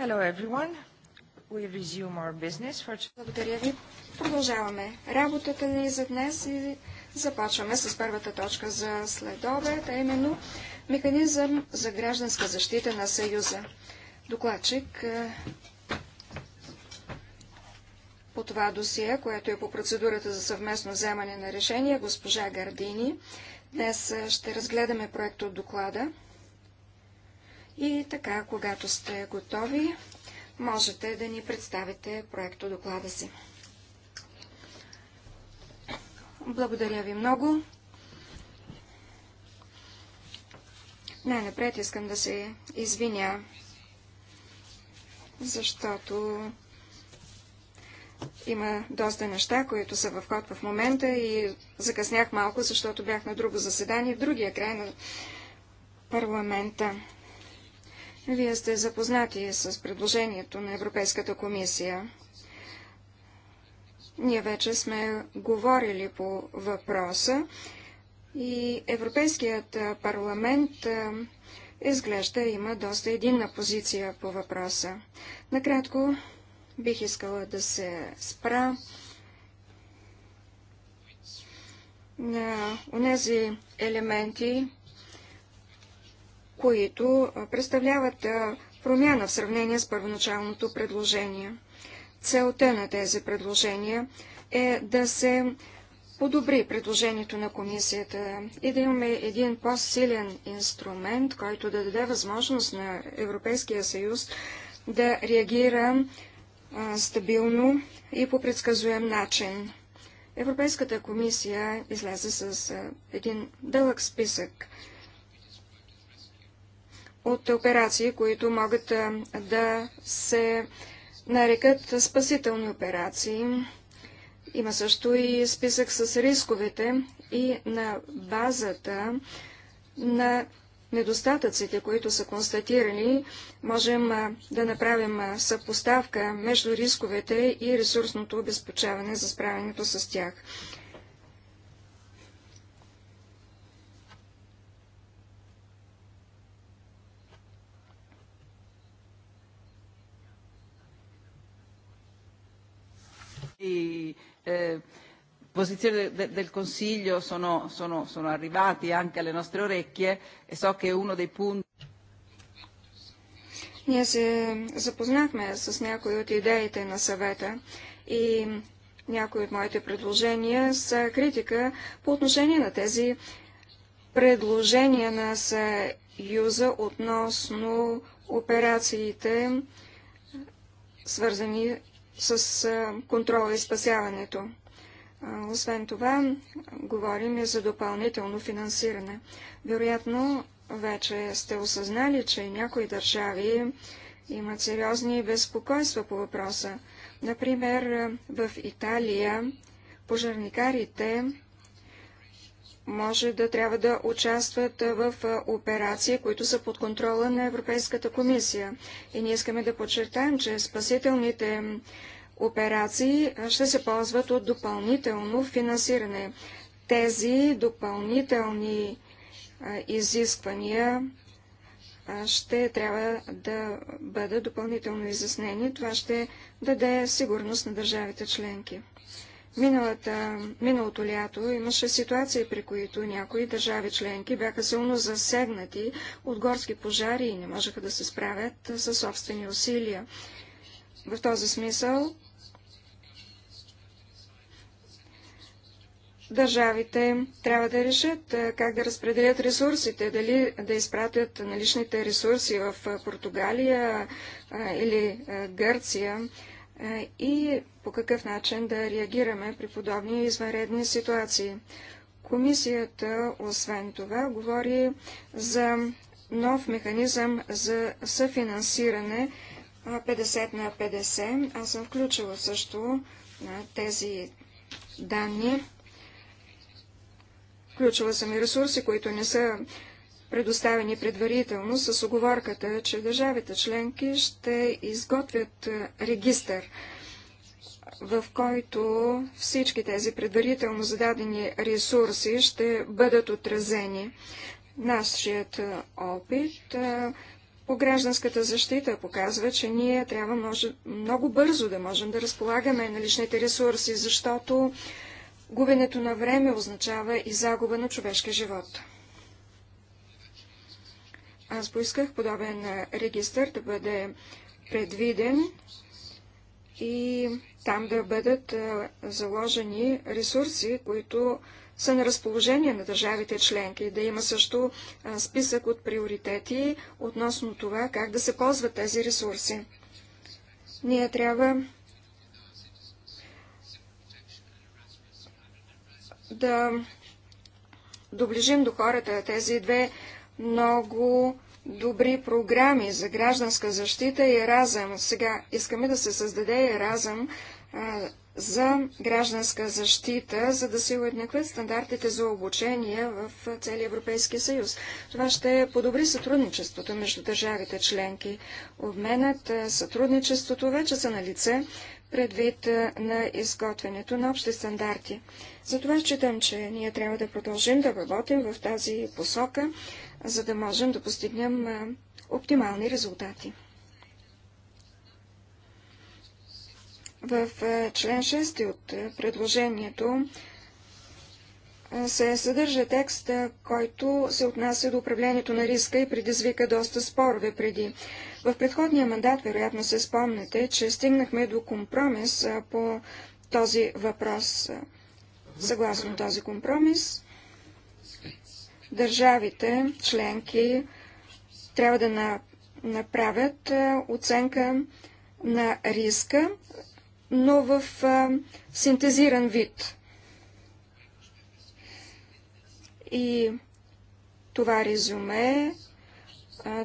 Hello everyone. We resume our business for... Благодаря ви. Продължаваме работата ни за днес и започваме с първата точка за следобед, а именно механизъм за гражданска защита на Съюза. Докладчик е, по това досие, което е по процедурата за съвместно вземане на решение, госпожа Гардини. Днес е, ще разгледаме проект от доклада. И така, когато сте готови, можете да ни представите проекто доклада си. Благодаря ви много. Най-напред искам да се извиня, защото има доста неща, които са в ход в момента и закъснях малко, защото бях на друго заседание в другия край на парламента. Вие сте запознати с предложението на Европейската комисия. Ние вече сме говорили по въпроса и Европейският парламент изглежда има доста единна позиция по въпроса. Накратко бих искала да се спра на тези елементи, които представляват промяна в сравнение с първоначалното предложение. Целта на тези предложения е да се подобри предложението на комисията и да имаме един по-силен инструмент, който да даде възможност на Европейския съюз да реагира стабилно и по предсказуем начин. Европейската комисия излезе с един дълъг списък от операции, които могат да се нарекат спасителни операции. Има също и списък с рисковете и на базата на недостатъците, които са констатирани, можем да направим съпоставка между рисковете и ресурсното обезпечаване за справянето с тях. Eh, posizioni de, del Consiglio sono, sono, sono arrivati anche alle nostre orecchie e so che uno dei punti. Ние се запознахме с някои от идеите на съвета и някои от моите предложения са критика по отношение на тези предложения на Съюза относно операциите, свързани с контрола и спасяването. Освен това, говорим и за допълнително финансиране. Вероятно, вече сте осъзнали, че някои държави имат сериозни безпокойства по въпроса. Например, в Италия пожарникарите може да трябва да участват в операции, които са под контрола на Европейската комисия. И ние искаме да подчертаем, че спасителните операции ще се ползват от допълнително финансиране. Тези допълнителни изисквания ще трябва да бъдат допълнително изяснени. Това ще даде сигурност на държавите членки. Миналата, миналото лято имаше ситуации, при които някои държави членки бяха силно засегнати от горски пожари и не можеха да се справят със собствени усилия. В този смисъл държавите трябва да решат как да разпределят ресурсите, дали да изпратят наличните ресурси в Португалия или Гърция и по какъв начин да реагираме при подобни извънредни ситуации. Комисията, освен това, говори за нов механизъм за съфинансиране 50 на 50. Аз съм включила също на тези данни. Включила съм и ресурси, които не са предоставени предварително с оговорката, че държавите членки ще изготвят е, регистър, в който всички тези предварително зададени ресурси ще бъдат отразени. Нашият е, опит е, по гражданската защита показва, че ние трябва може, много бързо да можем да разполагаме наличните ресурси, защото губенето на време означава и загуба на човешкия живот. Аз поисках подобен регистр да бъде предвиден и там да бъдат заложени ресурси, които са на разположение на държавите членки. Да има също списък от приоритети относно това как да се ползват тези ресурси. Ние трябва да доближим до хората тези две много добри програми за гражданска защита и разъм. Сега искаме да се създаде и разъм за гражданска защита, за да се уеднакват стандартите за обучение в целия Европейски съюз. Това ще подобри сътрудничеството между държавите членки. Обменът, сътрудничеството вече са на лице предвид на изготвянето на общи стандарти. Затова считам, че ние трябва да продължим да работим в тази посока, за да можем да постигнем оптимални резултати. В член 6 от предложението се съдържа текст, който се отнася до управлението на риска и предизвика доста спорове преди. В предходния мандат, вероятно се спомнете, че стигнахме до компромис по този въпрос. Съгласно този компромис, държавите членки трябва да направят е, оценка на риска, но в е, синтезиран вид. И това резюме е,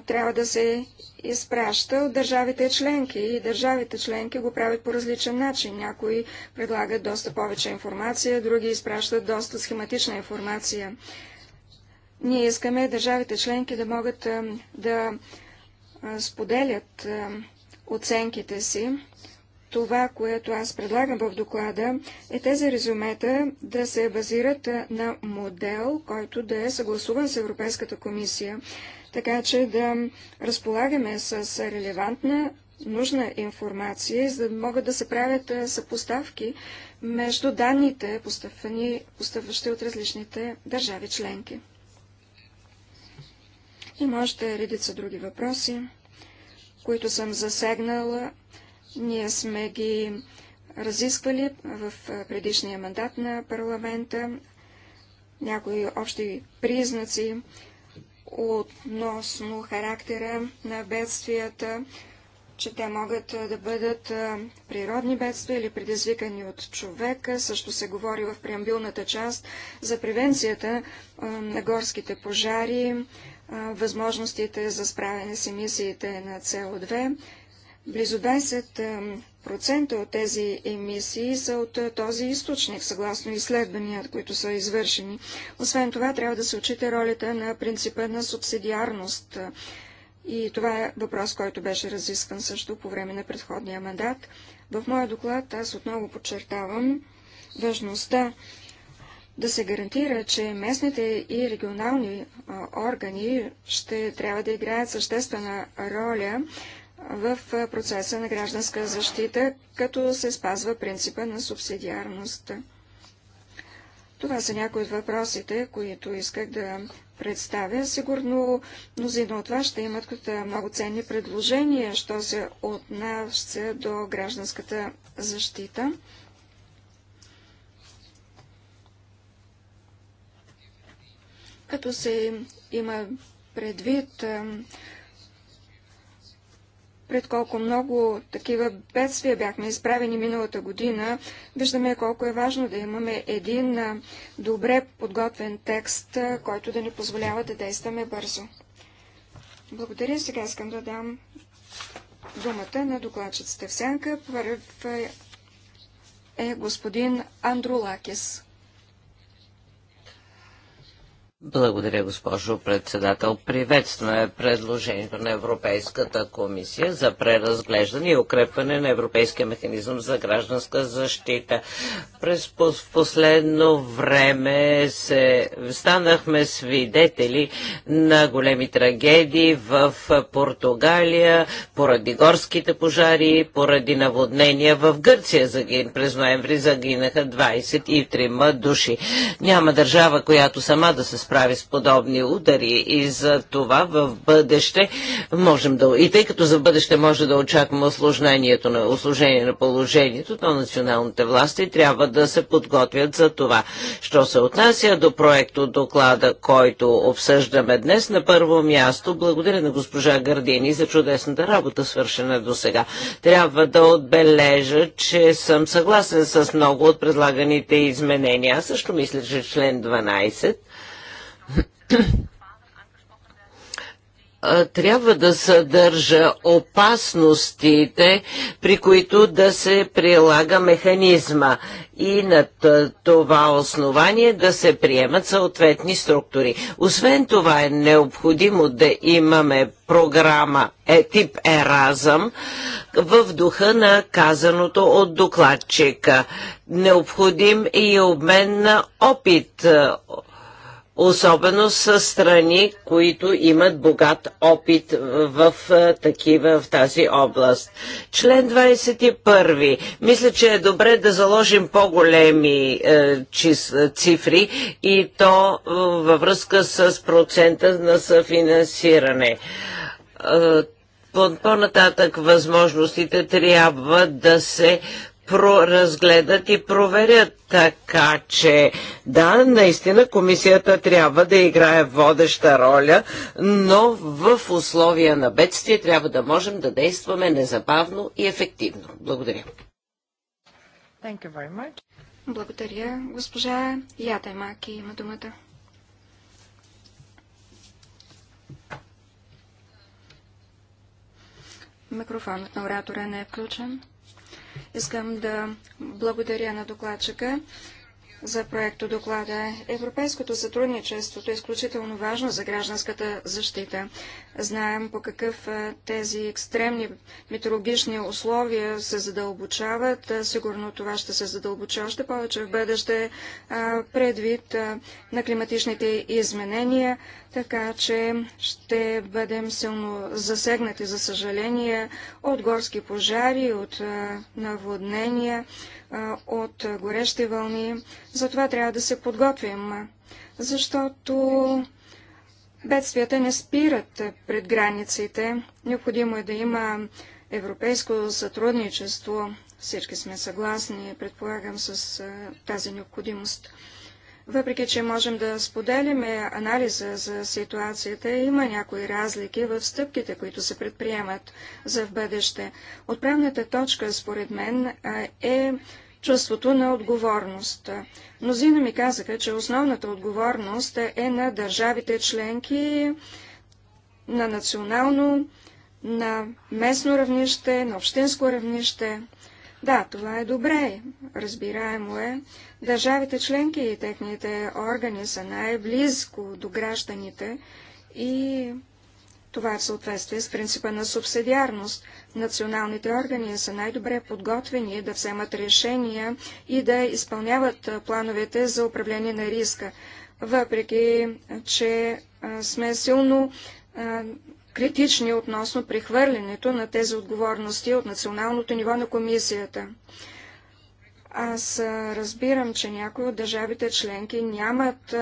трябва да се изпраща от държавите членки и държавите членки го правят по различен начин. Някои предлагат доста повече информация, други изпращат доста схематична информация. Ние искаме държавите членки да могат да споделят оценките си. Това, което аз предлагам в доклада, е тези резюмета да се базират на модел, който да е съгласуван с Европейската комисия, така че да разполагаме с релевантна, нужна информация, за да могат да се правят съпоставки между данните, поставащи от различните държави членки. Има още редица други въпроси, които съм засегнала. Ние сме ги разисквали в предишния мандат на парламента някои общи признаци относно характера на бедствията, че те могат да бъдат природни бедствия или предизвикани от човека. Също се говори в преамбилната част за превенцията на горските пожари, възможностите за справяне с емисиите на СО2. Близо 20% от тези емисии са от този източник, съгласно изследвания, които са извършени. Освен това, трябва да се очите ролята на принципа на субсидиарност. И това е въпрос, който беше разискан също по време на предходния мандат. В моя доклад аз отново подчертавам важността да се гарантира, че местните и регионални органи ще трябва да играят съществена роля в процеса на гражданска защита, като се спазва принципа на субсидиарност. Това са някои от въпросите, които исках да представя. Сигурно мнозина от вас ще имат много ценни предложения, що се отнася до гражданската защита. като се има предвид пред колко много такива бедствия бяхме изправени миналата година, виждаме колко е важно да имаме един добре подготвен текст, който да ни позволява да действаме бързо. Благодаря. Сега искам да дам думата на докладчицата в сянка. Първ е господин Андрулакис. Благодаря, госпожо председател. Приветстваме предложението на Европейската комисия за преразглеждане и укрепване на Европейския механизъм за гражданска защита. През последно време се станахме свидетели на големи трагедии в Португалия, поради горските пожари, поради наводнения. В Гърция загин, през ноември загинаха 23 души. Няма държава, която сама да се справи с подобни удари и за това в бъдеще можем да... И тъй като за бъдеще може да очакваме осложнението на, осложнение на положението, то националните власти трябва да се подготвят за това. Що се отнася до проекто доклада, който обсъждаме днес, на първо място благодаря на госпожа Гардини за чудесната работа, свършена до сега. Трябва да отбележа, че съм съгласен с много от предлаганите изменения. Аз също мисля, че член 12 трябва да съдържа опасностите, при които да се прилага механизма и на това основание да се приемат съответни структури. Освен това е необходимо да имаме програма е, тип Еразъм в духа на казаното от докладчика. Необходим и обмен на опит е, особено с страни, които имат богат опит в, в такива в тази област. Член 21. Мисля, че е добре да заложим по-големи е, цифри и то е, във връзка с процента на съфинансиране. Е, по-нататък възможностите трябва да се Проразгледат и проверят. Така че, да, наистина комисията трябва да играе водеща роля, но в условия на бедствие трябва да можем да действаме незабавно и ефективно. Благодаря. Thank you very much. Благодаря. Госпожа Ятаймаки има думата. Микрофонът на оратора не е включен. Искам да благодаря на докладчика за проекто доклада. Европейското сътрудничество е изключително важно за гражданската защита. Знаем по какъв тези екстремни метеорологични условия се задълбочават. Сигурно това ще се задълбоча още повече в бъдеще предвид на климатичните изменения, така че ще бъдем силно засегнати, за съжаление, от горски пожари, от наводнения от горещи вълни. Затова трябва да се подготвим, защото бедствията не спират пред границите. Необходимо е да има европейско сътрудничество. Всички сме съгласни, предполагам, с тази необходимост. Въпреки, че можем да споделяме анализа за ситуацията, има някои разлики в стъпките, които се предприемат за в бъдеще. Отправната точка, според мен, е чувството на отговорност. Мнозина ми казаха, че основната отговорност е на държавите членки на национално, на местно равнище, на общинско равнище. Да, това е добре, разбираемо е. Държавите членки и техните органи са най-близко до гражданите и това е в съответствие с принципа на субсидиарност. Националните органи са най-добре подготвени да вземат решения и да изпълняват плановете за управление на риска. Въпреки, че сме силно критични относно прехвърлянето на тези отговорности от националното ниво на комисията. Аз разбирам, че някои от държавите членки нямат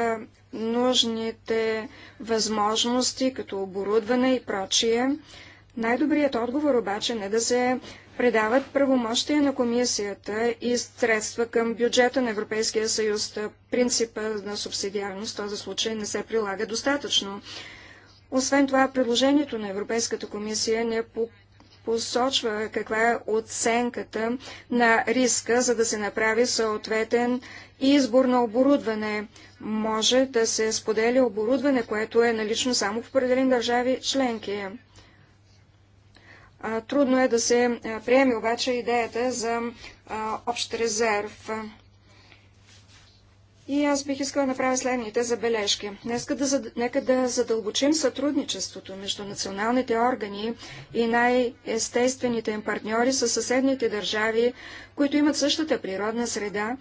нужните възможности, като оборудване и прочие. Най-добрият отговор обаче е не да се предават правомощия на комисията и средства към бюджета на Европейския съюз. Принципа на субсидиарност в този случай не се прилага достатъчно. Освен това, предложението на Европейската комисия не по посочва каква е оценката на риска, за да се направи съответен избор на оборудване. Може да се споделя оборудване, което е налично само в определени държави членки. Трудно е да се приеме обаче идеята за общ резерв. И аз бих искала да направя следните забележки. Днеска да, нека да задълбочим сътрудничеството между националните органи и най-естествените им партньори са съседните държави, които имат същата природна среда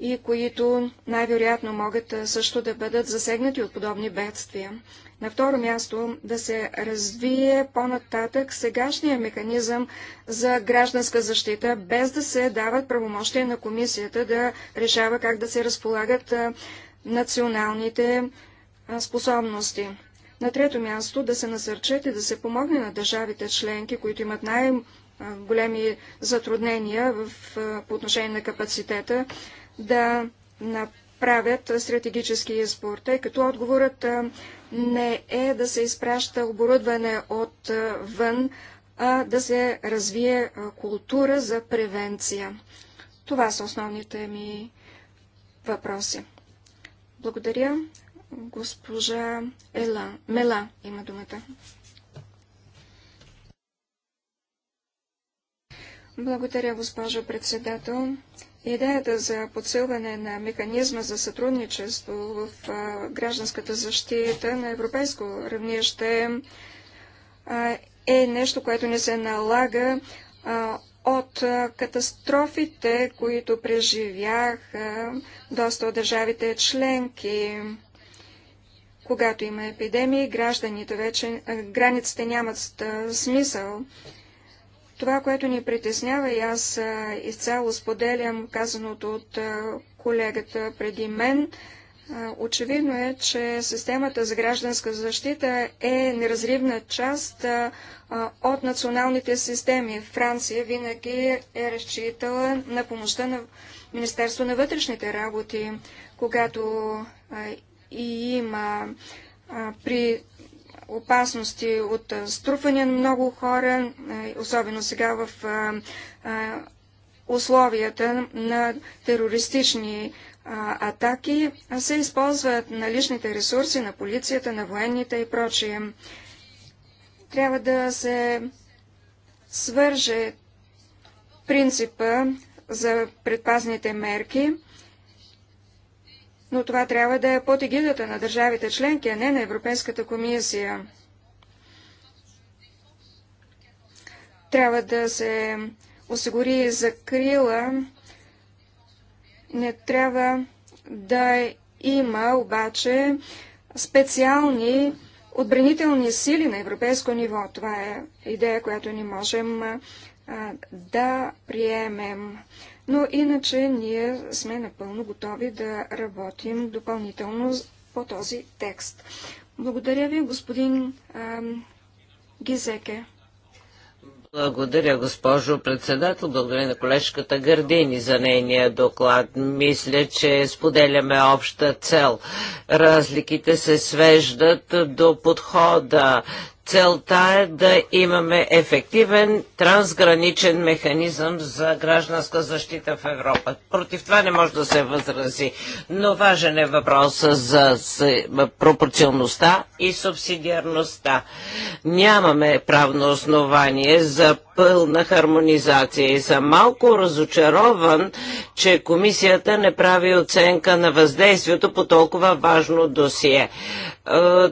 и които най-вероятно могат също да бъдат засегнати от подобни бедствия. На второ място да се развие по-нататък сегашния механизъм за гражданска защита, без да се дават правомощия на комисията да решава как да се разполагат националните способности. На трето място да се насърчат и да се помогне на държавите членки, които имат най-големи затруднения в, по отношение на капацитета, да направят стратегически избор, тъй като отговорът не е да се изпраща оборудване от вън, а да се развие култура за превенция. Това са основните ми въпроси. Благодаря. Госпожа Ела. Мела има думата. Благодаря, госпожо председател. Идеята за подсилване на механизма за сътрудничество в гражданската защита на европейско равнище е нещо, което не се налага от катастрофите, които преживяха доста от държавите членки. Когато има епидемии, гражданите вече, границите нямат смисъл. Това, което ни притеснява, и аз изцяло споделям казаното от колегата преди мен, очевидно е, че системата за гражданска защита е неразривна част от националните системи. Франция винаги е разчитала на помощта на Министерство на вътрешните работи, когато и има при опасности от струпване на много хора, е, особено сега в условията на терористични атаки, се използват наличните ресурси на полицията, на военните и прочие. Трябва да се свърже принципа за предпазните мерки но това трябва да е под егидата на държавите членки, а не на Европейската комисия. Трябва да се осигури закрила. Не трябва да има обаче специални отбранителни сили на европейско ниво. Това е идея, която ни можем а, да приемем. Но иначе ние сме напълно готови да работим допълнително по този текст. Благодаря ви, господин ам, Гизеке. Благодаря, госпожо председател. Благодаря на колежката Гърдини за нейния доклад. Мисля, че споделяме обща цел. Разликите се свеждат до подхода. Целта е да имаме ефективен трансграничен механизъм за гражданска защита в Европа. Против това не може да се възрази, но важен е въпросът за пропорционността и субсидиарността. Нямаме правно основание за пълна хармонизация и съм малко разочарован, че комисията не прави оценка на въздействието по толкова важно досие е,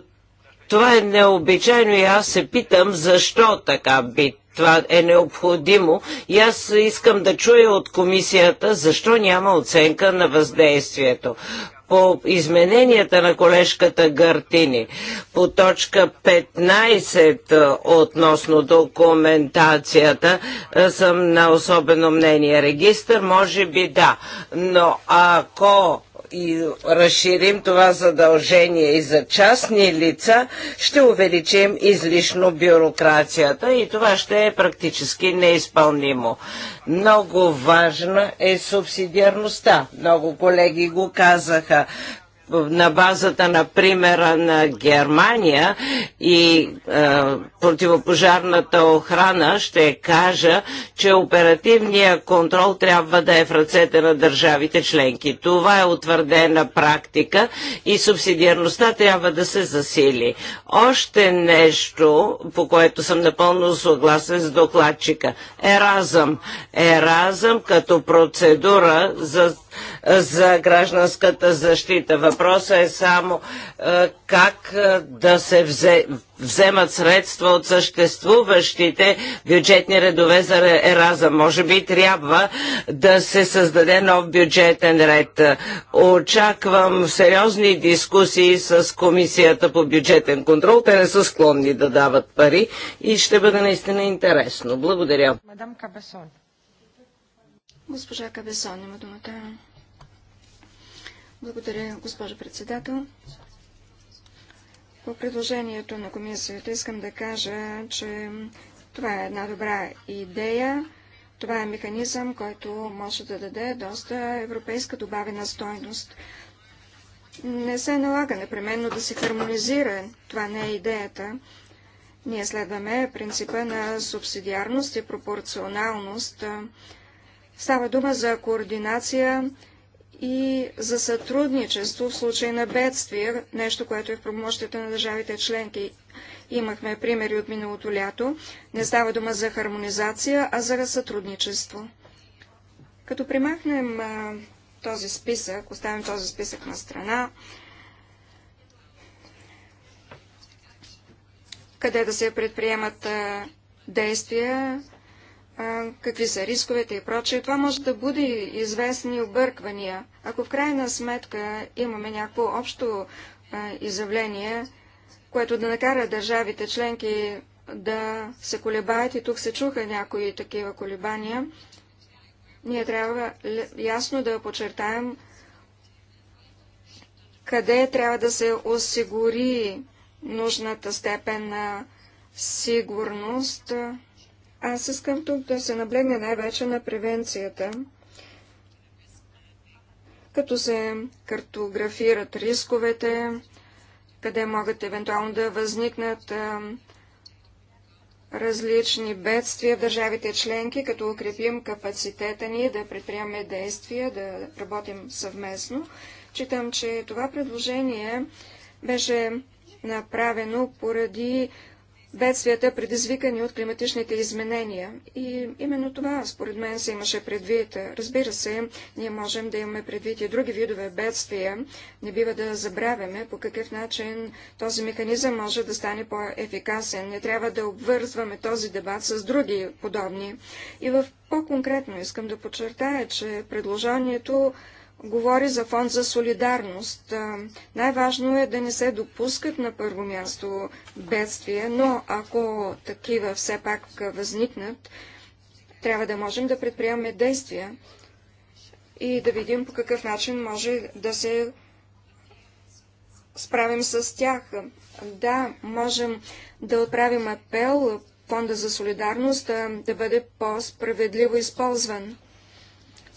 това е необичайно и аз се питам защо така би това е необходимо и аз искам да чуя от комисията защо няма оценка на въздействието по измененията на колежката Гартини по точка 15 относно документацията съм на особено мнение. Регистър може би да, но ако и разширим това задължение и за частни лица, ще увеличим излишно бюрокрацията и това ще е практически неизпълнимо. Много важна е субсидиарността. Много колеги го казаха на базата на примера на Германия и е, противопожарната охрана ще кажа, че оперативният контрол трябва да е в ръцете на държавите членки. Това е утвърдена практика и субсидиарността трябва да се засили. Още нещо, по което съм напълно съгласен с докладчика. Еразъм. Еразъм като процедура за за гражданската защита. Въпросът е само е, как е, да се взе, вземат средства от съществуващите бюджетни редове за Ераза. Може би трябва да се създаде нов бюджетен ред. Очаквам сериозни дискусии с Комисията по бюджетен контрол. Те не са склонни да дават пари и ще бъде наистина интересно. Благодаря. Мадам Кабесон. Госпожа Кабесон има думата. Благодаря, госпожо председател. По предложението на комисията искам да кажа, че това е една добра идея. Това е механизъм, който може да даде доста европейска добавена стойност. Не се налага непременно да се хармонизира. Това не е идеята. Ние следваме принципа на субсидиарност и пропорционалност. Става дума за координация и за сътрудничество в случай на бедствия, нещо, което е в промощите на държавите членки. Имахме примери от миналото лято. Не става дума за хармонизация, а за сътрудничество. Като примахнем а, този списък, оставим този списък на страна, къде да се предприемат а, действия какви са рисковете и прочее, това може да буди известни обърквания. Ако в крайна сметка имаме някакво общо изявление, което да накара държавите членки да се колебаят, и тук се чуха някои такива колебания, ние трябва ясно да подчертаем къде трябва да се осигури нужната степен на сигурност, аз искам тук да се наблегне най-вече на превенцията, като се картографират рисковете, къде могат евентуално да възникнат различни бедствия в държавите членки, като укрепим капацитета ни да предприемаме действия, да работим съвместно. Читам, че това предложение беше направено поради бедствията, предизвикани от климатичните изменения. И именно това, според мен, се имаше предвид. Разбира се, ние можем да имаме предвид и други видове бедствия. Не бива да забравяме по какъв начин този механизъм може да стане по-ефикасен. Не трябва да обвързваме този дебат с други подобни. И в по-конкретно искам да подчертая, че предложението говори за фонд за солидарност. Най-важно е да не се допускат на първо място бедствия, но ако такива все пак възникнат, трябва да можем да предприемаме действия и да видим по какъв начин може да се справим с тях. Да, можем да отправим апел Фонда за солидарност да бъде по-справедливо използван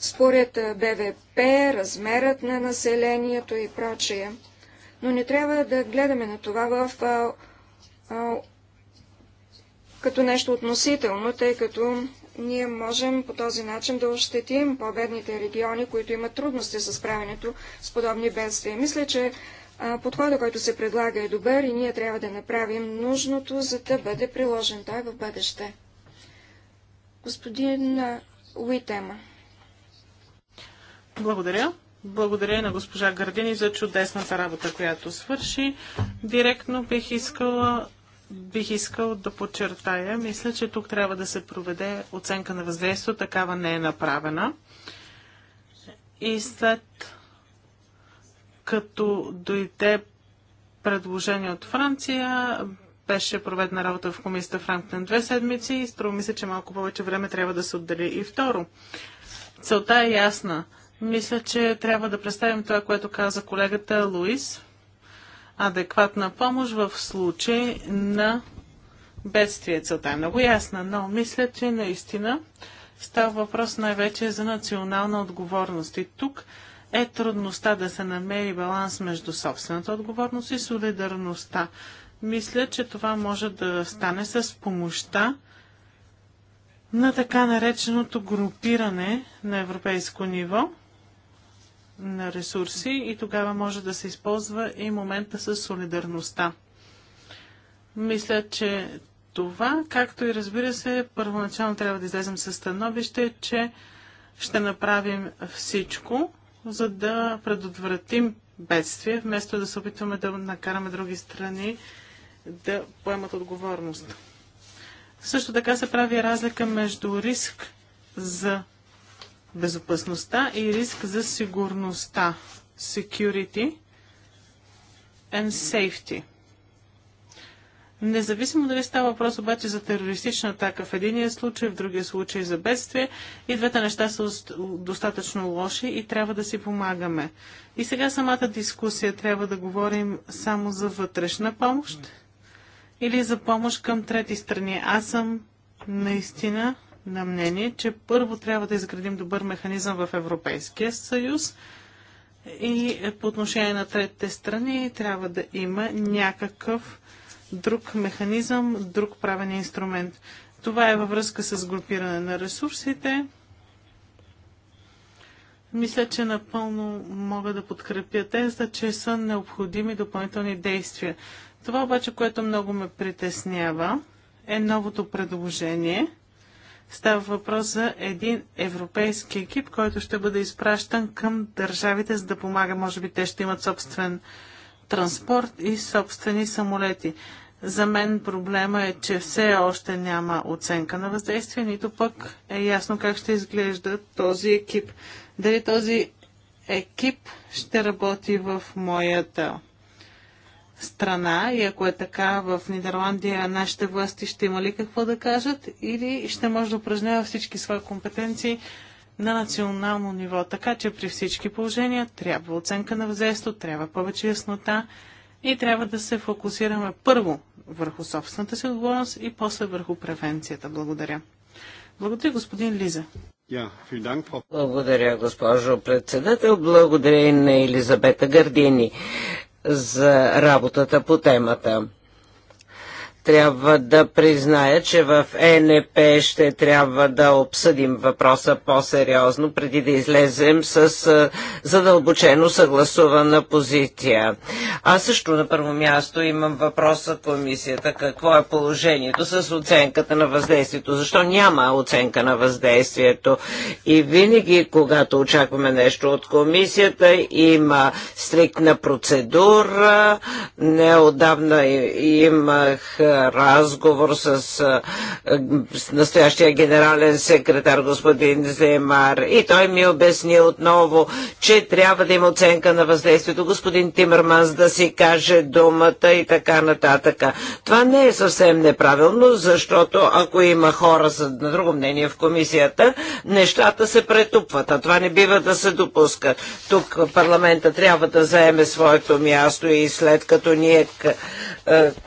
според БВП, размерът на населението и прочее. Но не трябва да гледаме на това в, а, а, като нещо относително, тъй като ние можем по този начин да ощетим по-бедните региони, които имат трудности с правенето с подобни бедствия. Мисля, че подходът, който се предлага е добър и ние трябва да направим нужното, за да бъде приложен той в бъдеще. Господин Уитема. Благодаря. Благодаря на госпожа Гърдини за чудесната работа, която свърши. Директно бих искала бих искал да подчертая, мисля, че тук трябва да се проведе оценка на въздействие, такава не е направена. И след като дойде предложение от Франция, беше проведена работа в комисията в рамките на две седмици и струва ми се, че малко повече време трябва да се отдели. И второ, целта е ясна – мисля, че трябва да представим това, което каза колегата Луис. Адекватна помощ в случай на бедствие. Целта е много ясна, но мисля, че наистина става въпрос най-вече за национална отговорност. И тук е трудността да се намери баланс между собствената отговорност и солидарността. Мисля, че това може да стане с помощта на така нареченото групиране на европейско ниво – на ресурси и тогава може да се използва и момента с солидарността. Мисля, че това, както и разбира се, първоначално трябва да излезем със становище, че ще направим всичко, за да предотвратим бедствие, вместо да се опитваме да накараме други страни да поемат отговорност. Също така се прави разлика между риск за безопасността и риск за сигурността. Security and safety. Независимо дали става въпрос обаче за терористична атака в единия случай, в другия случай за бедствие, и двете неща са достатъчно лоши и трябва да си помагаме. И сега самата дискусия трябва да говорим само за вътрешна помощ или за помощ към трети страни. Аз съм наистина на мнение, че първо трябва да изградим добър механизъм в Европейския съюз и по отношение на третите страни трябва да има някакъв друг механизъм, друг правен инструмент. Това е във връзка с групиране на ресурсите. Мисля, че напълно мога да подкрепя теза, че са необходими допълнителни действия. Това обаче, което много ме притеснява, е новото предложение – Става въпрос за един европейски екип, който ще бъде изпращан към държавите, за да помага. Може би те ще имат собствен транспорт и собствени самолети. За мен проблема е, че все още няма оценка на въздействие, нито пък е ясно как ще изглежда този екип. Дали този екип ще работи в моята страна и ако е така в Нидерландия, нашите власти ще има ли какво да кажат или ще може да упражнява всички свои компетенции на национално ниво. Така че при всички положения трябва оценка на въздействието, трябва повече яснота и трябва да се фокусираме първо върху собствената си отговорност и после върху превенцията. Благодаря. Благодаря, господин Лиза. Благодаря, госпожо председател. Благодаря и на Елизабета Гардини за работата по темата трябва да призная, че в ЕНП ще трябва да обсъдим въпроса по-сериозно, преди да излезем с задълбочено съгласувана позиция. Аз също на първо място имам въпрос за комисията. Какво е положението с оценката на въздействието? Защо няма оценка на въздействието? И винаги, когато очакваме нещо от комисията, има стриктна процедура. Неодавна имах разговор с настоящия генерален секретар господин Земар и той ми обясни отново, че трябва да има оценка на въздействието господин Тимърманс да си каже думата и така нататък. Това не е съвсем неправилно, защото ако има хора с на друго мнение в комисията, нещата се претупват, а това не бива да се допуска. Тук парламента трябва да заеме своето място и след като ние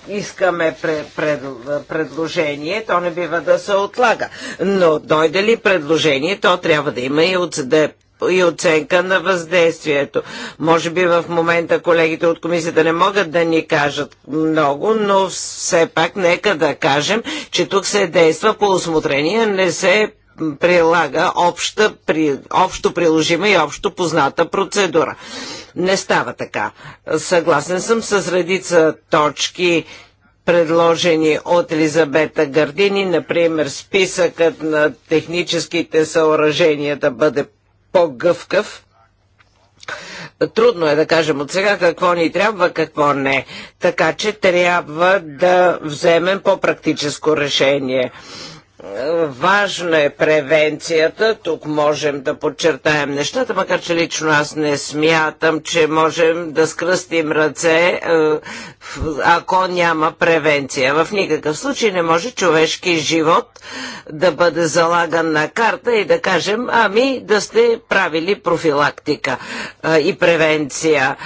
искаме пред, предложение, то не бива да се отлага. Но дойде ли предложение, то трябва да има и от да и оценка на въздействието. Може би в момента колегите от комисията не могат да ни кажат много, но все пак нека да кажем, че тук се действа по осмотрение, не се прилага обща, при, общо приложима и общо позната процедура. Не става така. Съгласен съм с редица точки предложени от Елизабета Гардини, например списъкът на техническите съоръжения да бъде по-гъвкав, Трудно е да кажем от сега какво ни трябва, какво не. Така че трябва да вземем по-практическо решение. Важна е превенцията, тук можем да подчертаем нещата, макар че лично аз не смятам, че можем да скръстим ръце, е, ако няма превенция. В никакъв случай не може човешки живот да бъде залаган на карта и да кажем, ами да сте правили профилактика е, и превенция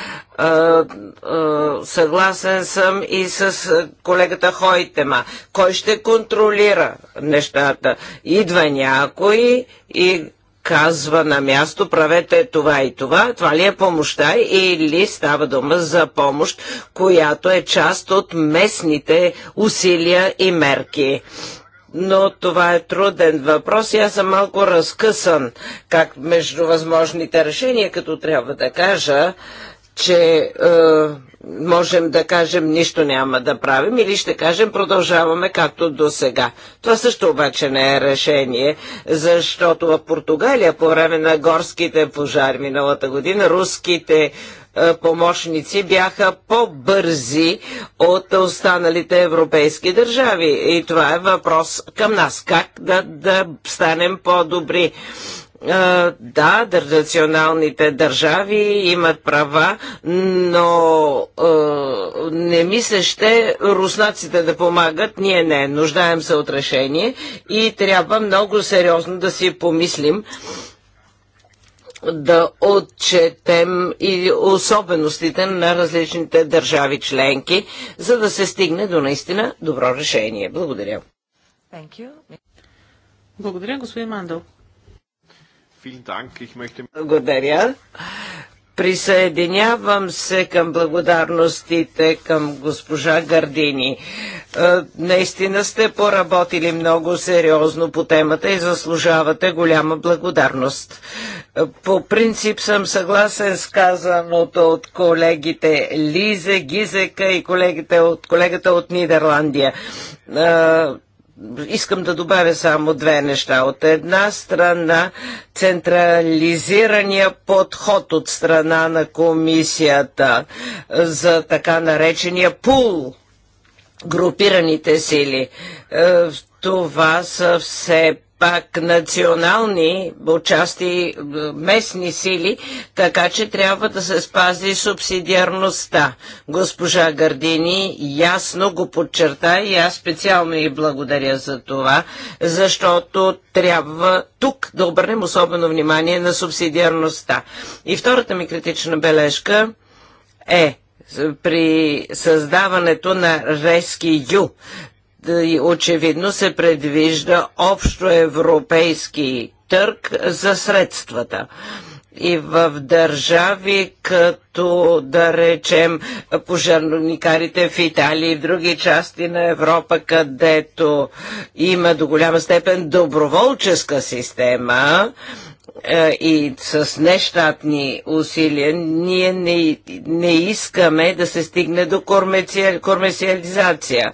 съгласен съм и с колегата Хойтема. Кой ще контролира нещата? Идва някой и казва на място, правете това и това, това ли е помощта или става дума за помощ, която е част от местните усилия и мерки. Но това е труден въпрос и аз съм малко разкъсан как между възможните решения, като трябва да кажа, че е, можем да кажем нищо няма да правим или ще кажем продължаваме както до сега. Това също обаче не е решение, защото в Португалия по време на горските пожари миналата година руските е, помощници бяха по-бързи от останалите европейски държави. И това е въпрос към нас. Как да, да станем по-добри? да, националните държави имат права, но не мисля ще руснаците да помагат, ние не. Нуждаем се от решение и трябва много сериозно да си помислим да отчетем и особеностите на различните държави членки, за да се стигне до наистина добро решение. Благодаря. Благодаря, господин Мандъл. Благодаря. Присъединявам се към благодарностите към госпожа Гардини. Е, наистина сте поработили много сериозно по темата и заслужавате голяма благодарност. Е, по принцип съм съгласен с казаното от колегите Лизе, Гизека и колегите от, колегата от Нидерландия е, искам да добавя само две неща. От една страна централизирания подход от страна на комисията за така наречения пул групираните сили. Е, това са все пак национални участи местни сили, така че трябва да се спази субсидиарността. Госпожа Гардини ясно го подчерта и аз специално и благодаря за това, защото трябва тук да обърнем особено внимание на субсидиарността. И втората ми критична бележка е при създаването на Rescue очевидно се предвижда общоевропейски търг за средствата и в държави, като да речем пожарникарите в Италия и в други части на Европа, където има до голяма степен доброволческа система е, и с нещатни усилия, ние не, не искаме да се стигне до комерциализация. Комерциализация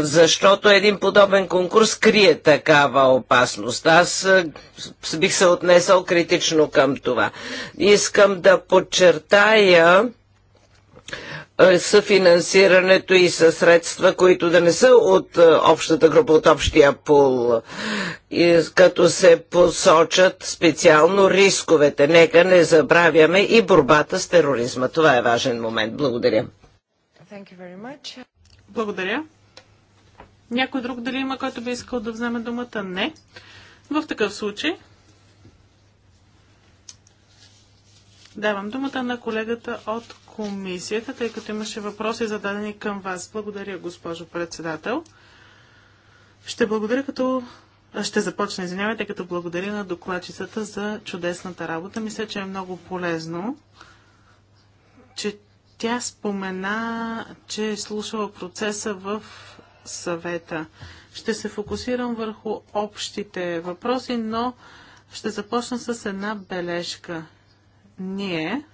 защото един подобен конкурс крие такава опасност. Аз бих се отнесъл критично към това. Искам да подчертая съфинансирането и със средства, които да не са от общата група, от общия пул, и, като се посочат специално рисковете. Нека не забравяме и борбата с тероризма. Това е важен момент. Благодаря. Благодаря. Някой друг дали има, който би искал да вземе думата? Не. В такъв случай давам думата на колегата от комисията, тъй като имаше въпроси зададени към вас. Благодаря, госпожо председател. Ще благодаря като... Ще започна, извинявайте, като благодаря на докладчицата за чудесната работа. Мисля, че е много полезно, че тя спомена, че е слушала процеса в съвета. Ще се фокусирам върху общите въпроси, но ще започна с една бележка. Ние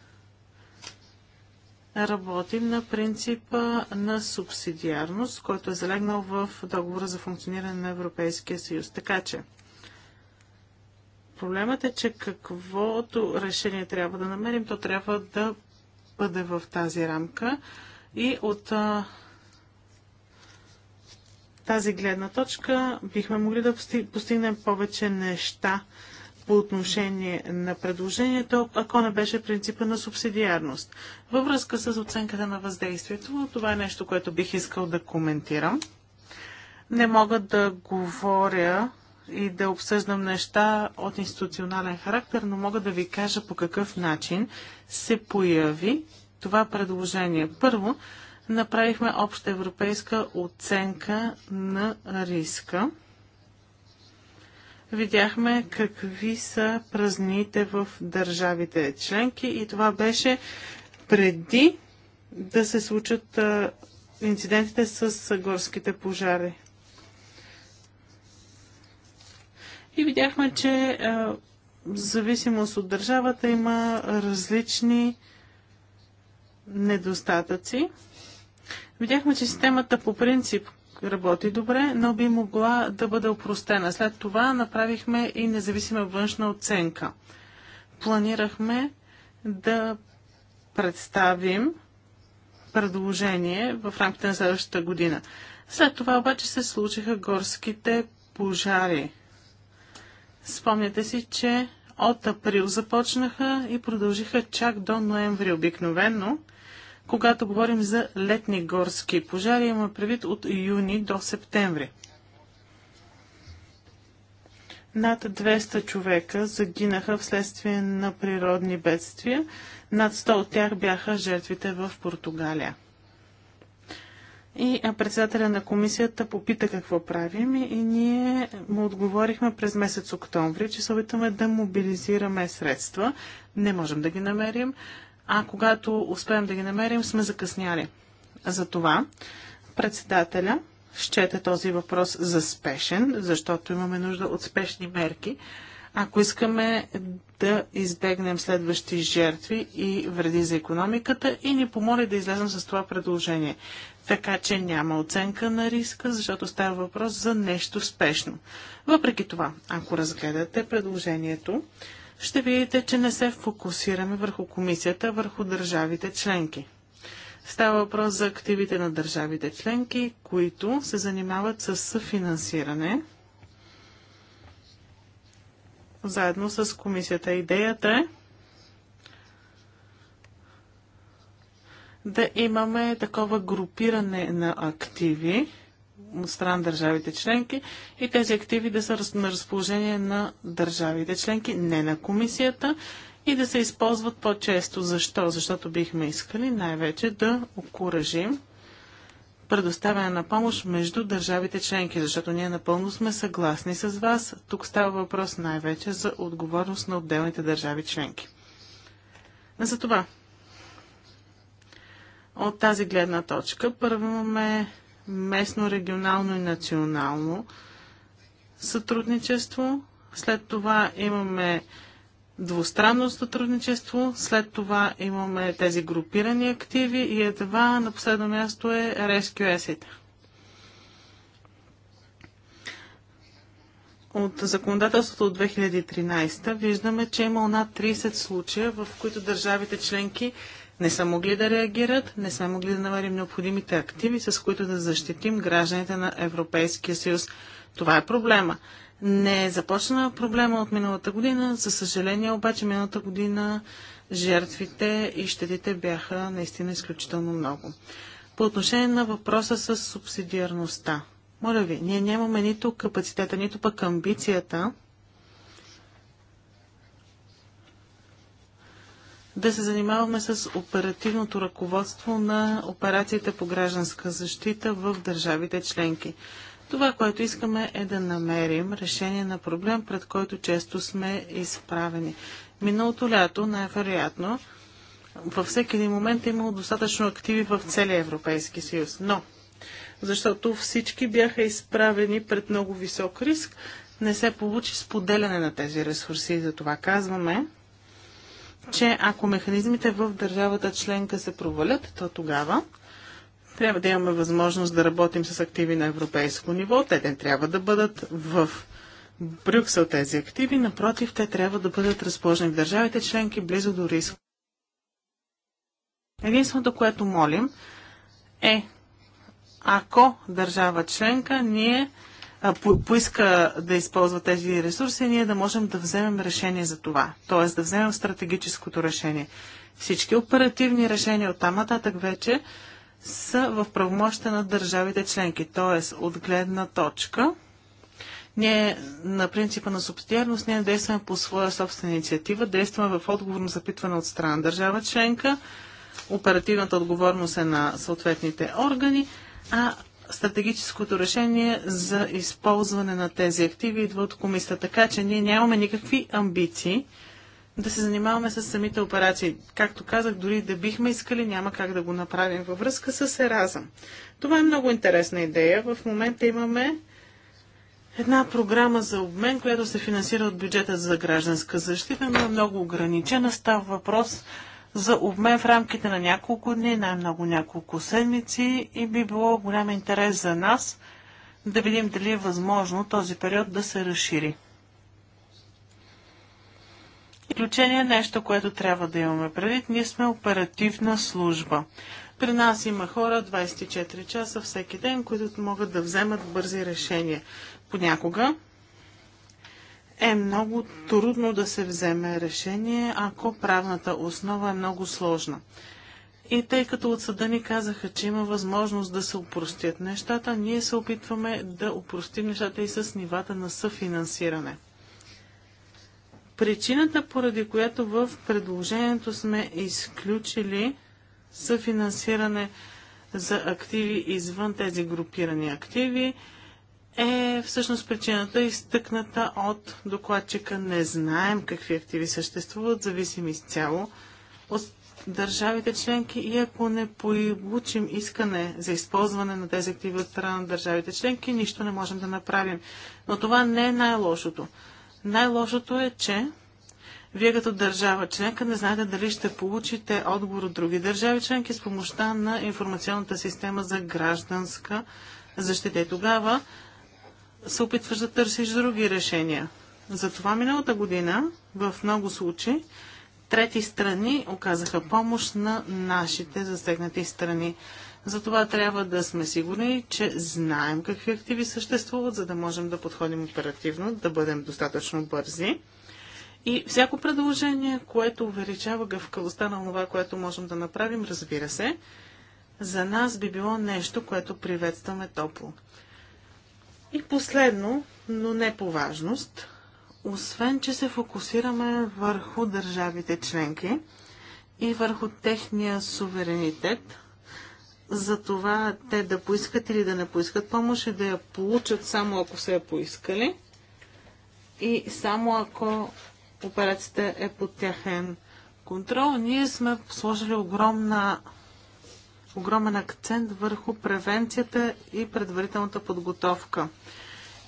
работим на принципа на субсидиарност, който е залегнал в договора за функциониране на Европейския съюз. Така че, проблемът е, че каквото решение трябва да намерим, то трябва да бъде в тази рамка. И от а, тази гледна точка бихме могли да постигнем повече неща по отношение на предложението, ако не беше принципа на субсидиарност. Във връзка с оценката на въздействието, това е нещо, което бих искал да коментирам. Не мога да говоря и да обсъждам неща от институционален характер, но мога да ви кажа по какъв начин се появи това предложение. Първо, направихме обща европейска оценка на риска. Видяхме какви са празните в държавите членки и това беше преди да се случат инцидентите с горските пожари. И видяхме, че в зависимост от държавата има различни недостатъци. Видяхме, че системата по принцип работи добре, но би могла да бъде опростена. След това направихме и независима външна оценка. Планирахме да представим предложение в рамките на следващата година. След това обаче се случиха горските пожари. Спомняте си, че от април започнаха и продължиха чак до ноември обикновено когато говорим за летни горски пожари, има предвид от юни до септември. Над 200 човека загинаха вследствие на природни бедствия. Над 100 от тях бяха жертвите в Португалия. И председателя на комисията попита какво правим и ние му отговорихме през месец октомври, че се опитаме да мобилизираме средства. Не можем да ги намерим а когато успеем да ги намерим, сме закъсняли. Затова председателя щете този въпрос за спешен, защото имаме нужда от спешни мерки, ако искаме да избегнем следващи жертви и вреди за економиката и ни помоли да излезем с това предложение. Така че няма оценка на риска, защото става въпрос за нещо спешно. Въпреки това, ако разгледате предложението, ще видите, че не се фокусираме върху комисията, върху държавите членки. Става въпрос за активите на държавите членки, които се занимават с съфинансиране заедно с комисията. Идеята е да имаме такова групиране на активи, страна държавите членки и тези активи да са на разположение на държавите членки, не на комисията и да се използват по-често. Защо? Защото бихме искали най-вече да окоръжим предоставяне на помощ между държавите членки, защото ние напълно сме съгласни с вас. Тук става въпрос най-вече за отговорност на отделните държави членки. За това, от тази гледна точка, първо ме местно, регионално и национално сътрудничество. След това имаме двустранно сътрудничество, след това имаме тези групирани активи и едва на последно място е Rescue Asset. От законодателството от 2013 виждаме, че има над 30 случая, в които държавите членки не са могли да реагират, не са могли да намерим необходимите активи, с които да защитим гражданите на Европейския съюз. Това е проблема. Не е започна проблема от миналата година, за съжаление обаче миналата година жертвите и щетите бяха наистина изключително много. По отношение на въпроса с субсидиарността. Моля ви, ние нямаме нито капацитета, нито пък амбицията да се занимаваме с оперативното ръководство на операциите по гражданска защита в държавите членки. Това, което искаме е да намерим решение на проблем, пред който често сме изправени. Миналото лято, най-вероятно, във всеки един момент е имало достатъчно активи в целия Европейски съюз. Но, защото всички бяха изправени пред много висок риск, не се получи споделяне на тези ресурси. За това казваме, че ако механизмите в държавата членка се провалят, то тогава трябва да имаме възможност да работим с активи на европейско ниво. Те не трябва да бъдат в Брюксел тези активи, напротив, те трябва да бъдат разположени в държавите членки близо до риска. Единственото, което молим е, ако държава членка ние по поиска да използва тези ресурси, ние да можем да вземем решение за това. Тоест да вземем стратегическото решение. Всички оперативни решения от там нататък вече са в правомощта на държавите членки. Тоест от гледна точка ние на принципа на субсидиарност ние действаме по своя собствена инициатива, действаме в отговор на запитване от страна държава членка, оперативната отговорност е на съответните органи, а стратегическото решение за използване на тези активи идва от комисията. Така че ние нямаме никакви амбиции да се занимаваме с самите операции. Както казах, дори да бихме искали, няма как да го направим във връзка с Еразъм. Това е много интересна идея. В момента имаме една програма за обмен, която се финансира от бюджета за гражданска защита, но е много ограничена. Става въпрос за обмен в рамките на няколко дни, най-много няколко седмици и би било голям интерес за нас да видим дали е възможно този период да се разшири. Изключение е нещо, което трябва да имаме предвид. Ние сме оперативна служба. При нас има хора 24 часа всеки ден, които могат да вземат бързи решения. Понякога е много трудно да се вземе решение, ако правната основа е много сложна. И тъй като от съда ни казаха, че има възможност да се упростят нещата, ние се опитваме да упростим нещата и с нивата на съфинансиране. Причината, поради която в предложението сме изключили съфинансиране за активи извън тези групирани активи, е всъщност причината изтъкната от докладчика. Не знаем какви активи съществуват, зависим изцяло от държавите членки и ако не получим искане за използване на тези активи от страна на държавите членки, нищо не можем да направим. Но това не е най-лошото. Най-лошото е, че вие като държава членка не знаете дали ще получите отговор от други държави членки с помощта на информационната система за гражданска защита. И тогава се опитваш да търсиш други решения. Затова миналата година в много случаи трети страни оказаха помощ на нашите засегнати страни. Затова трябва да сме сигурни, че знаем какви активи съществуват, за да можем да подходим оперативно, да бъдем достатъчно бързи. И всяко предложение, което увеличава гъвкавостта на това, което можем да направим, разбира се, за нас би било нещо, което приветстваме топло. И последно, но не по важност, освен, че се фокусираме върху държавите членки и върху техния суверенитет, за това те да поискат или да не поискат помощ и да я получат само ако са я поискали и само ако операцията е под тяхен контрол. Ние сме сложили огромна, огромен акцент върху превенцията и предварителната подготовка.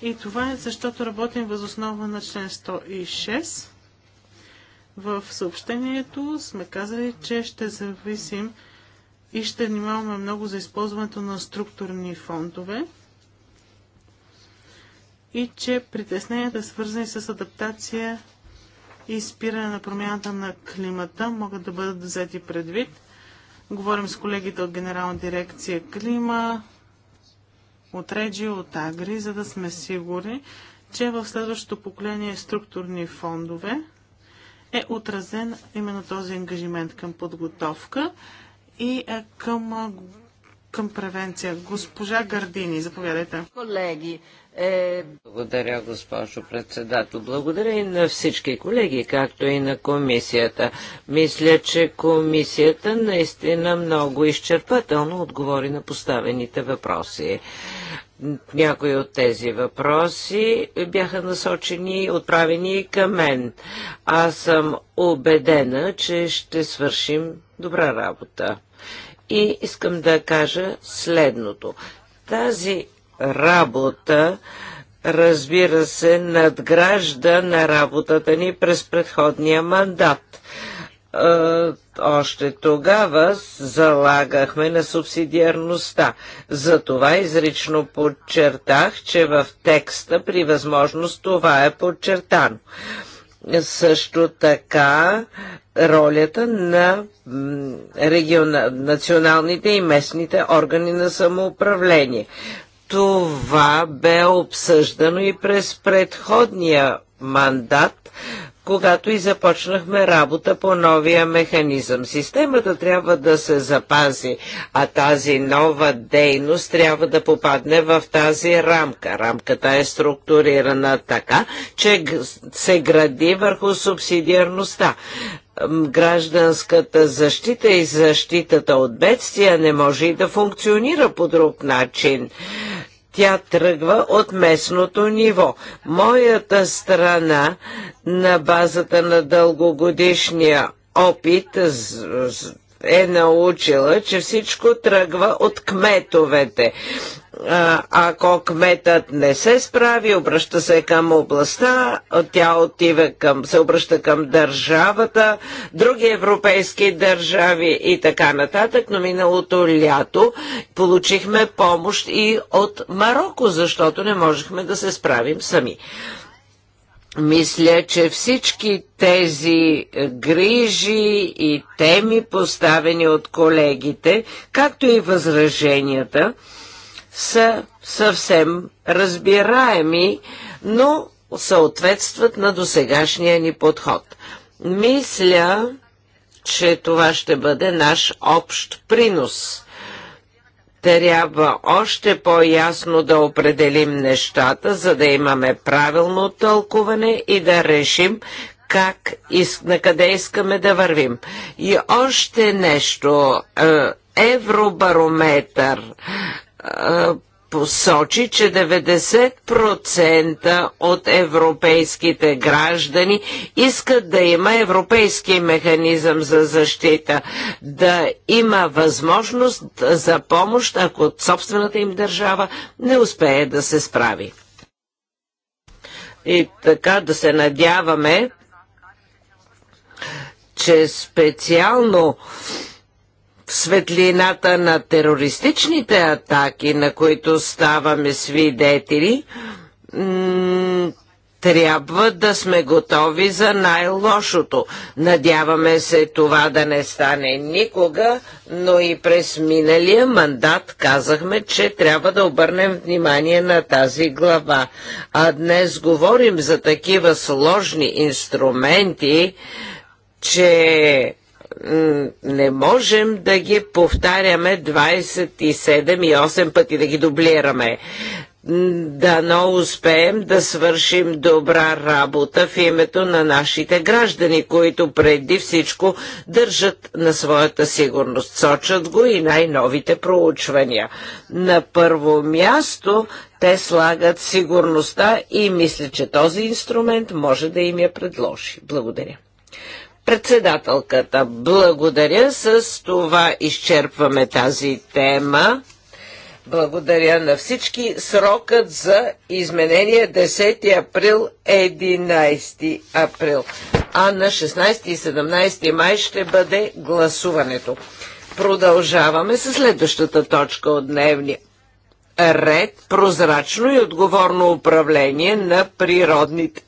И това е защото работим възоснова на член 106. В съобщението сме казали, че ще зависим и ще внимаваме много за използването на структурни фондове и че притесненията, свързани с адаптация и спиране на промяната на климата, могат да бъдат взети предвид. Говорим с колегите от Генерална дирекция Клима, от Реджи, от Агри, за да сме сигурни, че в следващото поколение структурни фондове е отразен именно този ангажимент към подготовка и е, към, към превенция. Госпожа Гардини, заповядайте. Колеги, е... Благодаря, госпожо председател. Благодаря и на всички колеги, както и на комисията. Мисля, че комисията наистина много изчерпателно отговори на поставените въпроси. Някои от тези въпроси бяха насочени и отправени към мен. Аз съм убедена, че ще свършим добра работа. И искам да кажа следното. Тази работа разбира се, надгражда на работата ни през предходния мандат. Е, още тогава залагахме на субсидиарността. Затова изрично подчертах, че в текста при възможност това е подчертано. Също така ролята на региона, националните и местните органи на самоуправление. Това бе обсъждано и през предходния мандат когато и започнахме работа по новия механизъм. Системата трябва да се запази, а тази нова дейност трябва да попадне в тази рамка. Рамката е структурирана така, че се гради върху субсидиарността гражданската защита и защитата от бедствия не може и да функционира по друг начин. Тя тръгва от местното ниво. Моята страна на базата на дългогодишния опит е научила, че всичко тръгва от кметовете ако кметът не се справи, обръща се към областта, тя отива към, се обръща към държавата, други европейски държави и така нататък, но миналото лято получихме помощ и от Марокко, защото не можехме да се справим сами. Мисля, че всички тези грижи и теми, поставени от колегите, както и възраженията, са съвсем разбираеми, но съответстват на досегашния ни подход. Мисля, че това ще бъде наш общ принос. Трябва още по-ясно да определим нещата, за да имаме правилно тълкуване и да решим как, на къде искаме да вървим. И още нещо. Е, евробарометър посочи, че 90% от европейските граждани искат да има европейски механизъм за защита, да има възможност за помощ, ако собствената им държава не успее да се справи. И така да се надяваме, че специално в светлината на терористичните атаки, на които ставаме свидетели, трябва да сме готови за най-лошото. Надяваме се това да не стане никога, но и през миналия мандат казахме, че трябва да обърнем внимание на тази глава. А днес говорим за такива сложни инструменти, че не можем да ги повтаряме 27 и 8 пъти, да ги дублираме. Дано успеем да свършим добра работа в името на нашите граждани, които преди всичко държат на своята сигурност. Сочат го и най-новите проучвания. На първо място те слагат сигурността и мисля, че този инструмент може да им я предложи. Благодаря. Председателката, благодаря. С това изчерпваме тази тема. Благодаря на всички. Срокът за изменение 10 е април, 11 април. А на 16 и 17 май ще бъде гласуването. Продължаваме с следващата точка от дневния ред. Прозрачно и отговорно управление на природните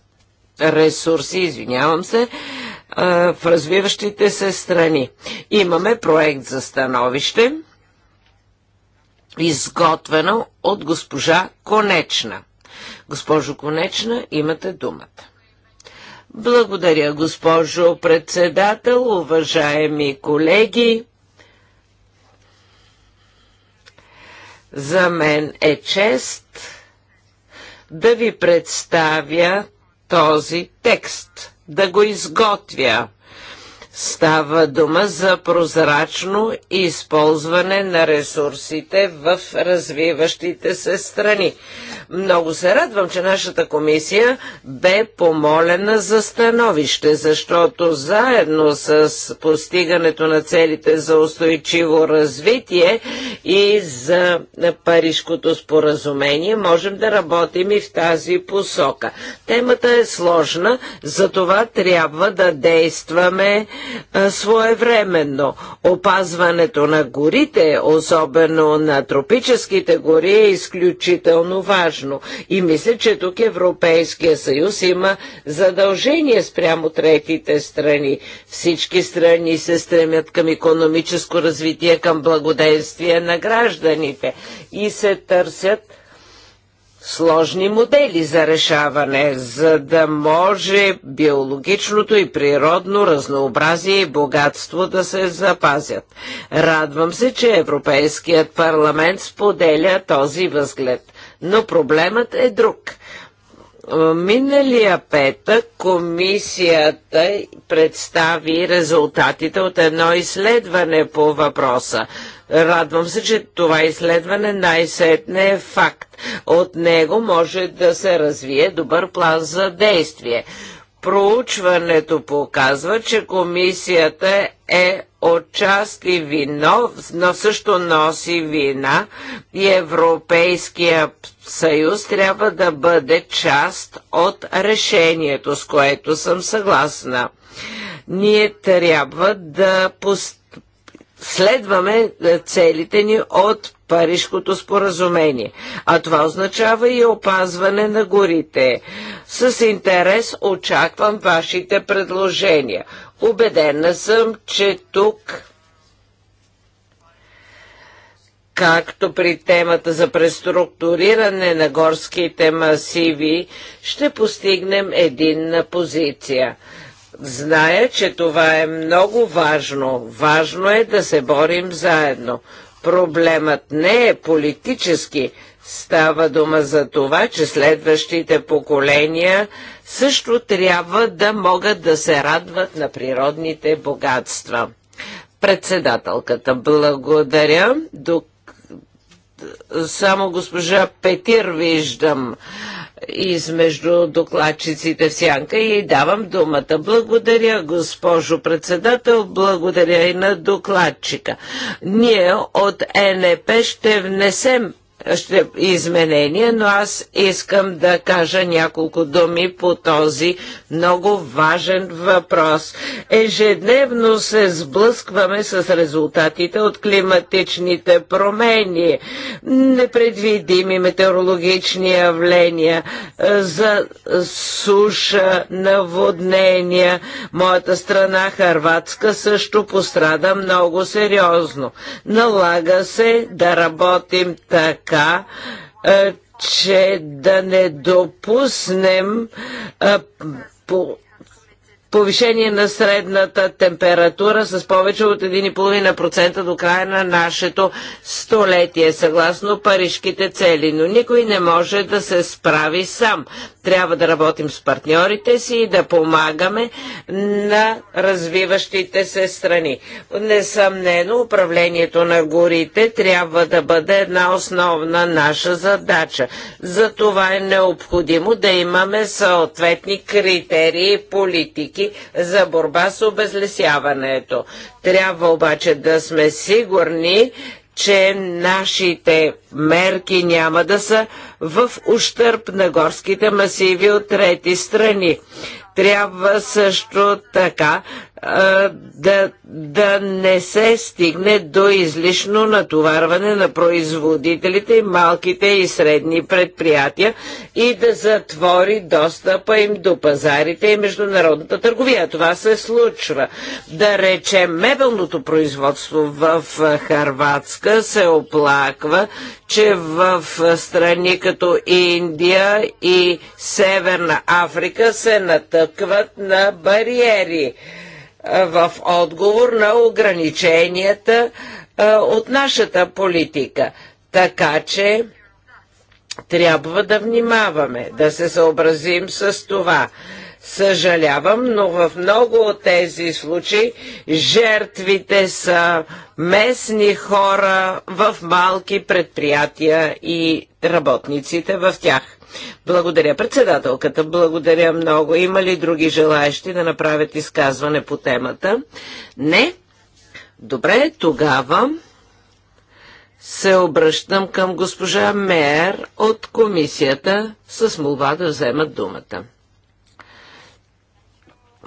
ресурси. Извинявам се в развиващите се страни. Имаме проект за становище, изготвено от госпожа Конечна. Госпожо Конечна, имате думата. Благодаря, госпожо председател, уважаеми колеги. За мен е чест да ви представя този текст да го изготвя. Става дума за прозрачно използване на ресурсите в развиващите се страни. Много се радвам, че нашата комисия бе помолена за становище, защото заедно с постигането на целите за устойчиво развитие и за Парижкото споразумение можем да работим и в тази посока. Темата е сложна, затова трябва да действаме своевременно. Опазването на горите, особено на тропическите гори, е изключително важно. И мисля, че тук Европейския съюз има задължение спрямо третите страни. Всички страни се стремят към економическо развитие, към благоденствие на гражданите и се търсят сложни модели за решаване, за да може биологичното и природно разнообразие и богатство да се запазят. Радвам се, че Европейският парламент споделя този възглед. Но проблемът е друг – Миналия петък комисията представи резултатите от едно изследване по въпроса. Радвам се, че това изследване най-сетне е факт. От него може да се развие добър план за действие. Проучването показва, че комисията е отчасти вино, но също носи вина и Европейския съюз трябва да бъде част от решението, с което съм съгласна. Ние трябва да постигнем следваме е, целите ни от Парижкото споразумение. А това означава и опазване на горите. С интерес очаквам вашите предложения. Убедена съм, че тук както при темата за преструктуриране на горските масиви, ще постигнем единна позиция. Зная, че това е много важно. Важно е да се борим заедно. Проблемът не е политически. Става дума за това, че следващите поколения също трябва да могат да се радват на природните богатства. Председателката, благодаря. Док... Само госпожа Петир виждам измежду докладчиците в сянка и давам думата. Благодаря, госпожо председател, благодаря и на докладчика. Ние от НП ще внесем ще, изменения, но аз искам да кажа няколко думи по този много важен въпрос. Ежедневно се сблъскваме с резултатите от климатичните промени, непредвидими метеорологични явления е, за суша, наводнения. Моята страна, Харватска, също пострада много сериозно. Налага се да работим така, така, е, че да не допуснем е, повишение на средната температура с повече от 1,5% до края на нашето столетие, съгласно парижките цели. Но никой не може да се справи сам. Трябва да работим с партньорите си и да помагаме на развиващите се страни. Несъмнено, управлението на горите трябва да бъде една основна наша задача. За това е необходимо да имаме съответни критерии и политики за борба с обезлесяването. Трябва обаче да сме сигурни, че нашите мерки няма да са в ущърп на горските масиви от трети страни. Трябва също така да, да не се стигне до излишно натоварване на производителите, малките и средни предприятия и да затвори достъпа им до пазарите и международната търговия. Това се случва. Да речем, мебелното производство в Харватска се оплаква, че в страни като Индия и Северна Африка се натъкват на бариери. Е, в отговор на ограниченията е, от нашата политика. Така че трябва да внимаваме, да се съобразим с това. Съжалявам, но в много от тези случаи жертвите са местни хора в малки предприятия и работниците в тях. Благодаря председателката, благодаря много. Има ли други желаящи да направят изказване по темата? Не? Добре, тогава се обръщам към госпожа Мер от комисията с молба да вземат думата.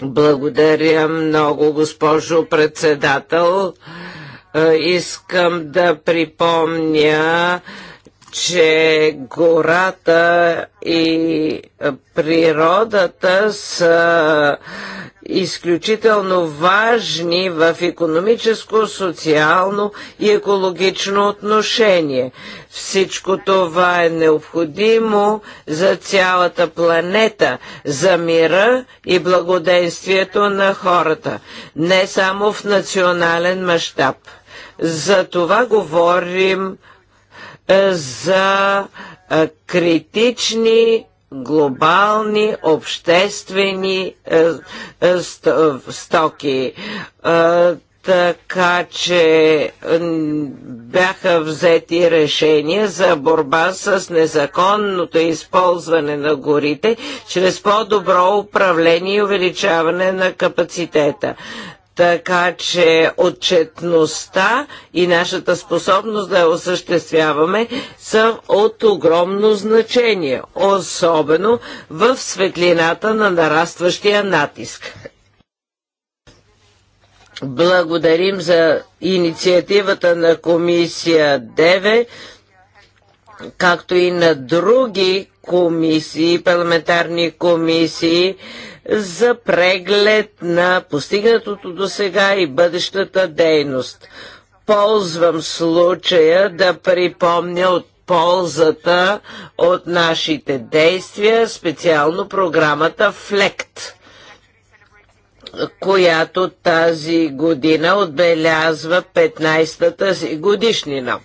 Благодаря много, госпожо председател. Е, искам да припомня че гората и природата са изключително важни в економическо, социално и екологично отношение. Всичко това е необходимо за цялата планета, за мира и благоденствието на хората, не само в национален мащаб. За това говорим за критични глобални обществени стоки така че бяха взети решения за борба с незаконното използване на горите чрез по-добро управление и увеличаване на капацитета. Така че отчетността и нашата способност да я осъществяваме са от огромно значение, особено в светлината на нарастващия натиск. Благодарим за инициативата на комисия 9, както и на други комисии, парламентарни комисии, за преглед на постигнатото до сега и бъдещата дейност. Ползвам случая да припомня от ползата от нашите действия, специално програмата ФЛЕКТ която тази година отбелязва 15-та си годишнина.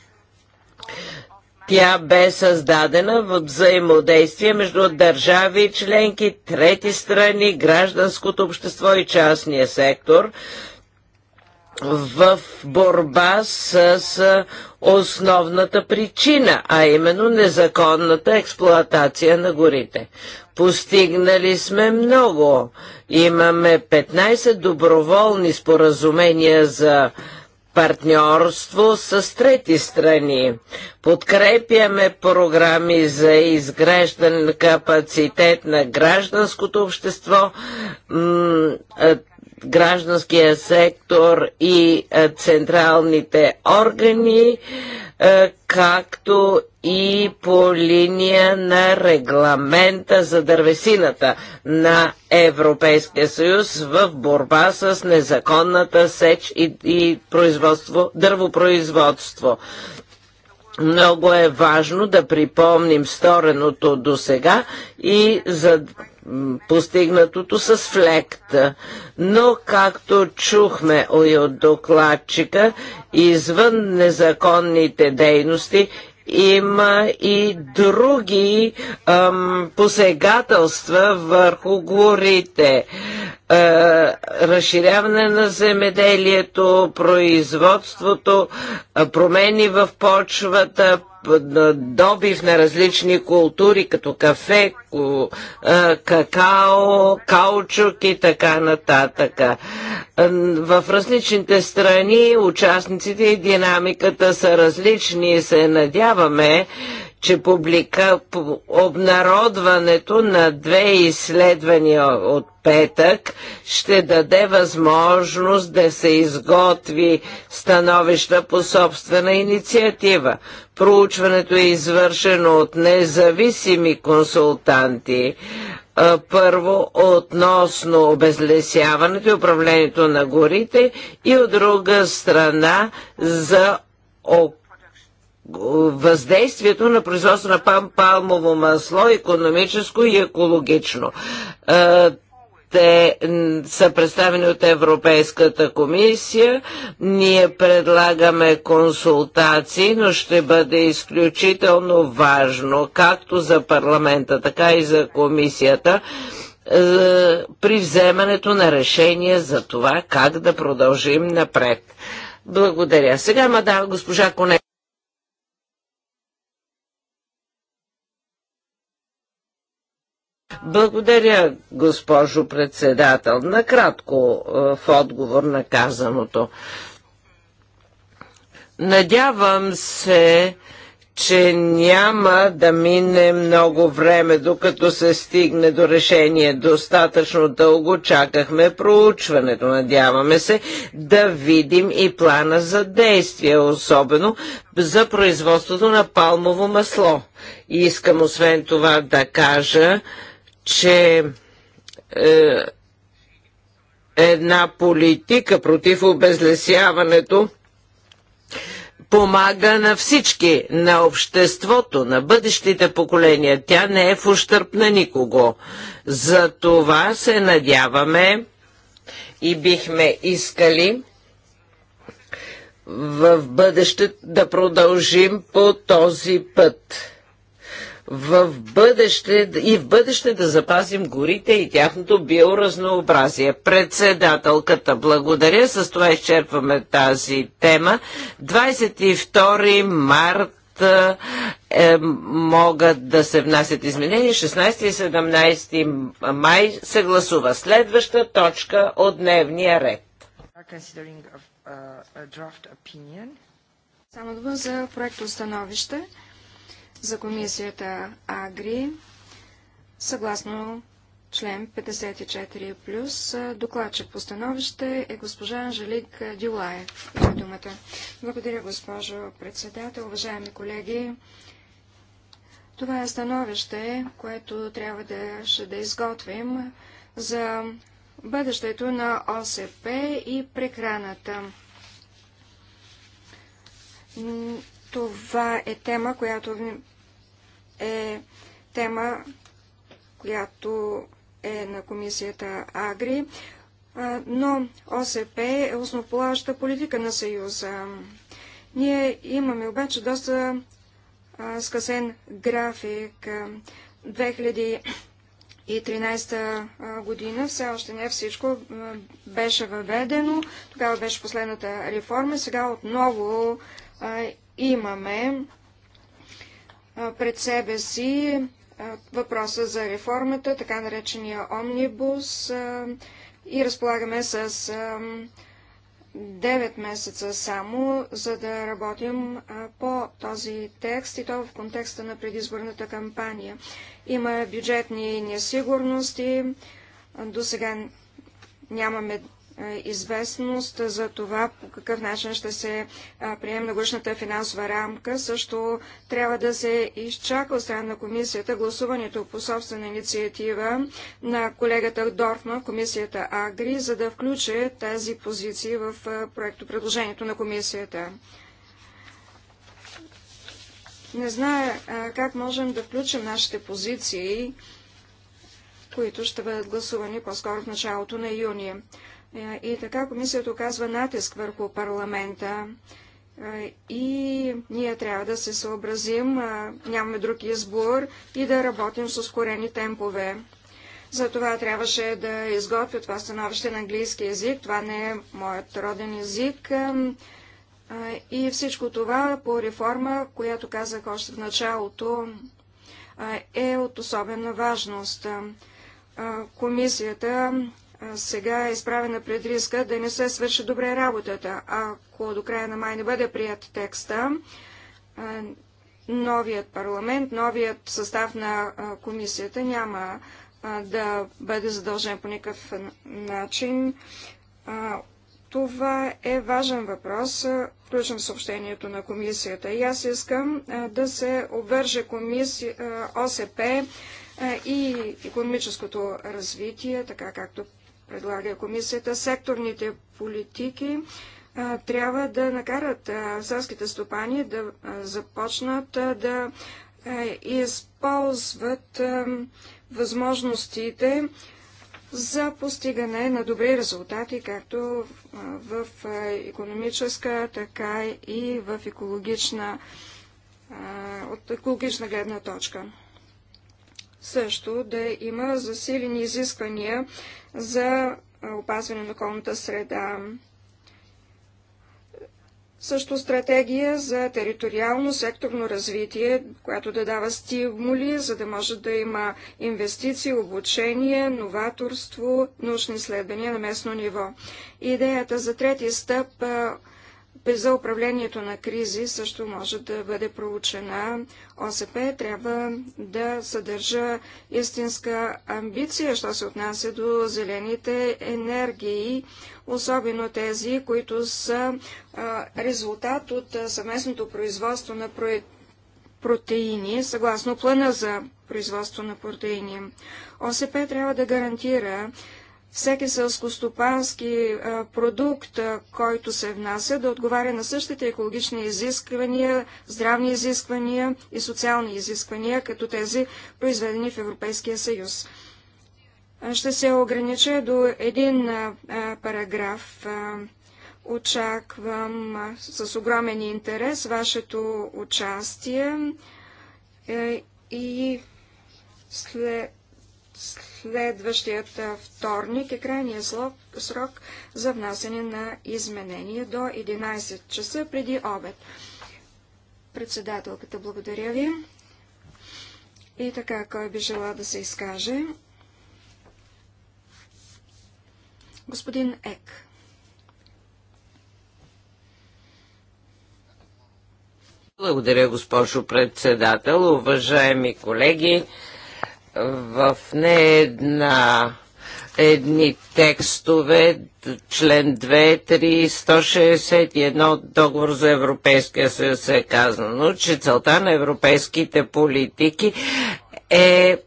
Тя бе създадена в взаимодействие между държави, членки, трети страни, гражданското общество и частния сектор в борба с основната причина, а именно незаконната експлоатация на горите. Постигнали сме много. Имаме 15 доброволни споразумения за партньорство с трети страни. Подкрепяме програми за изграждане на капацитет на гражданското общество, гражданския сектор и централните органи, както и по линия на регламента за дървесината на Европейския съюз в борба с незаконната сеч и, и производство, дървопроизводство. Много е важно да припомним стореното до сега и за постигнатото с флект. Но, както чухме и от докладчика, извън незаконните дейности има и други ам, посегателства върху горите. А, е, разширяване на земеделието, производството, а, промени в почвата, добив на различни култури, като кафе, какао, каучук и така нататък. В различните страни участниците и динамиката са различни и се надяваме, че публика, обнародването на две изследвания от петък ще даде възможност да се изготви становища по собствена инициатива. Проучването е извършено от независими консултанти. Първо относно обезлесяването и управлението на горите и от друга страна за въздействието на производство на пам палмово масло, економическо и екологично. Те са представени от Европейската комисия. Ние предлагаме консултации, но ще бъде изключително важно, както за парламента, така и за комисията, при вземането на решение за това как да продължим напред. Благодаря. Сега, мадам, госпожа Коне. Благодаря, госпожо председател. Накратко е, в отговор на казаното. Надявам се, че няма да мине много време, докато се стигне до решение. Достатъчно дълго чакахме проучването. Надяваме се да видим и плана за действие, особено за производството на палмово масло. И искам освен това да кажа, че е, една политика против обезлесяването помага на всички, на обществото, на бъдещите поколения. Тя не е в ущърп на никого. За това се надяваме и бихме искали в бъдеще да продължим по този път в бъдеще, и в бъдеще да запазим горите и тяхното биоразнообразие. Председателката, благодаря. С това изчерпваме тази тема. 22 март е, могат да се внасят изменения. 16 и 17 май се гласува следваща точка от дневния ред. Uh, Само за проекто становище за комисията Агри, съгласно член 54+. Плюс. Докладчик по становище е госпожа Анжелик Дюлае. думата. Благодаря, госпожо председател. Уважаеми колеги, това е становище, което трябва да, ще да изготвим за бъдещето на ОСП и прекраната. Това е тема, която е тема, която е на комисията Агри, но ОСП е основополагаща политика на Съюза. Ние имаме обаче доста скъсен график. 2013 година все още не всичко беше въведено. Тогава беше последната реформа. Сега отново имаме пред себе си въпроса за реформата, така наречения омнибус и разполагаме с 9 месеца само, за да работим по този текст и то в контекста на предизборната кампания. Има бюджетни несигурности, до сега нямаме е, известност за това по какъв начин ще се приеме многогодишната финансова рамка. Също трябва да се изчака от страна на комисията гласуването по собствена инициатива на колегата Дорфма, комисията Агри, за да включи тази позиции в проекто предложението на комисията. Не знае как можем да включим нашите позиции които ще бъдат гласувани по-скоро в началото на юни. Е, и така комисията оказва натиск върху парламента е, и ние трябва да се съобразим, е, нямаме друг избор и да работим с ускорени темпове. Затова трябваше да изготвя това становище на английски язик. Това не е моят роден език. И всичко това по реформа, която казах още в началото, е от особена важност. Комисията сега е изправена пред риска да не се свърши добре работата. Ако до края на май не бъде прият текста, новият парламент, новият състав на комисията няма да бъде задължен по никакъв начин. Това е важен въпрос, включен в съобщението на комисията. И аз искам да се обвърже комисия, ОСП и економическото развитие, така както предлага комисията, секторните политики трябва да накарат селските стопани да започнат да използват възможностите за постигане на добри резултати, както в економическа, така и в екологична, от екологична гледна точка също да има засилени изисквания за опазване на околната среда. Също стратегия за териториално секторно развитие, която да дава стимули, за да може да има инвестиции, обучение, новаторство, научни изследвания на местно ниво. Идеята за трети стъп за управлението на кризи също може да бъде проучена. ОСП трябва да съдържа истинска амбиция, що се отнася до зелените енергии, особено тези, които са резултат от съвместното производство на протеини, съгласно плана за производство на протеини. ОСП трябва да гарантира, всеки селскостопански продукт, който се внася, да отговаря на същите екологични изисквания, здравни изисквания и социални изисквания, като тези произведени в Европейския съюз. Ще се огранича до един параграф. очаквам с огромен интерес вашето участие е, и след Следващият вторник е крайният срок за внасене на изменения до 11 часа преди обед. Председателката, благодаря ви. И така, кой би желал да се изкаже? Господин Ек. Благодаря, госпожо председател. Уважаеми колеги, в не една едни текстове, член 2, 3, 161 от договор за Европейския съюз е казано, че целта на европейските политики е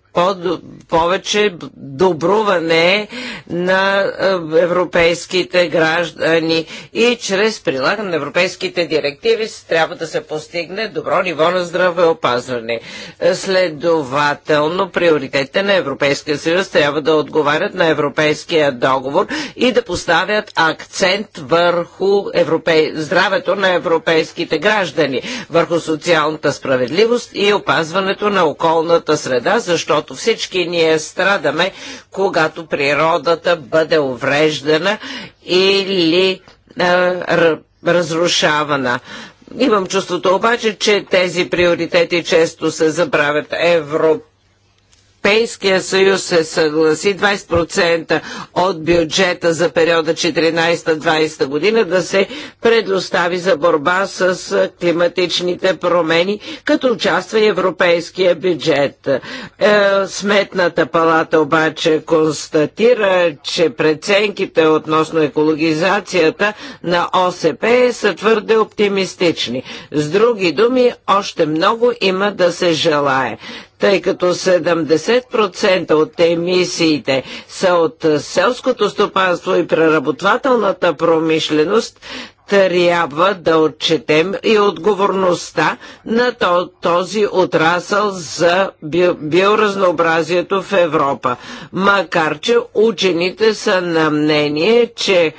повече добруване на европейските граждани и чрез прилагане на европейските директиви трябва да се постигне добро ниво на здравеопазване. Следователно, приоритетите на Европейския съюз трябва да отговарят на Европейския договор и да поставят акцент върху европе... здравето на европейските граждани, върху социалната справедливост и опазването на околната среда, защото защото всички ние страдаме, когато природата бъде увреждана или е, разрушавана. Имам чувството обаче, че тези приоритети често се забравят. Европа Европейския съюз се съгласи 20% от бюджета за периода 14-20 година да се предостави за борба с климатичните промени, като участва и европейския бюджет. Е, сметната палата обаче констатира, че преценките относно екологизацията на ОСП са твърде оптимистични. С други думи, още много има да се желае тъй като 70% от емисиите са от селското стопанство и преработвателната промишленост, трябва да отчетем и отговорността на този отрасъл за биоразнообразието в Европа. Макар, че учените са на мнение, че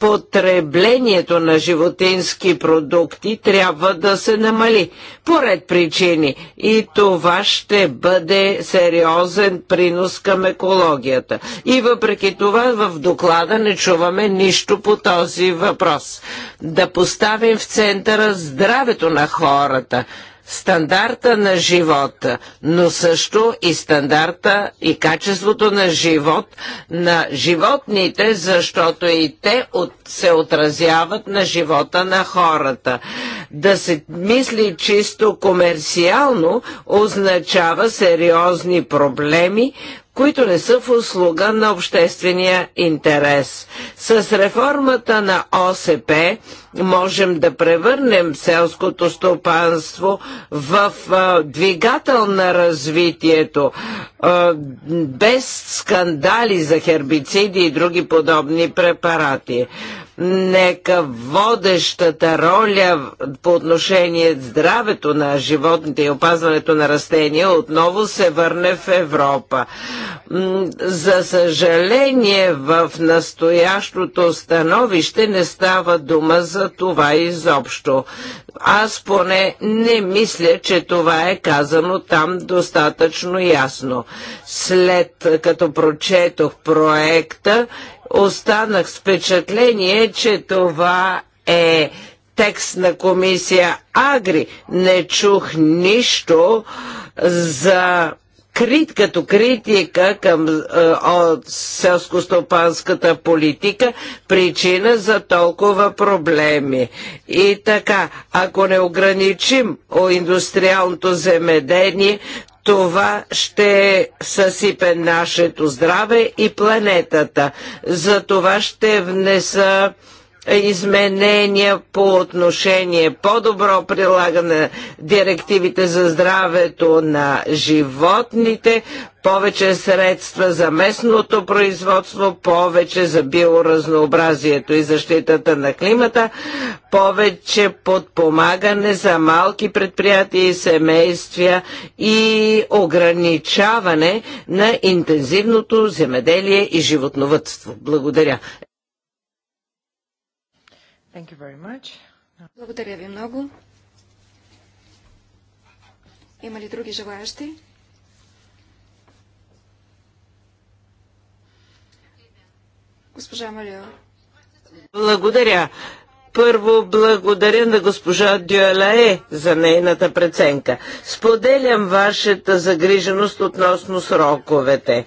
потреблението на животински продукти трябва да се намали поред причини и това ще бъде сериозен принос към екологията. И въпреки това в доклада не чуваме нищо по този въпрос. Да поставим в центъра здравето на хората стандарта на живота, но също и стандарта и качеството на живот на животните, защото и те от, се отразяват на живота на хората. Да се мисли чисто комерциално означава сериозни проблеми, които не са в услуга на обществения интерес. С реформата на ОСП можем да превърнем селското стопанство в двигател на развитието, без скандали за хербициди и други подобни препарати. Нека водещата роля по отношение здравето на животните и опазването на растения отново се върне в Европа. За съжаление в настоящото становище не става дума за това изобщо. Аз поне не мисля, че това е казано там достатъчно ясно. След като прочетох проекта, останах с впечатление, че това е текст на комисия Агри. Не чух нищо за крит като критика към е, селско-стопанската политика, причина за толкова проблеми. И така, ако не ограничим о индустриалното земедение, това ще съсипе нашето здраве и планетата. За това ще внеса изменения по отношение по-добро прилагане на директивите за здравето на животните, повече средства за местното производство, повече за биоразнообразието и защитата на климата, повече подпомагане за малки предприятия и семейства и ограничаване на интензивното земеделие и животновътство. Благодаря. Thank you very much. Благодаря ви много. Има ли други желаящи? Госпожа Малио. Благодаря. Първо благодаря на госпожа Дюалае за нейната преценка. Споделям вашата загриженост относно сроковете.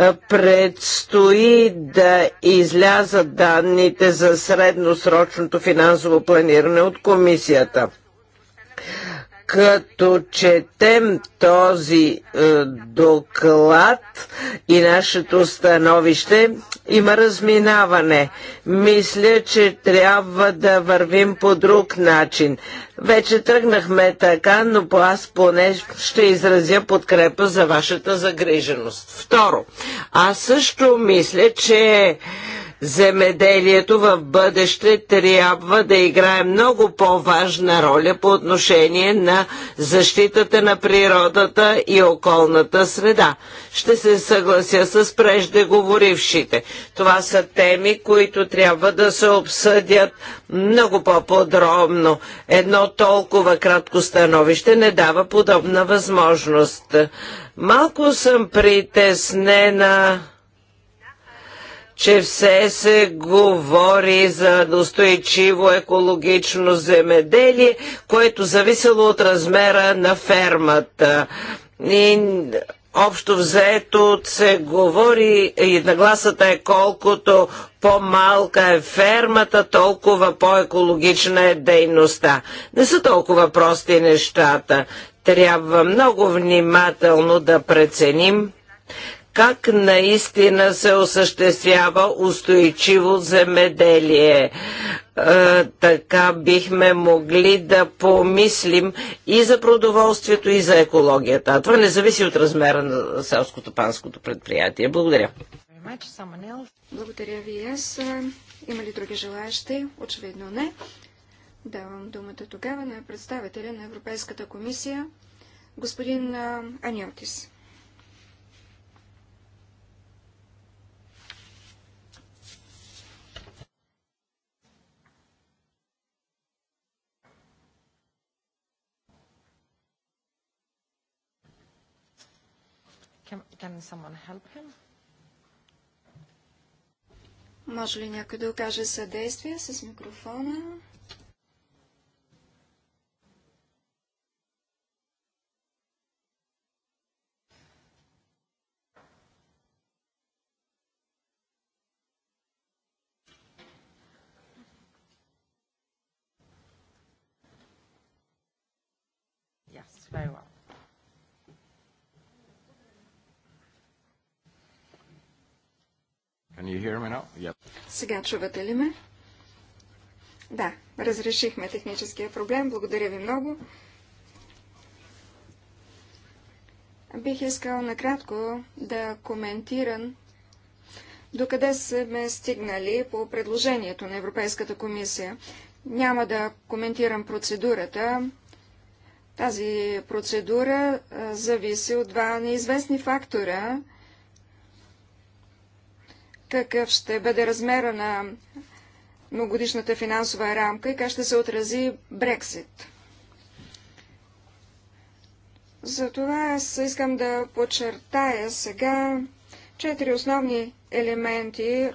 Е, предстои да излязат данните за средносрочното финансово планиране от комисията като четем този е, доклад и нашето становище, има разминаване. Мисля, че трябва да вървим по друг начин. Вече тръгнахме така, но по аз поне ще изразя подкрепа за вашата загриженост. Второ, аз също мисля, че земеделието в бъдеще трябва да играе много по-важна роля по отношение на защитата на природата и околната среда. Ще се съглася с преждеговорившите. Това са теми, които трябва да се обсъдят много по-подробно. Едно толкова кратко становище не дава подобна възможност. Малко съм притеснена че все се говори за достойчиво екологично земеделие, което зависело от размера на фермата. И общо взето се говори и нагласата е колкото по-малка е фермата, толкова по-екологична е дейността. Не са толкова прости нещата. Трябва много внимателно да преценим как наистина се осъществява устойчиво земеделие. Е, така бихме могли да помислим и за продоволствието, и за екологията. А това не зависи от размера на селско панското предприятие. Благодаря. Благодаря ви аз. Има ли други желаящи? Очевидно не. Давам думата тогава на представителя на Европейската комисия, господин Аниотис. Can, can someone help him? Може ли някой да окаже съдействие с микрофона? Yes, very well. Сега чувате ли ме? Да, разрешихме техническия проблем. Благодаря ви много. Бих искал накратко да коментирам докъде сме стигнали по предложението на Европейската комисия. Няма да коментирам процедурата. Тази процедура зависи от два неизвестни фактора, какъв ще бъде размера на многогодишната финансова рамка и как ще се отрази Брексит. Затова аз искам да подчертая сега четири основни елементи,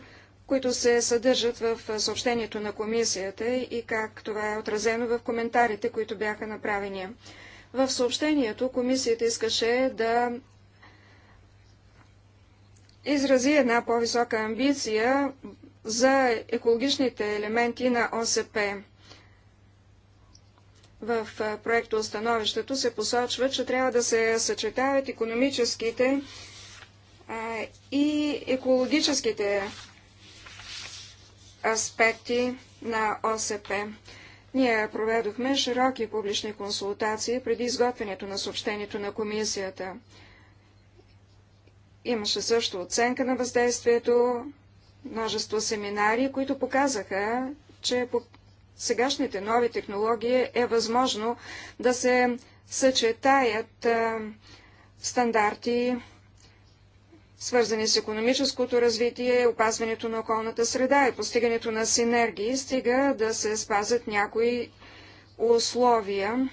които се съдържат в съобщението на комисията и как това е отразено в коментарите, които бяха направени. В съобщението комисията искаше да изрази една по-висока амбиция за екологичните елементи на ОСП. В проекта Остановището се посочва, че трябва да се съчетават економическите и екологическите аспекти на ОСП. Ние проведохме широки публични консултации преди изготвянето на съобщението на комисията. Имаше също оценка на въздействието, множество семинари, които показаха, че по сегашните нови технологии е възможно да се съчетаят стандарти, свързани с економическото развитие, опазването на околната среда и постигането на синергии, стига да се спазят някои условия,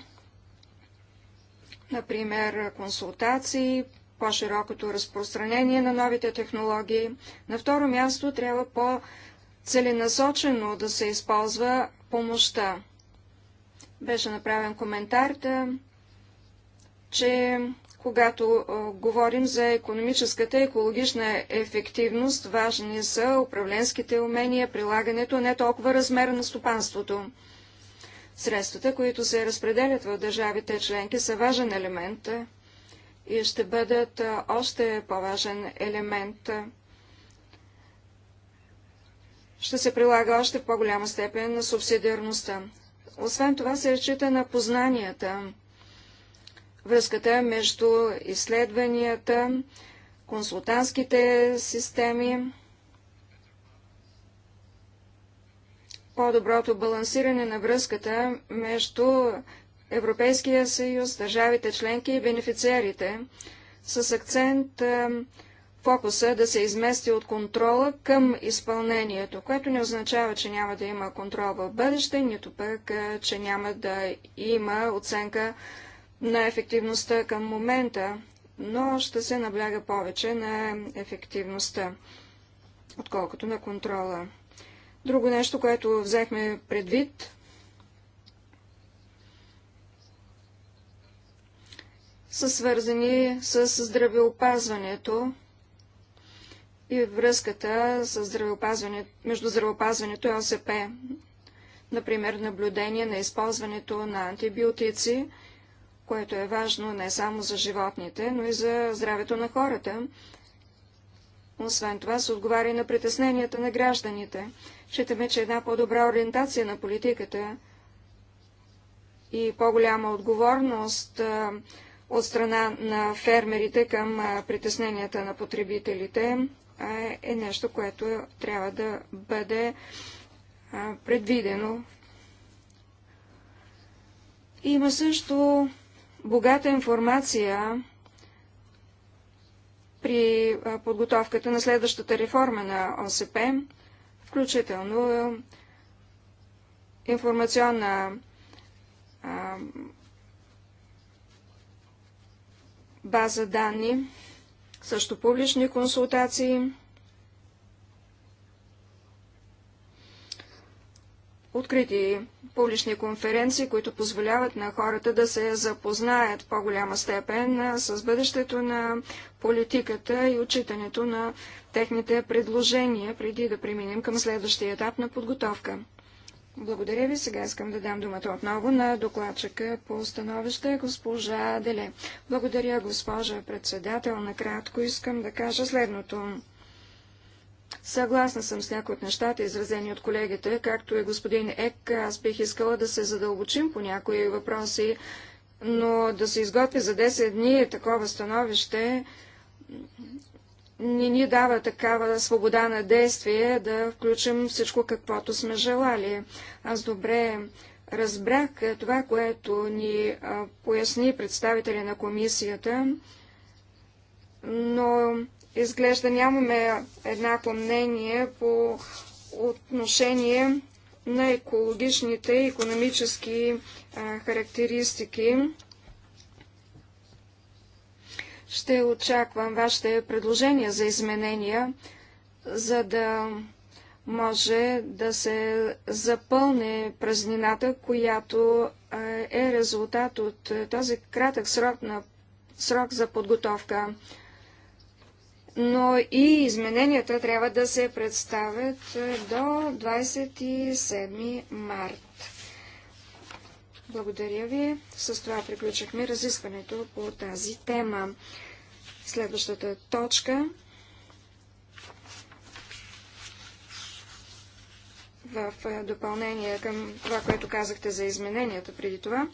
например консултации, по-широкото разпространение на новите технологии. На второ място трябва по-целенасочено да се използва помощта. Беше направен коментар, да, че когато говорим за економическата и екологична ефективност, важни са управленските умения, прилагането, не толкова размера на стопанството. Средствата, които се разпределят в държавите членки, са важен елемент, и ще бъдат още по-важен елемент. Ще се прилага още в по-голяма степен на субсидиарността. Освен това се разчита на познанията, връзката между изследванията, консултантските системи, по-доброто балансиране на връзката между Европейския съюз, държавите членки и бенефициарите, с акцент е, фокуса да се измести от контрола към изпълнението, което не означава, че няма да има контрол в бъдеще, нито пък, е, че няма да има оценка на ефективността към момента, но ще се набляга повече на ефективността, отколкото на контрола. Друго нещо, което взехме предвид са свързани с здравеопазването и връзката с здравеопазване, между здравеопазването и ОСП. Например, наблюдение на използването на антибиотици, което е важно не само за животните, но и за здравето на хората. Освен това се отговаря и на притесненията на гражданите. Считаме, че една по-добра ориентация на политиката и по-голяма отговорност от страна на фермерите към притесненията на потребителите е нещо, което трябва да бъде предвидено. Има също богата информация при подготовката на следващата реформа на ОСП, включително информационна база данни, също публични консултации. открити публични конференции, които позволяват на хората да се запознаят в по-голяма степен с бъдещето на политиката и отчитането на техните предложения, преди да преминем към следващия етап на подготовка. Благодаря ви. Сега искам да дам думата отново на докладчика по становище госпожа Деле. Благодаря, госпожа председател. Накратко искам да кажа следното. Съгласна съм с някои от нещата, изразени от колегите, както и господин Ек. Аз бих искала да се задълбочим по някои въпроси, но да се изготви за 10 дни такова становище не ни дава такава свобода на действие да включим всичко каквото сме желали. Аз добре разбрах това, което ни поясни представителя на комисията, но изглежда нямаме еднакво мнение по отношение на екологичните и економически а, характеристики ще очаквам вашите предложения за изменения, за да може да се запълне празнината, която е резултат от този кратък срок, на, срок за подготовка. Но и измененията трябва да се представят до 27 март. Благодаря ви. С това приключихме разискването по тази тема. Следващата точка в допълнение към това, което казахте за измененията преди това.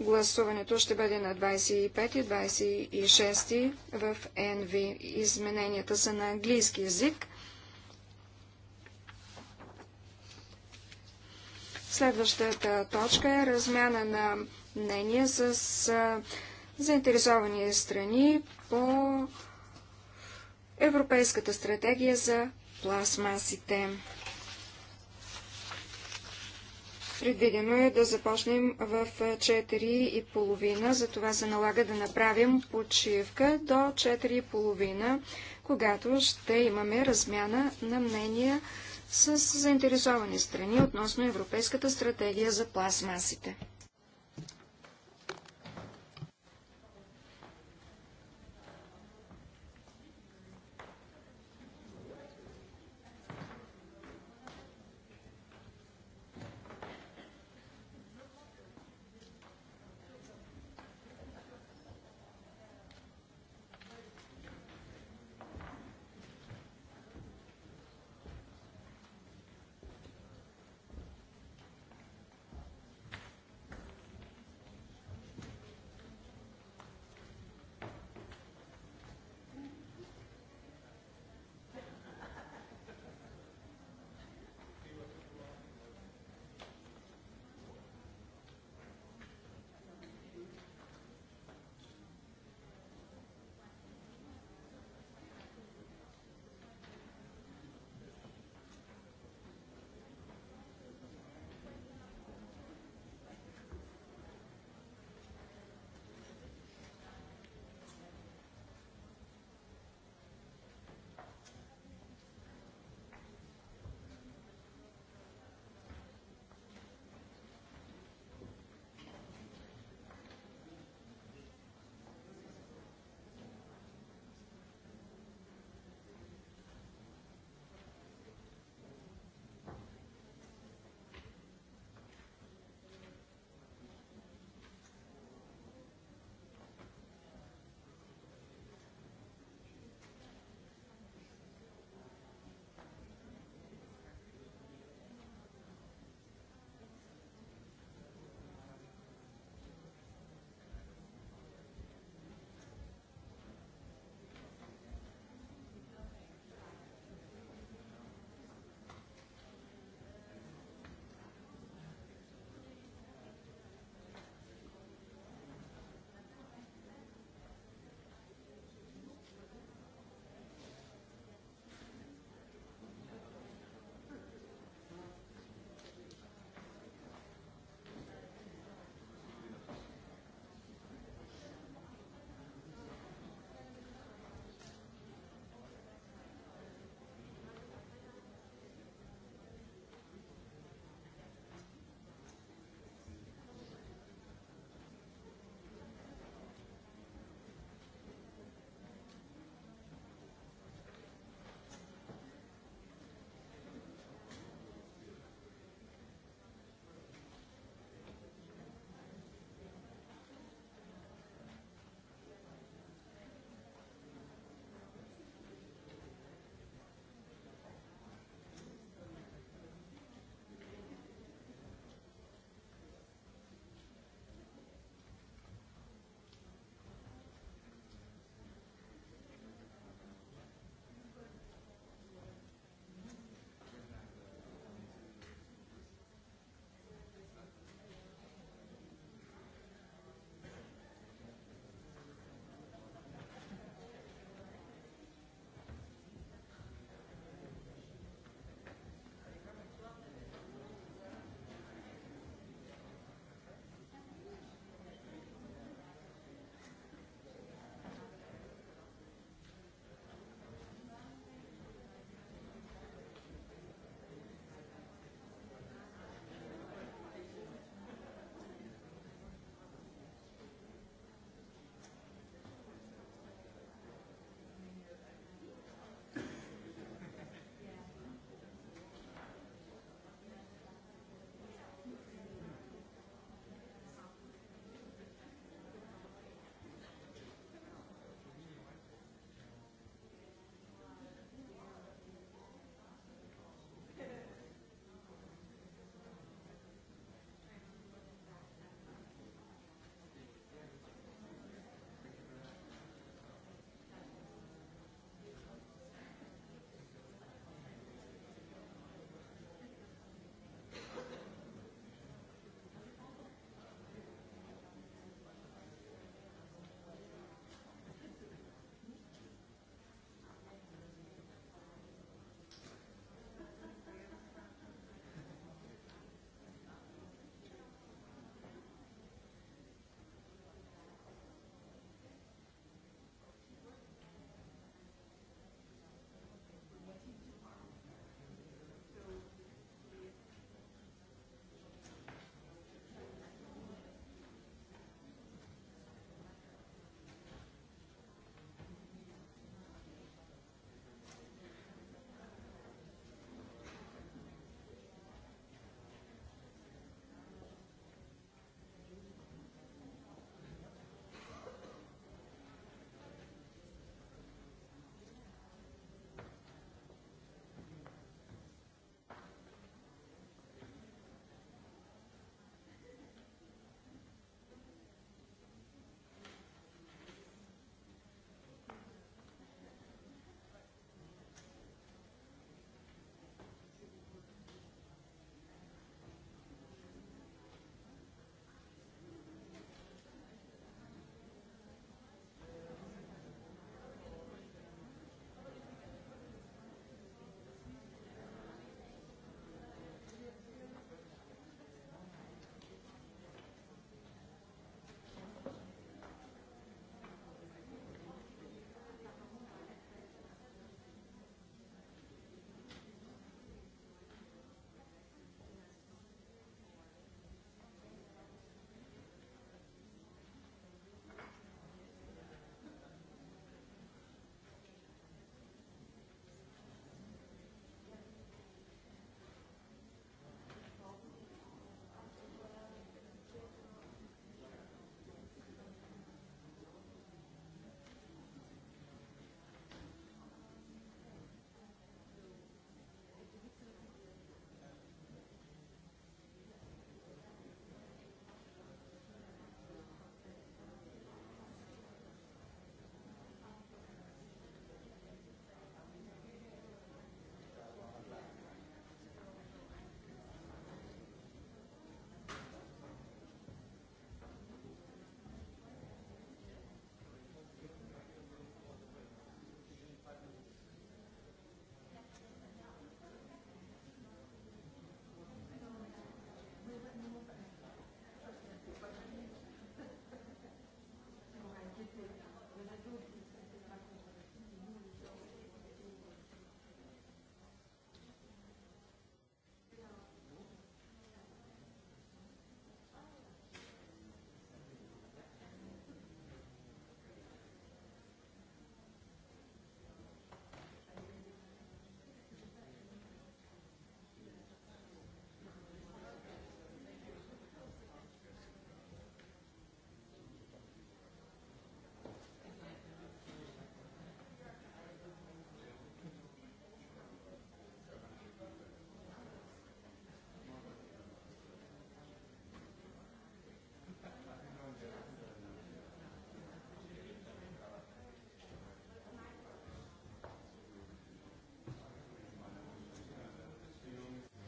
Гласуването ще бъде на 25-26 в НВ. Измененията са на английски язик. Следващата точка е размяна на мнение с заинтересовани страни по Европейската стратегия за пластмасите. Предвидено е да започнем в 4.30, затова се налага да направим почивка до 4.30, когато ще имаме размяна на мнения с заинтересовани страни относно Европейската стратегия за пластмасите.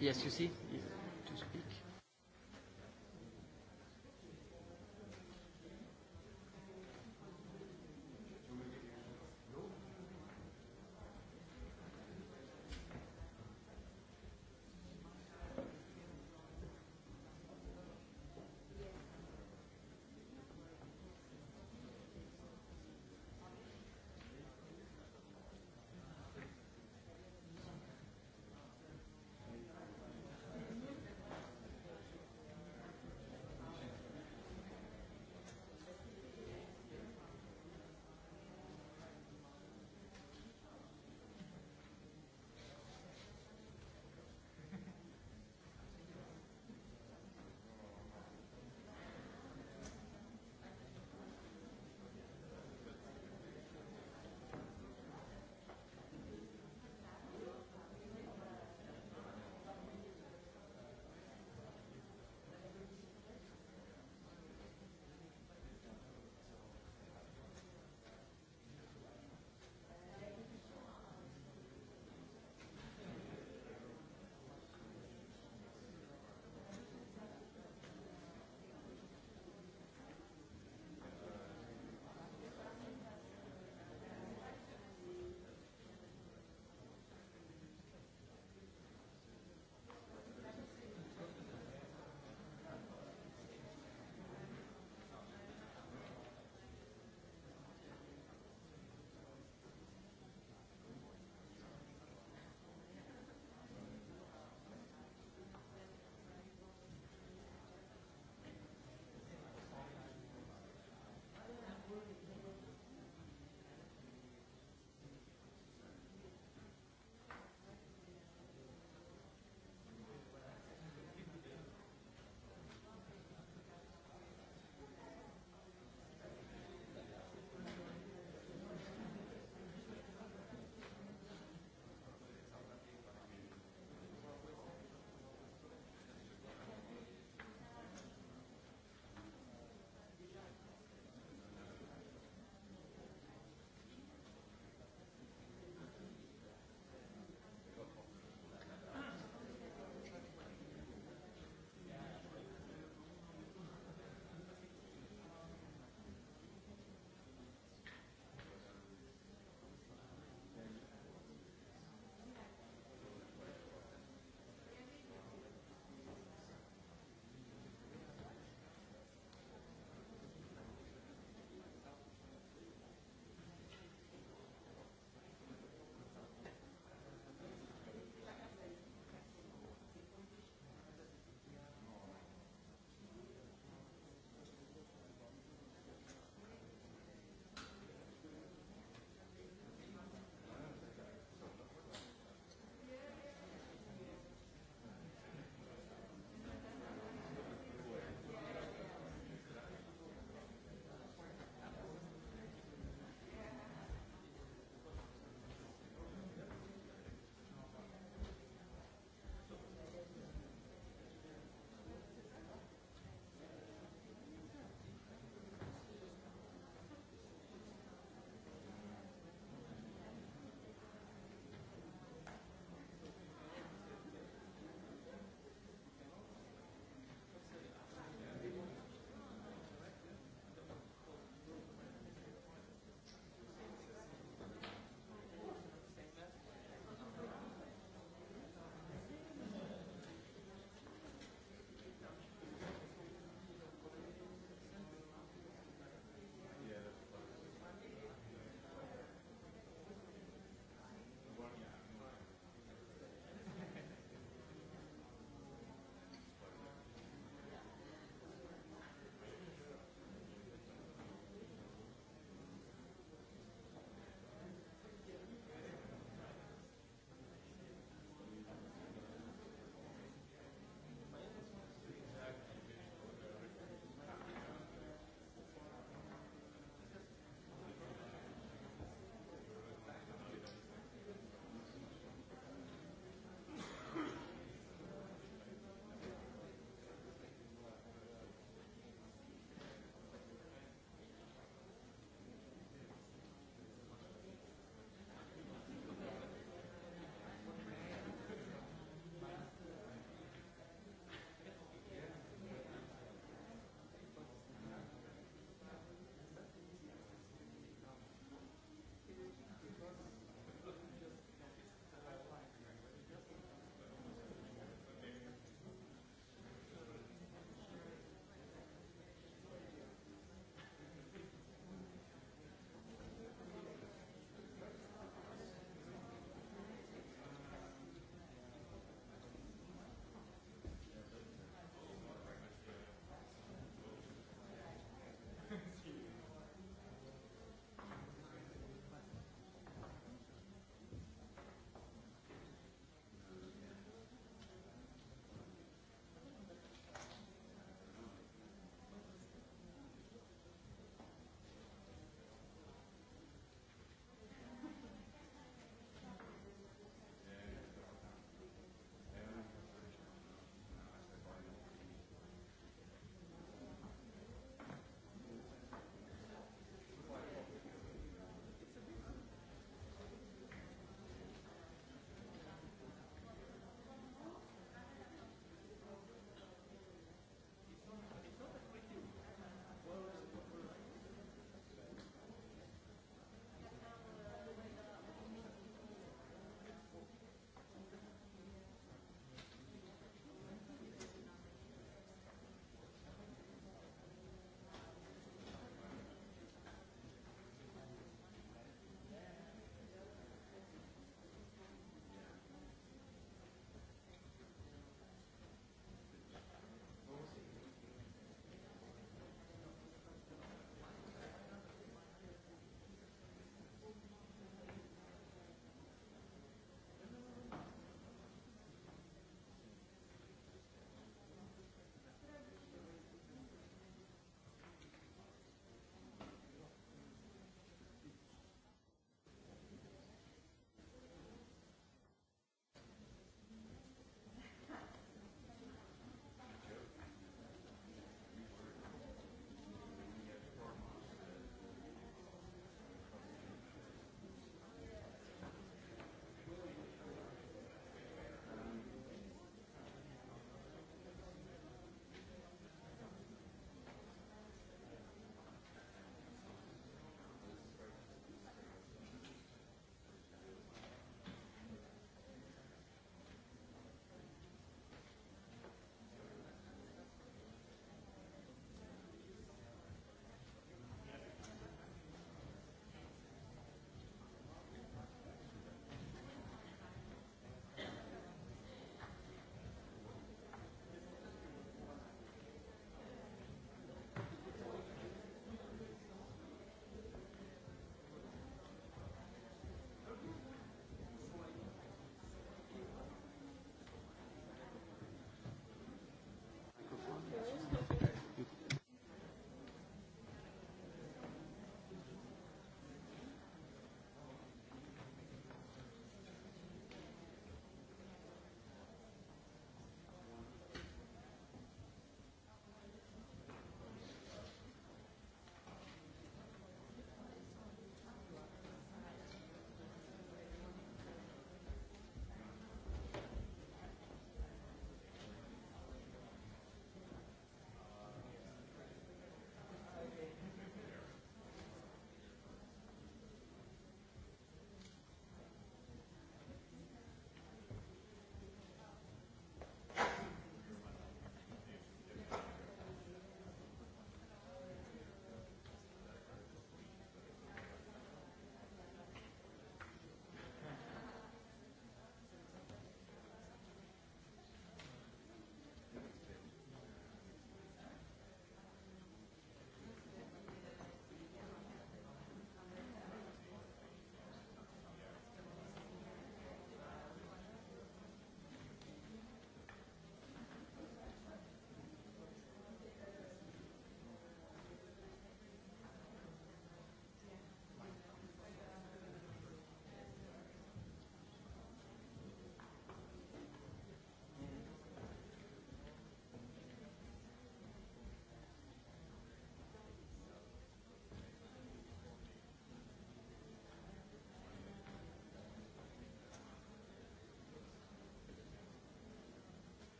Yes, you see?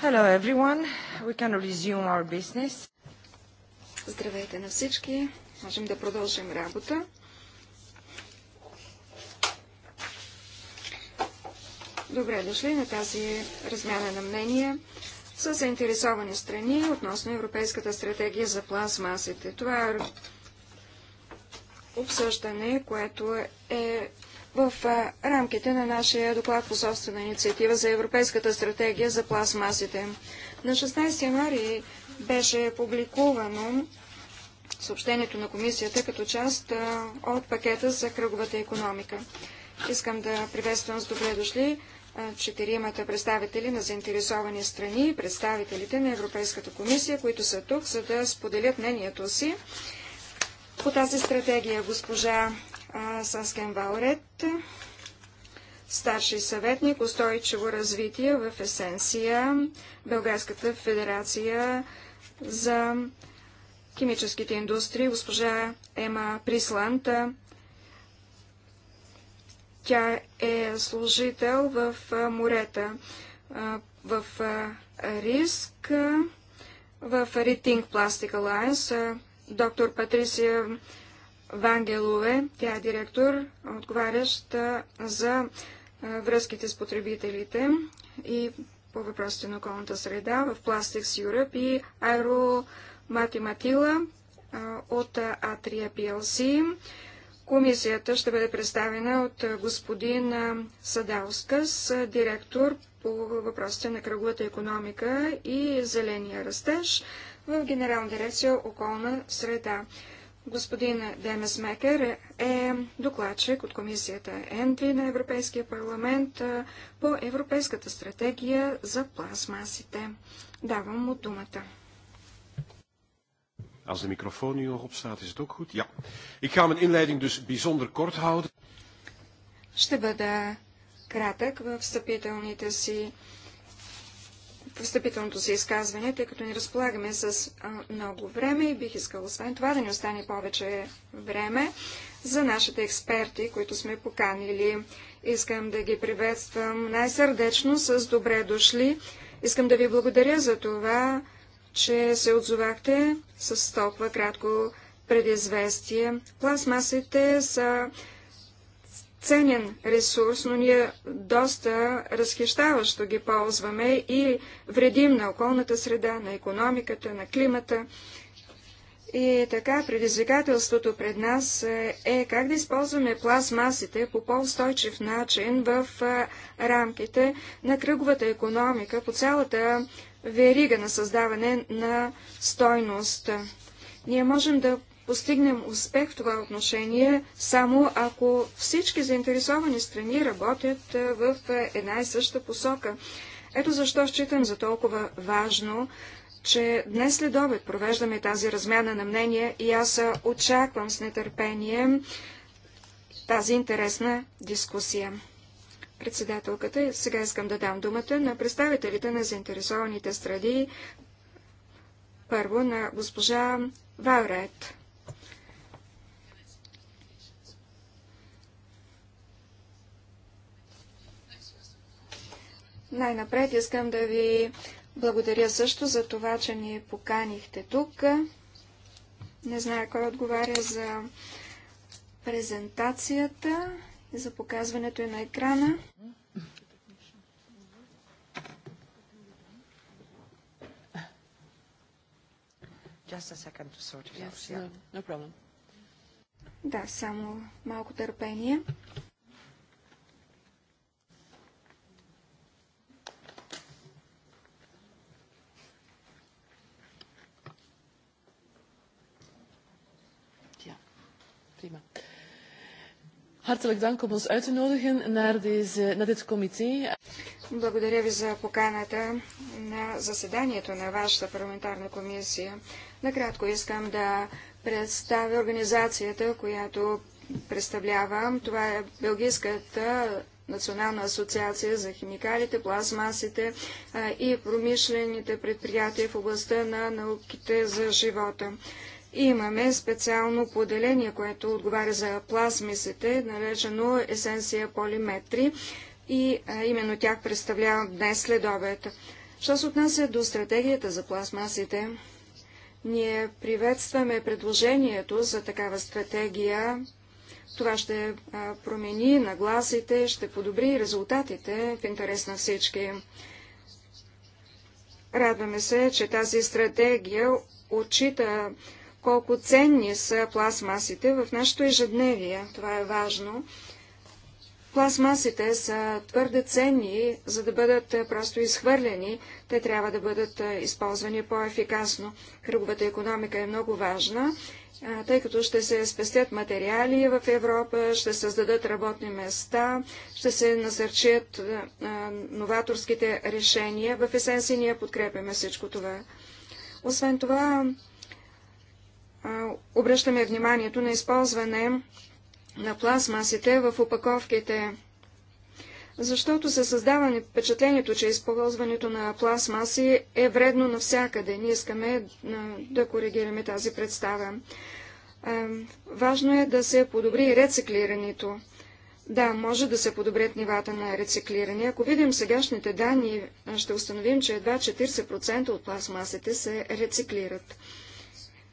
Hello everyone. We can resume our business. Здравейте на всички. Можем да продължим работа. Добре дошли на тази размяна на мнение с заинтересовани страни относно Европейската стратегия за пластмасите. Това е обсъждане, което е в рамките на нашия доклад по собствена инициатива за Европейската стратегия за пластмасите. На 16 януари беше публикувано съобщението на комисията като част от пакета за кръговата економика. Искам да приветствам с добре дошли четиримата представители на заинтересовани страни и представителите на Европейската комисия, които са тук, за да споделят мнението си по тази стратегия. Госпожа Саскен Ваурет, старши съветник, устойчиво развитие в есенция, Българската федерация за химическите индустрии, госпожа Ема Присланта. Тя е служител в морета в риск в Rethink Plastic Alliance. Доктор Патрисия Вангелове. Тя е директор, отговаряща за връзките с потребителите и по въпросите на околната среда в Plastics Europe и Аеро Матиматила от а 3 PLC. Комисията ще бъде представена от господин Садаускас, директор по въпросите на кръглата економика и зеления растеж в Генерална дирекция околна среда. Господин Демес Мекер е докладчик от комисията ЕНВИ на Европейския парламент по Европейската стратегия за пластмасите. Давам му думата. Als de microfoon nu nog op staat, is het ook goed. Ja. Ik ga mijn inleiding dus bijzonder kort houden. Ще бъда кратък в встъпителните си встъпителното си изказване, тъй като ни разполагаме с много време и бих искал освен това да ни остане повече време за нашите експерти, които сме поканили. Искам да ги приветствам най-сърдечно с добре дошли. Искам да ви благодаря за това, че се отзовахте с толкова кратко предизвестие. Пластмасите са ценен ресурс, но ние доста разхищаващо ги ползваме и вредим на околната среда, на економиката, на климата. И така предизвикателството пред нас е как да използваме пластмасите по по-устойчив начин в рамките на кръговата економика по цялата верига на създаване на стойност. Ние можем да постигнем успех в това отношение, само ако всички заинтересовани страни работят в една и съща посока. Ето защо считам за толкова важно, че днес след обед провеждаме тази размяна на мнения и аз очаквам с нетърпение тази интересна дискусия. Председателката, сега искам да дам думата на представителите на заинтересованите страни. Първо на госпожа Валрет. Най-напред искам да ви благодаря също за това, че ни поканихте тук. Не зная кой отговаря за презентацията и за показването и на екрана. Just a second to sort it out. Yeah. No, no problem. Да, само малко търпение. Hartelijk dank om ons uit te nodigen naar, deze, naar dit comité. Благодаря ви за поканата на заседанието на вашата парламентарна комисия. Накратко искам да представя организацията, която представлявам. Това е Белгийската Национална асоциация за химикалите, пластмасите и промишлените предприятия в областта на науките за живота. Имаме специално поделение, което отговаря за плазмисите, наречено есенция полиметри и а, именно тях представлявам днес след обед. Що се отнася до стратегията за пластмасите, ние приветстваме предложението за такава стратегия. Това ще промени нагласите, ще подобри резултатите в интерес на всички. Радваме се, че тази стратегия отчита колко ценни са пластмасите в нашето ежедневие. Това е важно. Пластмасите са твърде ценни, за да бъдат е, просто изхвърлени. Те трябва да бъдат е, използвани по-ефикасно. Кръговата економика е много важна, е, тъй като ще се спестят материали в Европа, ще създадат работни места, ще се насърчат новаторските решения. В есенция ние подкрепяме всичко това. Освен това, обръщаме вниманието на използване на пластмасите в опаковките, защото се създава впечатлението, че използването на пластмаси е вредно навсякъде. Ние искаме да коригираме тази представа. Важно е да се подобри рециклирането. Да, може да се подобрят нивата на рециклиране. Ако видим сегашните данни, ще установим, че едва 40% от пластмасите се рециклират.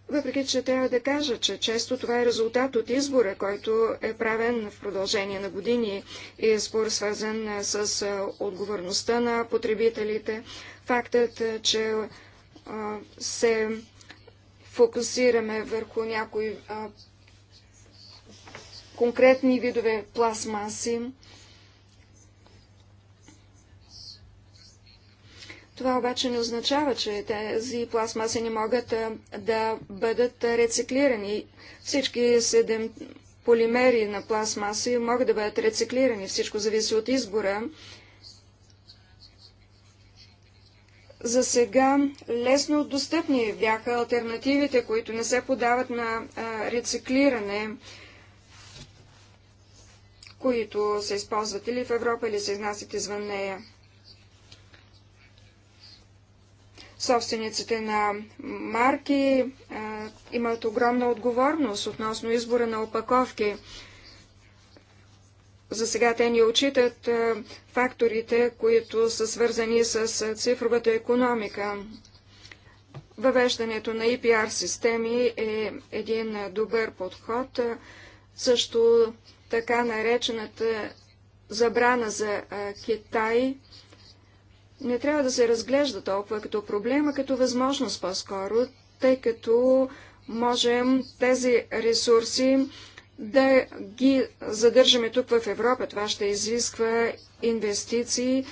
Въпреки, че трябва да кажа, че често това е резултат от избора, който е правен в продължение на години и е спор свързан е, с е, отговорността на потребителите. Фактът, е, че а, се фокусираме върху някои а, конкретни видове пластмаси, Това обаче не означава, че тези пластмаси не могат да бъдат рециклирани. Всички седем полимери на пластмаси могат да бъдат рециклирани. Всичко зависи от избора. За сега лесно достъпни бяха альтернативите, които не се подават на рециклиране, които се използват или в Европа, или се изнасят извън нея. Собствениците на марки а, имат огромна отговорност относно избора на опаковки. За сега те ни отчитат а, факторите, които са свързани с цифровата економика. Въвеждането на EPR системи е един добър подход. Също така наречената забрана за Китай – не трябва да се разглежда толкова като проблема, като възможност по-скоро, тъй като можем тези ресурси да ги задържаме тук в Европа. Това ще изисква инвестиции,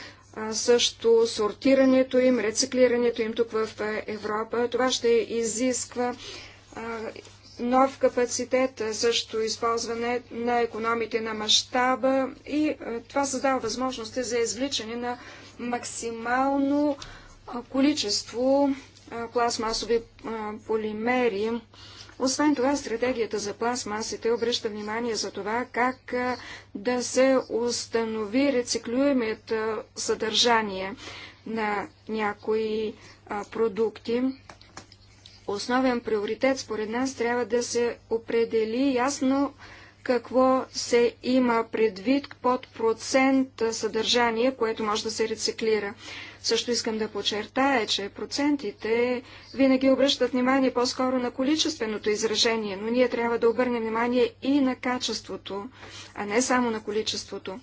също сортирането им, рециклирането им тук в Европа. Това ще изисква нов капацитет, също използване на економите на мащаба и това създава възможности за извличане на максимално количество пластмасови полимери. Освен това, стратегията за пластмасите обръща внимание за това как да се установи рециклюемият съдържание на някои продукти основен приоритет според нас трябва да се определи ясно какво се има предвид под процент съдържание, което може да се рециклира. Също искам да подчертая, че процентите винаги обръщат внимание по-скоро на количественото изражение, но ние трябва да обърнем внимание и на качеството, а не само на количеството.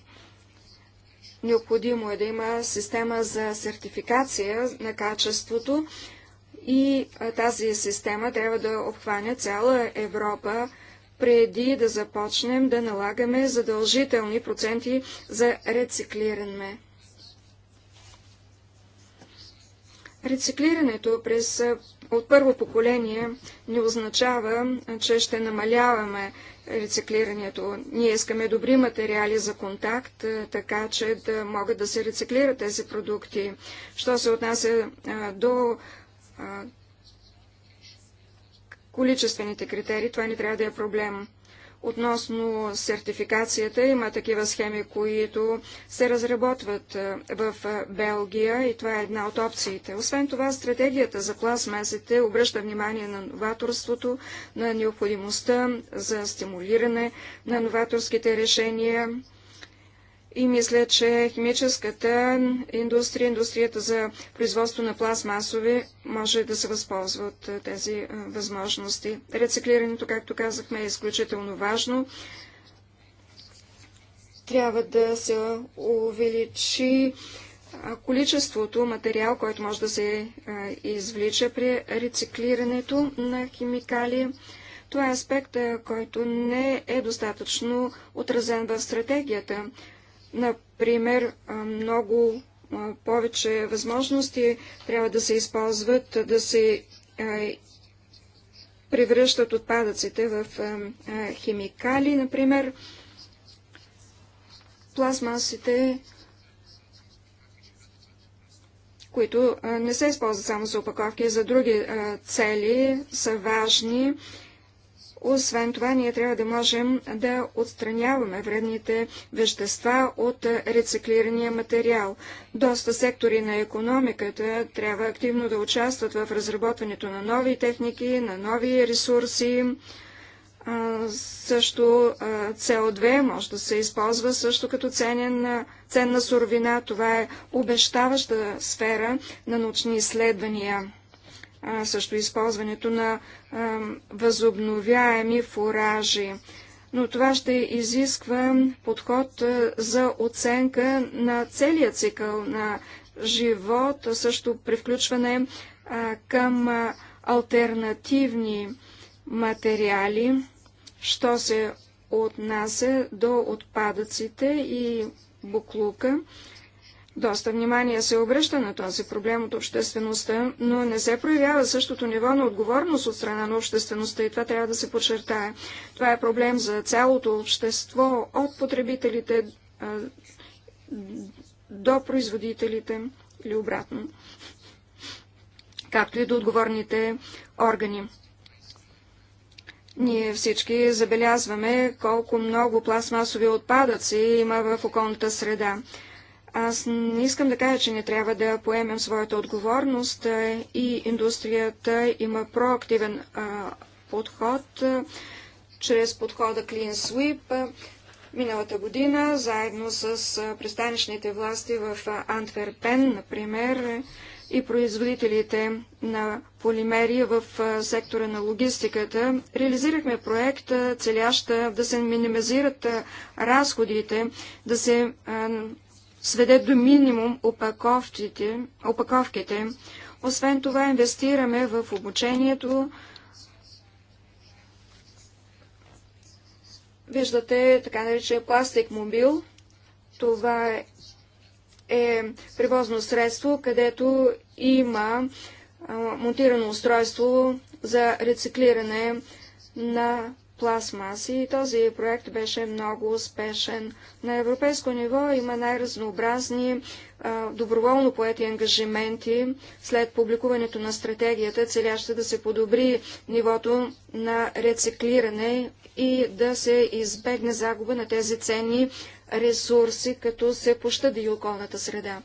Необходимо е да има система за сертификация на качеството, и тази система трябва да обхване цяла Европа, преди да започнем да налагаме задължителни проценти за рециклиране. Рециклирането през, от първо поколение не означава, че ще намаляваме рециклирането. Ние искаме добри материали за контакт, така че да могат да се рециклират тези продукти. Що се отнася до количествените критерии, това не трябва да е проблем. Относно сертификацията, има такива схеми, които се разработват в Белгия и това е една от опциите. Освен това, стратегията за пластмасите обръща внимание на новаторството, на необходимостта за стимулиране на новаторските решения и мисля, че химическата индустрия, индустрията за производство на пластмасови може да се възползва от тези възможности. Рециклирането, както казахме, е изключително важно. Трябва да се увеличи количеството материал, който може да се извлича при рециклирането на химикали. Това е аспект, който не е достатъчно отразен в стратегията. Например, много повече възможности трябва да се използват, да се превръщат отпадъците в химикали, например. Пластмасите, които не се използват само за опаковки, за други цели, са важни освен това, ние трябва да можем да отстраняваме вредните вещества от рециклирания материал. Доста сектори на економиката трябва активно да участват в разработването на нови техники, на нови ресурси. също со CO2 може да се използва също като ценен, ценна суровина. Това е обещаваща сфера на научни изследвания също използването на възобновяеми фуражи. Но това ще изисква подход за оценка на целия цикъл на живот, също при включване към альтернативни материали, що се отнася до отпадъците и буклука. Доста внимание се обръща на този проблем от обществеността, но не се проявява същото ниво на отговорност от страна на обществеността и това трябва да се подчертае. Това е проблем за цялото общество, от потребителите до производителите или обратно, както и до отговорните органи. Ние всички забелязваме колко много пластмасови отпадъци има в околната среда. Аз не искам да кажа, че не трябва да поемем своята отговорност и индустрията има проактивен а, подход а, чрез подхода Clean Sweep. Миналата година, заедно с пристанищните власти в Антверпен, например, и производителите на полимери в сектора на логистиката, реализирахме проект, целящ да се минимизират разходите, да се сведе до минимум опаковките, опаковките. Освен това инвестираме в обучението. Виждате така нарича пластик мобил. Това е привозно средство, където има а, монтирано устройство за рециклиране на пластмаси и този проект беше много успешен. На европейско ниво има най-разнообразни доброволно поети ангажименти след публикуването на стратегията, целяща да се подобри нивото на рециклиране и да се избегне загуба на тези ценни ресурси, като се пощади околната среда.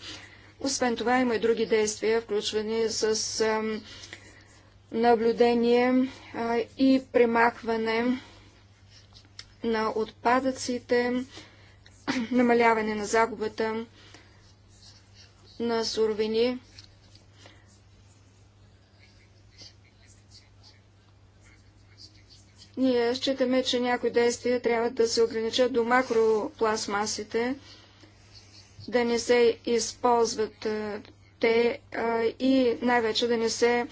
Освен това има и други действия, включвани с ам, наблюдение и премахване на отпадъците, намаляване на загубата на суровини. Ние считаме, че някои действия трябва да се ограничат до макропластмасите, да не се използват те и най-вече да не се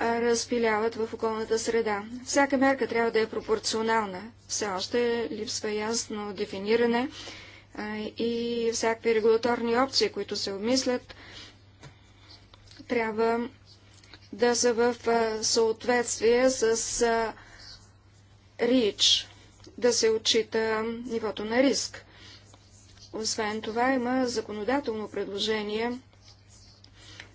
разпиляват в околната среда. Всяка мярка трябва да е пропорционална. Все още липсва ясно дефиниране и всякакви регулаторни опции, които се обмислят, трябва да са в съответствие с РИЧ, да се отчита нивото на риск. Освен това има законодателно предложение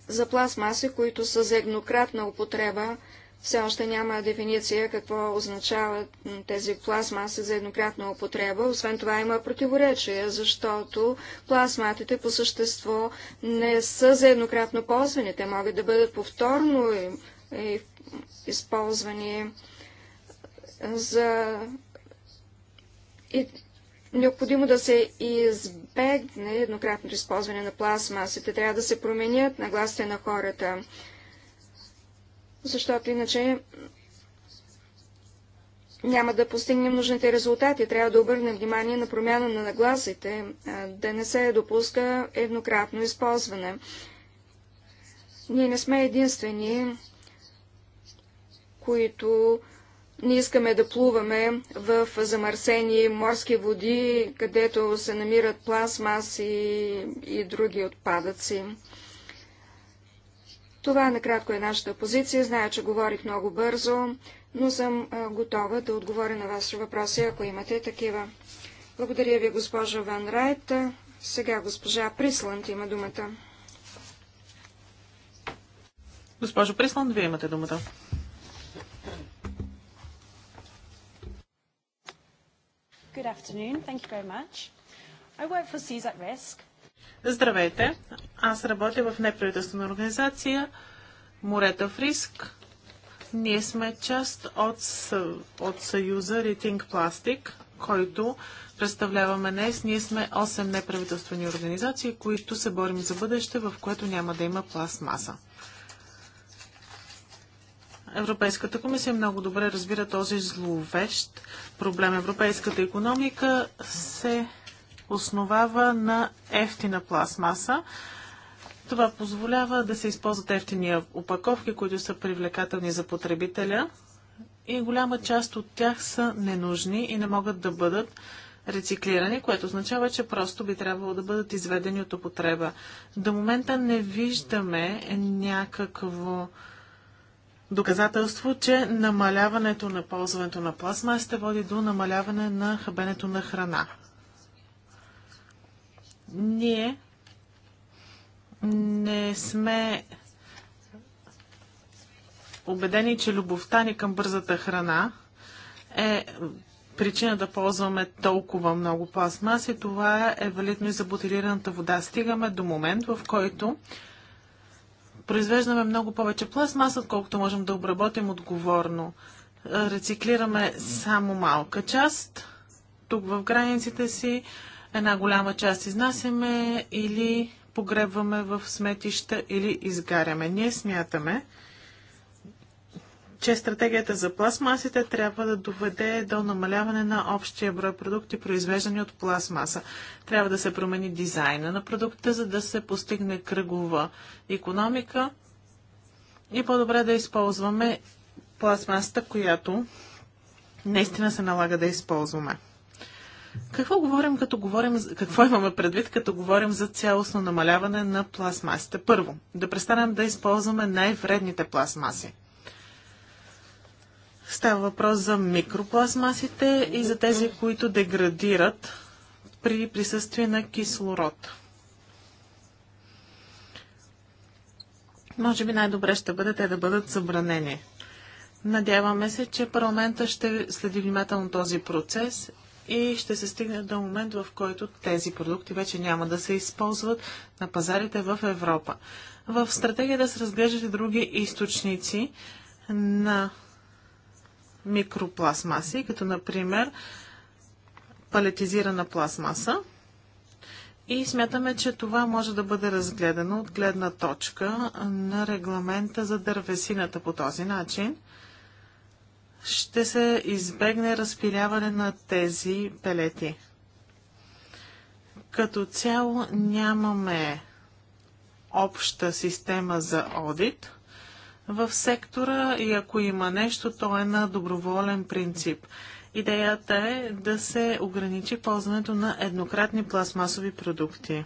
за пластмаси, които са за еднократна употреба, все още няма дефиниция какво означават тези пластмаси за еднократна употреба. Освен това има противоречие, защото пластматите по същество не са за еднократно ползване. Те могат да бъдат повторно използвани за и Необходимо да се избегне еднократното използване на пластмасите. Трябва да се променят нагласите на хората, защото иначе няма да постигнем нужните резултати. Трябва да обърнем внимание на промяна на нагласите, да не се допуска еднократно използване. Ние не сме единствени, които не искаме да плуваме в замърсени морски води, където се намират пластмаси и други отпадъци. Това накратко е нашата позиция. Зная, че говорих много бързо, но съм готова да отговоря на вашите въпроси, ако имате такива. Благодаря ви, госпожа Ван Райт. Сега госпожа Присланд има думата. Госпожо Присланд, вие имате думата. Good afternoon. Thank you very much. I work for Seas at Risk. Здравейте! Аз работя в неправителствена организация Морета в риск. Ние сме част от, от съюза Ритинг Пластик, който представляваме днес. Ние сме 8 неправителствени организации, които се борим за бъдеще, в което няма да има пластмаса. Европейската комисия много добре разбира този зловещ проблем. Европейската економика се основава на ефтина пластмаса. Това позволява да се използват ефтини опаковки, които са привлекателни за потребителя и голяма част от тях са ненужни и не могат да бъдат рециклирани, което означава, че просто би трябвало да бъдат изведени от употреба. До момента не виждаме някакво доказателство, че намаляването на ползването на пластмасите води до намаляване на хабенето на храна. Ние не сме убедени, че любовта ни към бързата храна е причина да ползваме толкова много пластмаси. Това е валидно и за бутилираната вода. Стигаме до момент, в който произвеждаме много повече пластмаса, отколкото можем да обработим отговорно. Е, рециклираме само малка част. Тук в границите си една голяма част изнасяме или погребваме в сметища или изгаряме. Ние смятаме, че стратегията за пластмасите трябва да доведе до намаляване на общия брой продукти, произвеждани от пластмаса. Трябва да се промени дизайна на продукта, за да се постигне кръгова економика и по-добре да използваме пластмасата, която наистина се налага да използваме. Какво говорим, като говорим, какво имаме предвид, като говорим за цялостно намаляване на пластмасите? Първо, да престанем да използваме най-вредните пластмаси. Става въпрос за микропластмасите и за тези, които деградират при присъствие на кислород. Може би най-добре ще бъде те да бъдат забранени. Надяваме се, че парламента ще следи внимателно този процес и ще се стигне до момент, в който тези продукти вече няма да се използват на пазарите в Европа. В стратегията да се разглеждат и други източници на микропластмаси, като например палетизирана пластмаса. И смятаме, че това може да бъде разгледано от гледна точка на регламента за дървесината по този начин. Ще се избегне разпиляване на тези пелети. Като цяло нямаме обща система за одит в сектора и ако има нещо, то е на доброволен принцип. Идеята е да се ограничи ползването на еднократни пластмасови продукти.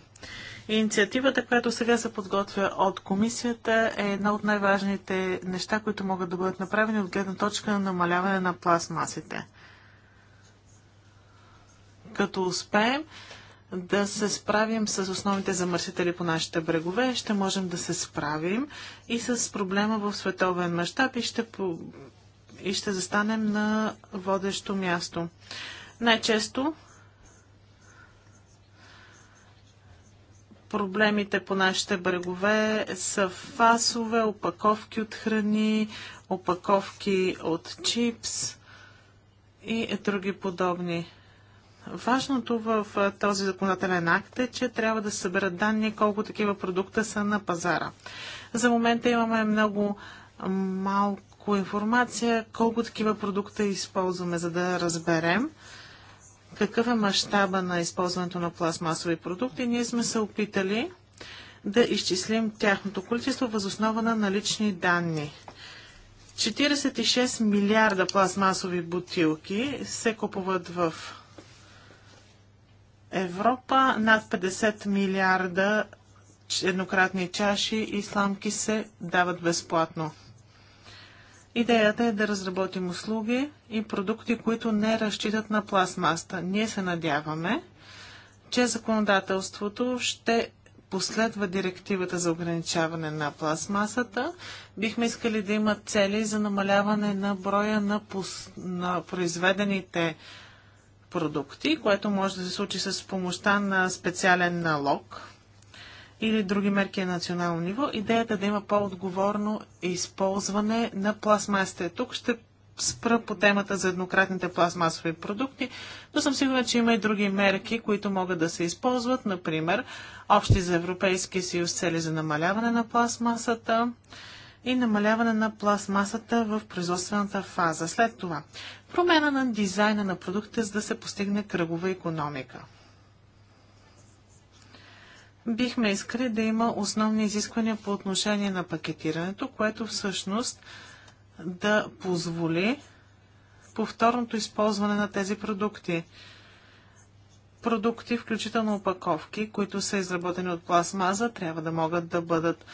Инициативата, която сега се подготвя от комисията, е една от най-важните неща, които могат да бъдат направени от гледна точка на намаляване на пластмасите. Като успеем, да се справим с основните замърсители по нашите брегове, ще можем да се справим и с проблема в световен мащаб и ще, по... и ще застанем на водещо място. Най-често проблемите по нашите брегове са фасове, опаковки от храни, опаковки от чипс и други подобни. Важното в този законодателен акт е, че трябва да се съберат данни колко такива продукта са на пазара. За момента имаме много малко информация колко такива продукта използваме, за да разберем какъв е мащаба на използването на пластмасови продукти. Ние сме се опитали да изчислим тяхното количество възоснова на налични данни. 46 милиарда пластмасови бутилки се купуват в Европа над 50 милиарда еднократни чаши и сламки се дават безплатно. Идеята е да разработим услуги и продукти, които не разчитат на пластмаста. Ние се надяваме, че законодателството ще последва директивата за ограничаване на пластмасата. Бихме искали да има цели за намаляване на броя на, пос... на произведените продукти, което може да се случи с помощта на специален налог или други мерки на национално ниво. Идеята е да има по-отговорно използване на пластмасите. Тук ще спра по темата за еднократните пластмасови продукти, но съм сигурна, че има и други мерки, които могат да се използват, например общи за Европейския съюз цели за намаляване на пластмасата и намаляване на пластмасата в производствената фаза. След това промяна на дизайна на продукта, за да се постигне кръгова економика. Бихме искали да има основни изисквания по отношение на пакетирането, което всъщност да позволи повторното използване на тези продукти. Продукти, включително опаковки, които са изработени от пластмаза, трябва да могат да бъдат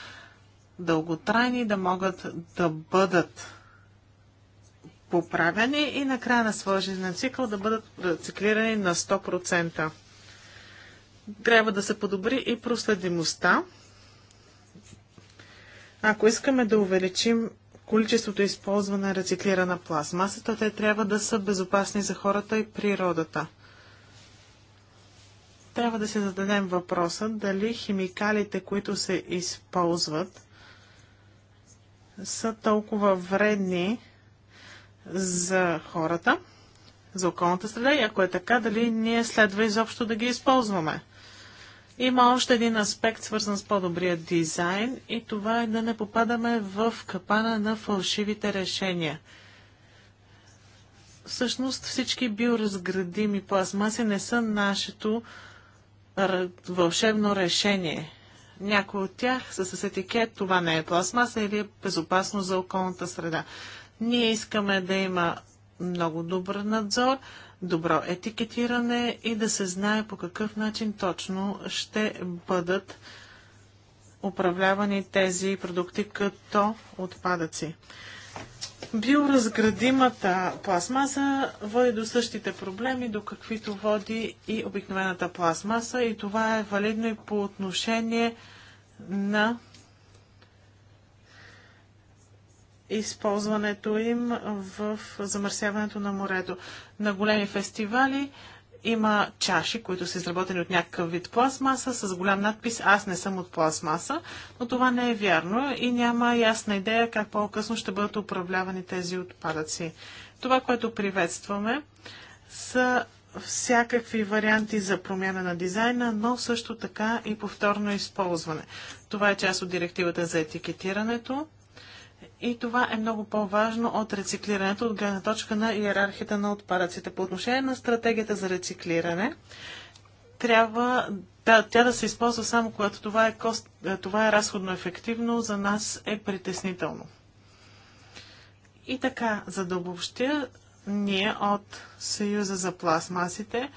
дълготрайни, да могат да бъдат поправени и накрая на своя жизнен цикъл да бъдат рециклирани на 100%. Трябва да се подобри и проследимостта. Ако искаме да увеличим количеството използване на рециклирана то те трябва да са безопасни за хората и природата. Трябва да си зададем въпроса дали химикалите, които се използват, са толкова вредни, за хората, за околната среда и ако е така, дали ние следва изобщо да ги използваме. Има още един аспект, свързан с по-добрия дизайн и това е да не попадаме в капана на фалшивите решения. Всъщност всички биоразградими пластмаси не са нашето вълшебно решение. Някои от тях са с етикет, това не е пластмаса или е безопасно за околната среда. Ние искаме да има много добър надзор, добро етикетиране и да се знае по какъв начин точно ще бъдат управлявани тези продукти като отпадъци. Биоразградимата пластмаса води до същите проблеми, до каквито води и обикновената пластмаса и това е валидно и по отношение на използването им в замърсяването на морето. На големи фестивали има чаши, които са изработени от някакъв вид пластмаса с голям надпис Аз не съм от пластмаса, но това не е вярно и няма ясна идея как по-късно ще бъдат управлявани тези отпадъци. Това, което приветстваме, са всякакви варианти за промяна на дизайна, но също така и повторно използване. Това е част от директивата за етикетирането и това е много по-важно от рециклирането от гледна точка на иерархията на отпадъците. По отношение на стратегията за рециклиране, трябва да, тя да се използва само когато това е, кост, е, това е разходно ефективно, за нас е притеснително. И така, за да обобщя, ние от Съюза за пластмасите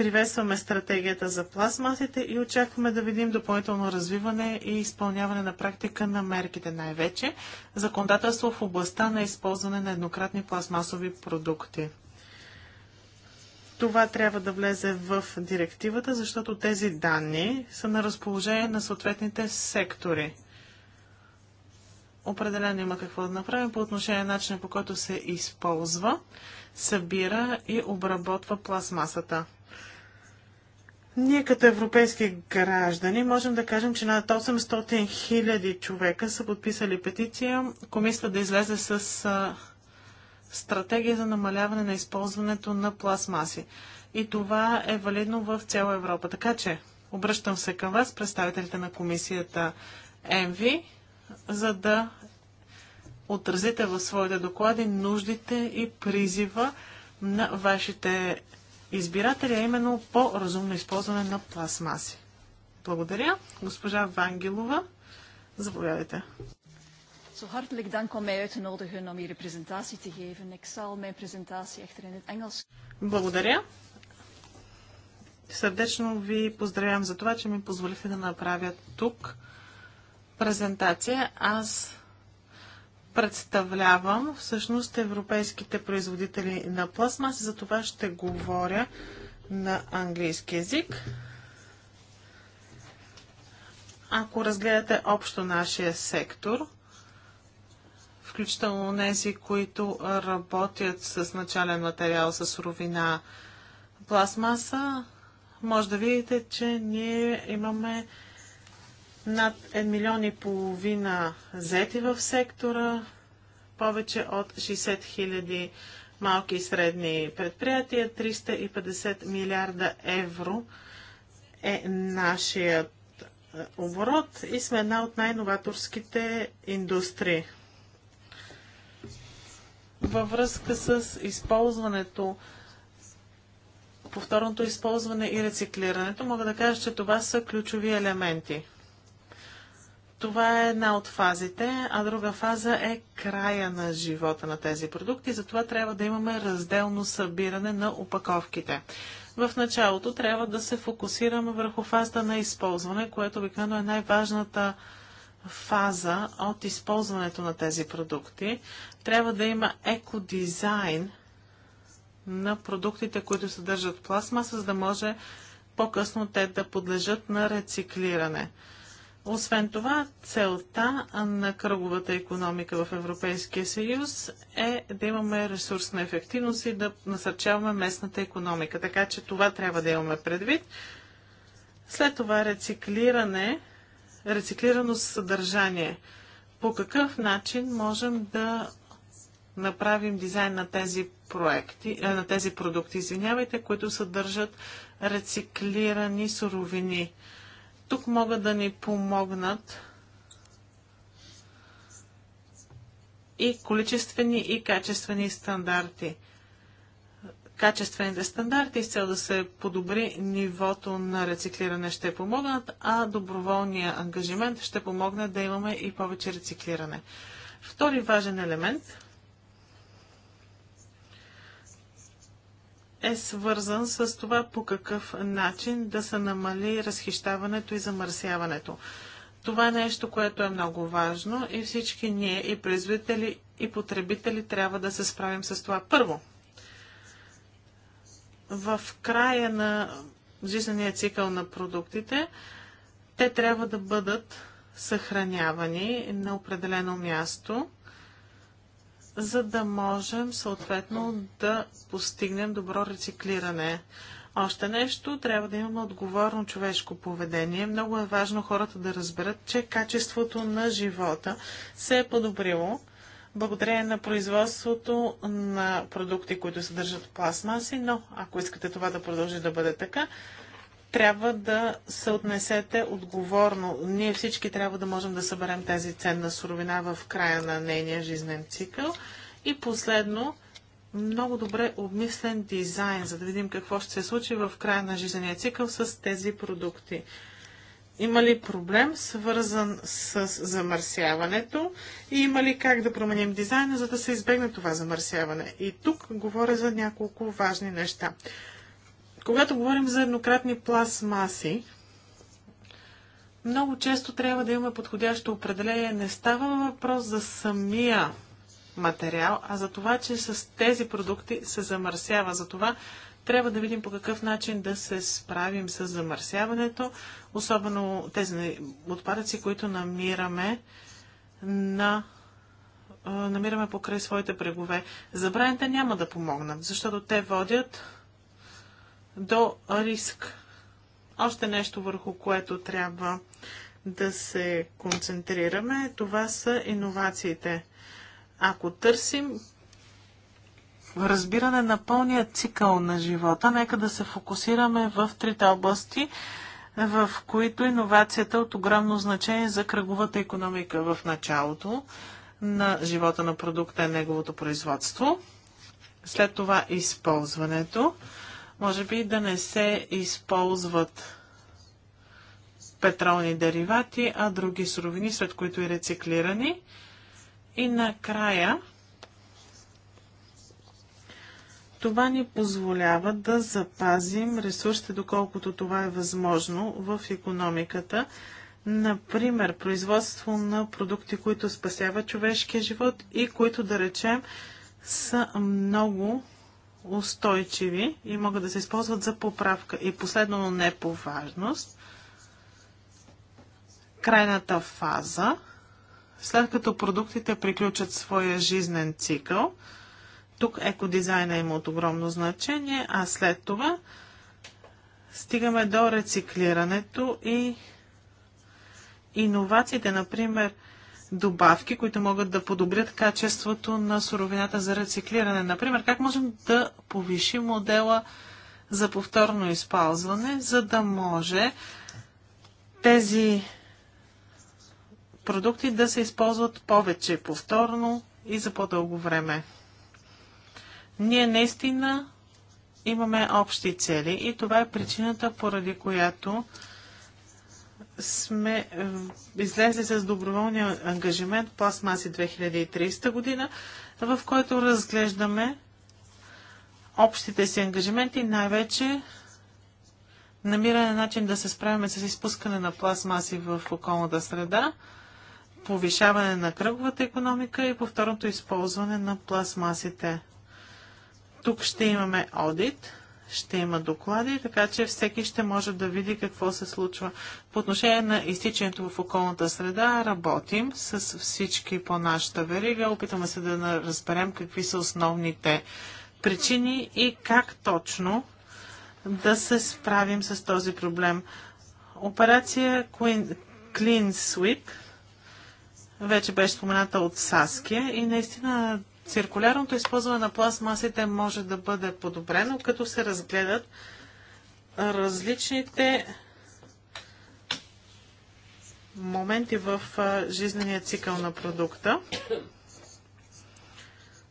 Приветстваме стратегията за пластмасите и очакваме да видим допълнително развиване и изпълняване на практика на мерките, най-вече законодателство в областта на използване на еднократни пластмасови продукти. Това трябва да влезе в директивата, защото тези данни са на разположение на съответните сектори. Определено има какво да направим по отношение на начина по който се използва, събира и обработва пластмасата. Ние като европейски граждани можем да кажем, че над 800 хиляди човека са подписали петиция. Комисията да излезе с а, стратегия за намаляване на използването на пластмаси. И това е валидно в цяла Европа. Така че обръщам се към вас, представителите на комисията ЕМВИ, за да отразите в своите доклади нуждите и призива на вашите избирателя, именно по-разумно използване на пластмаси. Благодаря. Госпожа Вангелова, заповядайте. Zo hartelijk dank om mij uit te nodigen om hier een presentatie te geven. Ik zal mijn presentatie echter in het Engels. Благодаря. Сърдечно ви поздравям за това, че ми позволихте да направя тук презентация. Аз представлявам всъщност европейските производители на пластмаси, за това ще говоря на английски язик. Ако разгледате общо нашия сектор, включително тези, които работят с начален материал, с суровина пластмаса, може да видите, че ние имаме над 1 милион и половина зети в сектора, повече от 60 хиляди малки и средни предприятия, 350 милиарда евро е нашият е, оборот и сме една от най-новаторските индустрии. Във връзка с използването, повторното използване и рециклирането, мога да кажа, че това са ключови елементи – това е една от фазите, а друга фаза е края на живота на тези продукти. Затова трябва да имаме разделно събиране на упаковките. В началото трябва да се фокусираме върху фазата на използване, което обикновено е най-важната фаза от използването на тези продукти. Трябва да има екодизайн на продуктите, които съдържат пластмаса, за да може по-късно те да подлежат на рециклиране. Освен това, целта на кръговата економика в Европейския съюз е да имаме ресурсна ефективност и да насърчаваме местната економика. Така че това трябва да имаме предвид. След това рециклиране, рециклирано съдържание. По какъв начин можем да направим дизайн на тези, проекти, е, на тези продукти, извинявайте, които съдържат рециклирани суровини? Тук могат да ни помогнат и количествени и качествени стандарти. Качествените стандарти с цел да се подобри нивото на рециклиране ще помогнат, а доброволния ангажимент ще помогне да имаме и повече рециклиране. Втори важен елемент е свързан с това по какъв начин да се намали разхищаването и замърсяването. Това е нещо, което е много важно и всички ние, и производители, и потребители трябва да се справим с това. Първо, в края на жизнения цикъл на продуктите, те трябва да бъдат съхранявани на определено място за да можем съответно да постигнем добро рециклиране. Още нещо, трябва да имаме отговорно човешко поведение. Много е важно хората да разберат, че качеството на живота се е подобрило благодарение на производството на продукти, които съдържат пластмаси, но ако искате това да продължи да бъде така, трябва да се отнесете отговорно. Ние всички трябва да можем да съберем тази ценна суровина в края на нейния жизнен цикъл. И последно, много добре обмислен дизайн, за да видим какво ще се случи в края на жизнения цикъл с тези продукти. Има ли проблем свързан с замърсяването и има ли как да променим дизайна, за да се избегне това замърсяване? И тук говоря за няколко важни неща. Когато говорим за еднократни пластмаси, много често трябва да имаме подходящо определение. Не става въпрос за самия материал, а за това, че с тези продукти се замърсява. За това трябва да видим по какъв начин да се справим с замърсяването, особено тези отпадъци, които намираме на намираме покрай своите брегове. Забраните няма да помогнат, защото те водят до риск. Още нещо върху което трябва да се концентрираме, това са иновациите. Ако търсим разбиране на пълния цикъл на живота, нека да се фокусираме в трите области, в които иновацията е от огромно значение за кръговата економика в началото на живота на продукта и е неговото производство, след това използването може би да не се използват петролни деривати, а други суровини, след които и рециклирани. И накрая това ни позволява да запазим ресурсите, доколкото това е възможно в економиката. Например, производство на продукти, които спасяват човешкия живот и които, да речем, са много устойчиви и могат да се използват за поправка. И последно, но не по важност, крайната фаза, след като продуктите приключат своя жизнен цикъл, тук екодизайна има от огромно значение, а след това стигаме до рециклирането и иновациите, например, добавки, които могат да подобрят качеството на суровината за рециклиране. Например, как можем да повишим модела за повторно използване, за да може тези продукти да се използват повече повторно и за по-дълго време. Ние наистина имаме общи цели и това е причината, поради която сме е, излезли с доброволния ангажимент пластмаси 2030 година, в който разглеждаме общите си ангажименти, най-вече намиране на начин да се справяме с изпускане на пластмаси в околната среда, повишаване на кръговата економика и повторното използване на пластмасите. Тук ще имаме одит ще има доклади, така че всеки ще може да види какво се случва. По отношение на изтичането в околната среда работим с всички по нашата верига. Опитаме се да разберем какви са основните причини и как точно да се справим с този проблем. Операция Queen, Clean Sweep вече беше спомената от Саския и наистина Циркулярното използване на пластмасите може да бъде подобрено, като се разгледат различните моменти в жизнения цикъл на продукта.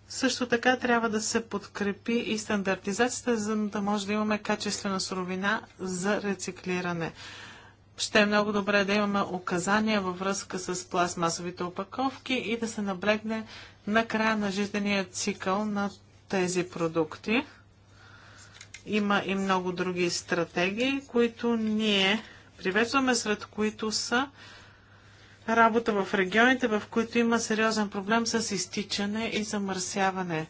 Също така трябва да се подкрепи и стандартизацията, за да може да имаме качествена суровина за рециклиране ще е много добре да имаме указания във връзка с пластмасовите опаковки и да се наблегне на края на жизнения цикъл на тези продукти. Има и много други стратегии, които ние приветстваме, сред които са работа в регионите, в които има сериозен проблем с изтичане и замърсяване.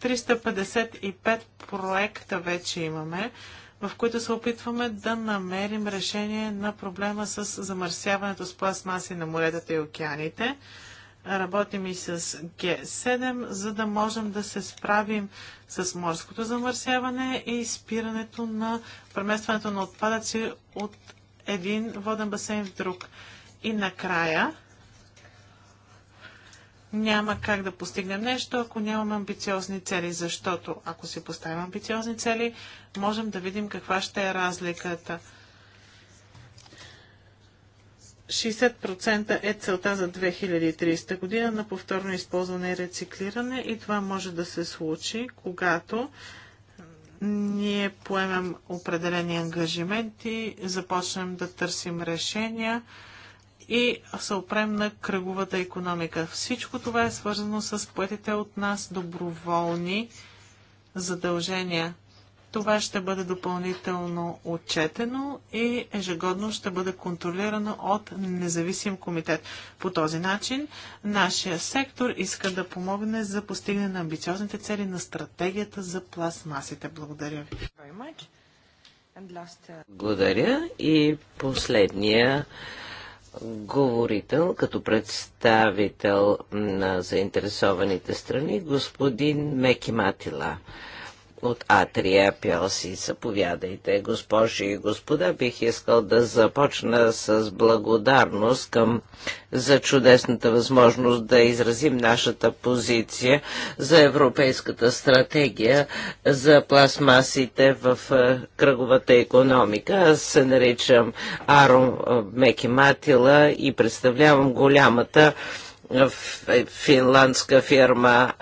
355 проекта вече имаме в които се опитваме да намерим решение на проблема с замърсяването с пластмаси на моретата и океаните. Работим и с Г7, за да можем да се справим с морското замърсяване и спирането на преместването на отпадъци от един воден басейн в друг. И накрая няма как да постигнем нещо, ако нямаме амбициозни цели, защото ако си поставим амбициозни цели, можем да видим каква ще е разликата. 60% е целта за 2300 година на повторно използване и рециклиране и това може да се случи, когато ние поемем определени ангажименти, започнем да търсим решения, и се опрем на кръговата економика. Всичко това е свързано с поетите от нас доброволни задължения. Това ще бъде допълнително отчетено и ежегодно ще бъде контролирано от независим комитет. По този начин нашия сектор иска да помогне за постигане на амбициозните цели на стратегията за пластмасите. Благодаря ви. Uh, Благодаря и последния говорител, като представител на заинтересованите страни, господин Меки Матила от Атрия Пелси. Заповядайте, госпожи и господа, бих искал да започна с благодарност към за чудесната възможност да изразим нашата позиция за Европейската стратегия за пластмасите в е, кръговата економика. Аз се наричам Арон е, Матила, и представлявам голямата е, финландска фирма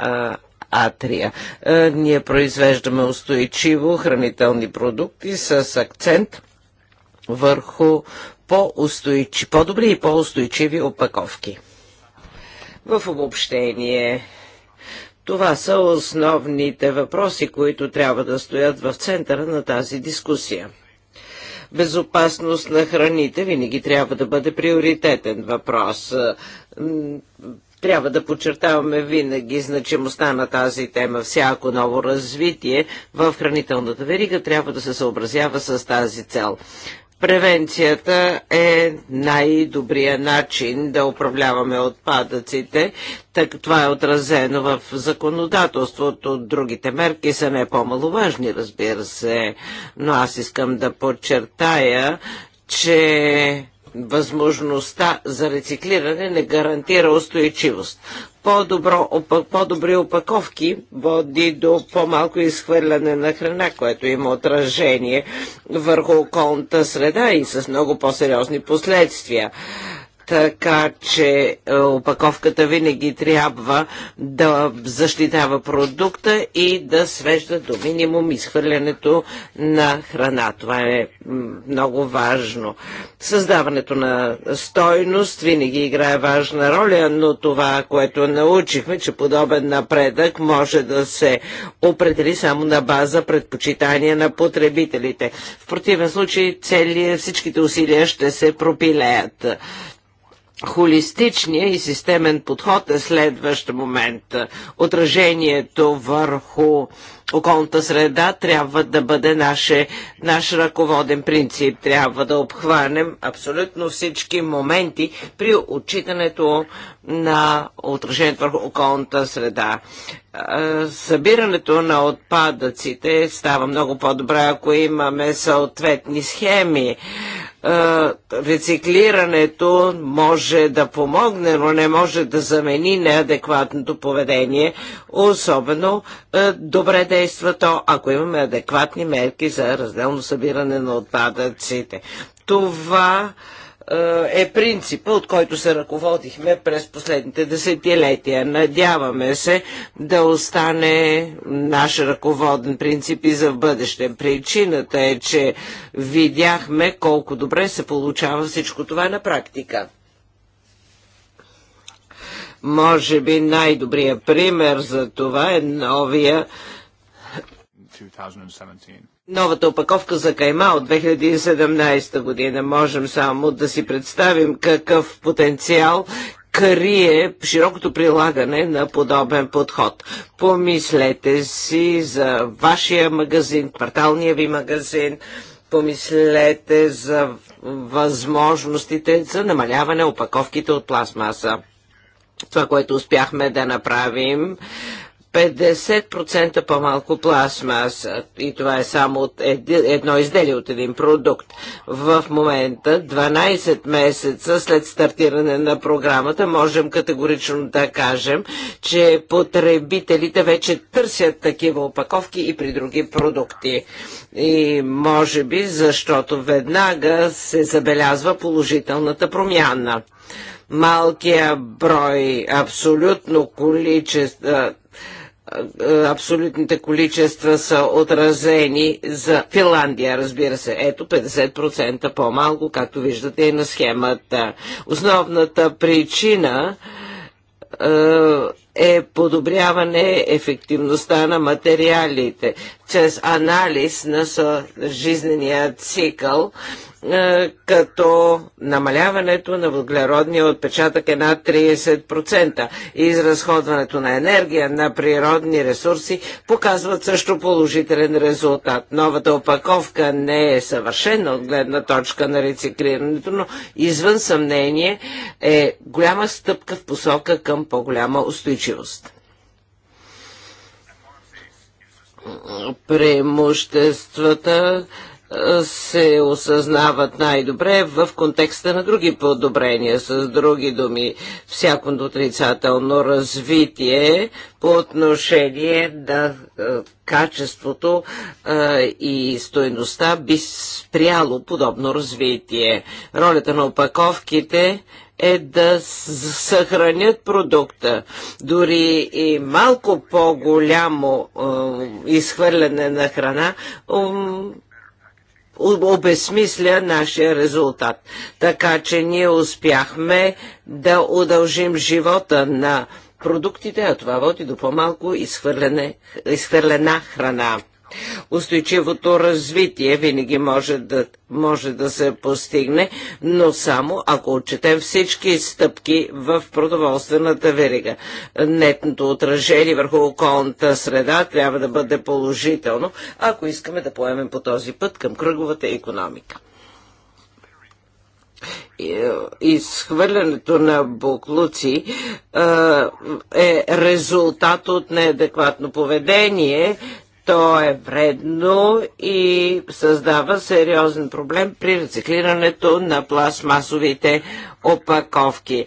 Атрия. Е, ние произвеждаме устойчиво хранителни продукти с акцент върху по-устойчи, по-добри и по-устойчиви опаковки. В обобщение, това са основните въпроси, които трябва да стоят в центъра на тази дискусия. Безопасност на храните винаги трябва да бъде приоритетен въпрос трябва да подчертаваме винаги значимостта на тази тема. Всяко ново развитие в хранителната верига трябва да се съобразява с тази цел. Превенцията е най-добрия начин да управляваме отпадъците. Так, това е отразено в законодателството. Другите мерки са не по-маловажни, разбира се. Но аз искам да подчертая, че възможността за рециклиране не гарантира устойчивост. По-добро, по-добри опаковки води до по-малко изхвърляне на храна, което има отражение върху околната среда и с много по-сериозни последствия така че е, опаковката винаги трябва да защитава продукта и да свежда до минимум изхвърлянето на храна. Това е много важно. Създаването на стойност винаги играе важна роля, но това, което научихме, че подобен напредък може да се определи само на база предпочитания на потребителите. В противен случай цели, всичките усилия ще се пропилеят холистичния и системен подход е следващ момент. Отражението върху околната среда трябва да бъде наше, наш ръководен принцип. Трябва да обхванем абсолютно всички моменти при отчитането на отражението върху околната среда. Събирането на отпадъците става много по-добре, ако имаме съответни схеми е, рециклирането може да помогне, но не може да замени неадекватното поведение. Особено е, добре действа то, ако имаме адекватни мерки за разделно събиране на отпадъците. Това е, е принципа, от който се ръководихме през последните десетилетия. Надяваме се да остане наш ръководен принцип и за в бъдеще. Причината е, че видяхме колко добре се получава всичко това на практика. Може би най-добрият пример за това е новия 2017 Новата опаковка за кайма от 2017 година можем само да си представим какъв потенциал крие широкото прилагане на подобен подход. Помислете си за вашия магазин, кварталния ви магазин, помислете за възможностите за намаляване опаковките от пластмаса. Това, което успяхме да направим 50% по-малко пластмаса. И това е само от едно изделие от един продукт. В момента, 12 месеца след стартиране на програмата, можем категорично да кажем, че потребителите вече търсят такива опаковки и при други продукти. И може би, защото веднага се забелязва положителната промяна малкия брой абсолютно количество абсолютните количества са отразени за Финландия, разбира се. Ето 50% по-малко, както виждате и е на схемата. Основната причина е, е подобряване ефективността на материалите чрез анализ на жизнения цикъл е, като намаляването на въглеродния отпечатък е над 30%. Изразходването на енергия, на природни ресурси показват също положителен резултат. Новата опаковка не е съвършена от гледна точка на рециклирането, но извън съмнение е голяма стъпка в посока към по-голяма устойчивост преимуществата се осъзнават най-добре в контекста на други подобрения. С други думи, всяко отрицателно развитие по отношение на е, качеството е, и стоеността би спряло подобно развитие. Ролята на опаковките е да съхранят продукта. Дори и малко по-голямо е, изхвърляне на храна обесмисля нашия резултат. Така че ние успяхме да удължим живота на продуктите, а това води до по-малко изхвърлена храна. Устойчивото развитие винаги може да, може да се постигне, но само ако отчетем всички стъпки в продоволствената верига. Нетното отражение върху околната среда трябва да бъде положително, ако искаме да поемем по този път към кръговата економика е, изхвърлянето на буклуци е, е резултат от неадекватно поведение то е вредно и създава сериозен проблем при рециклирането на пластмасовите опаковки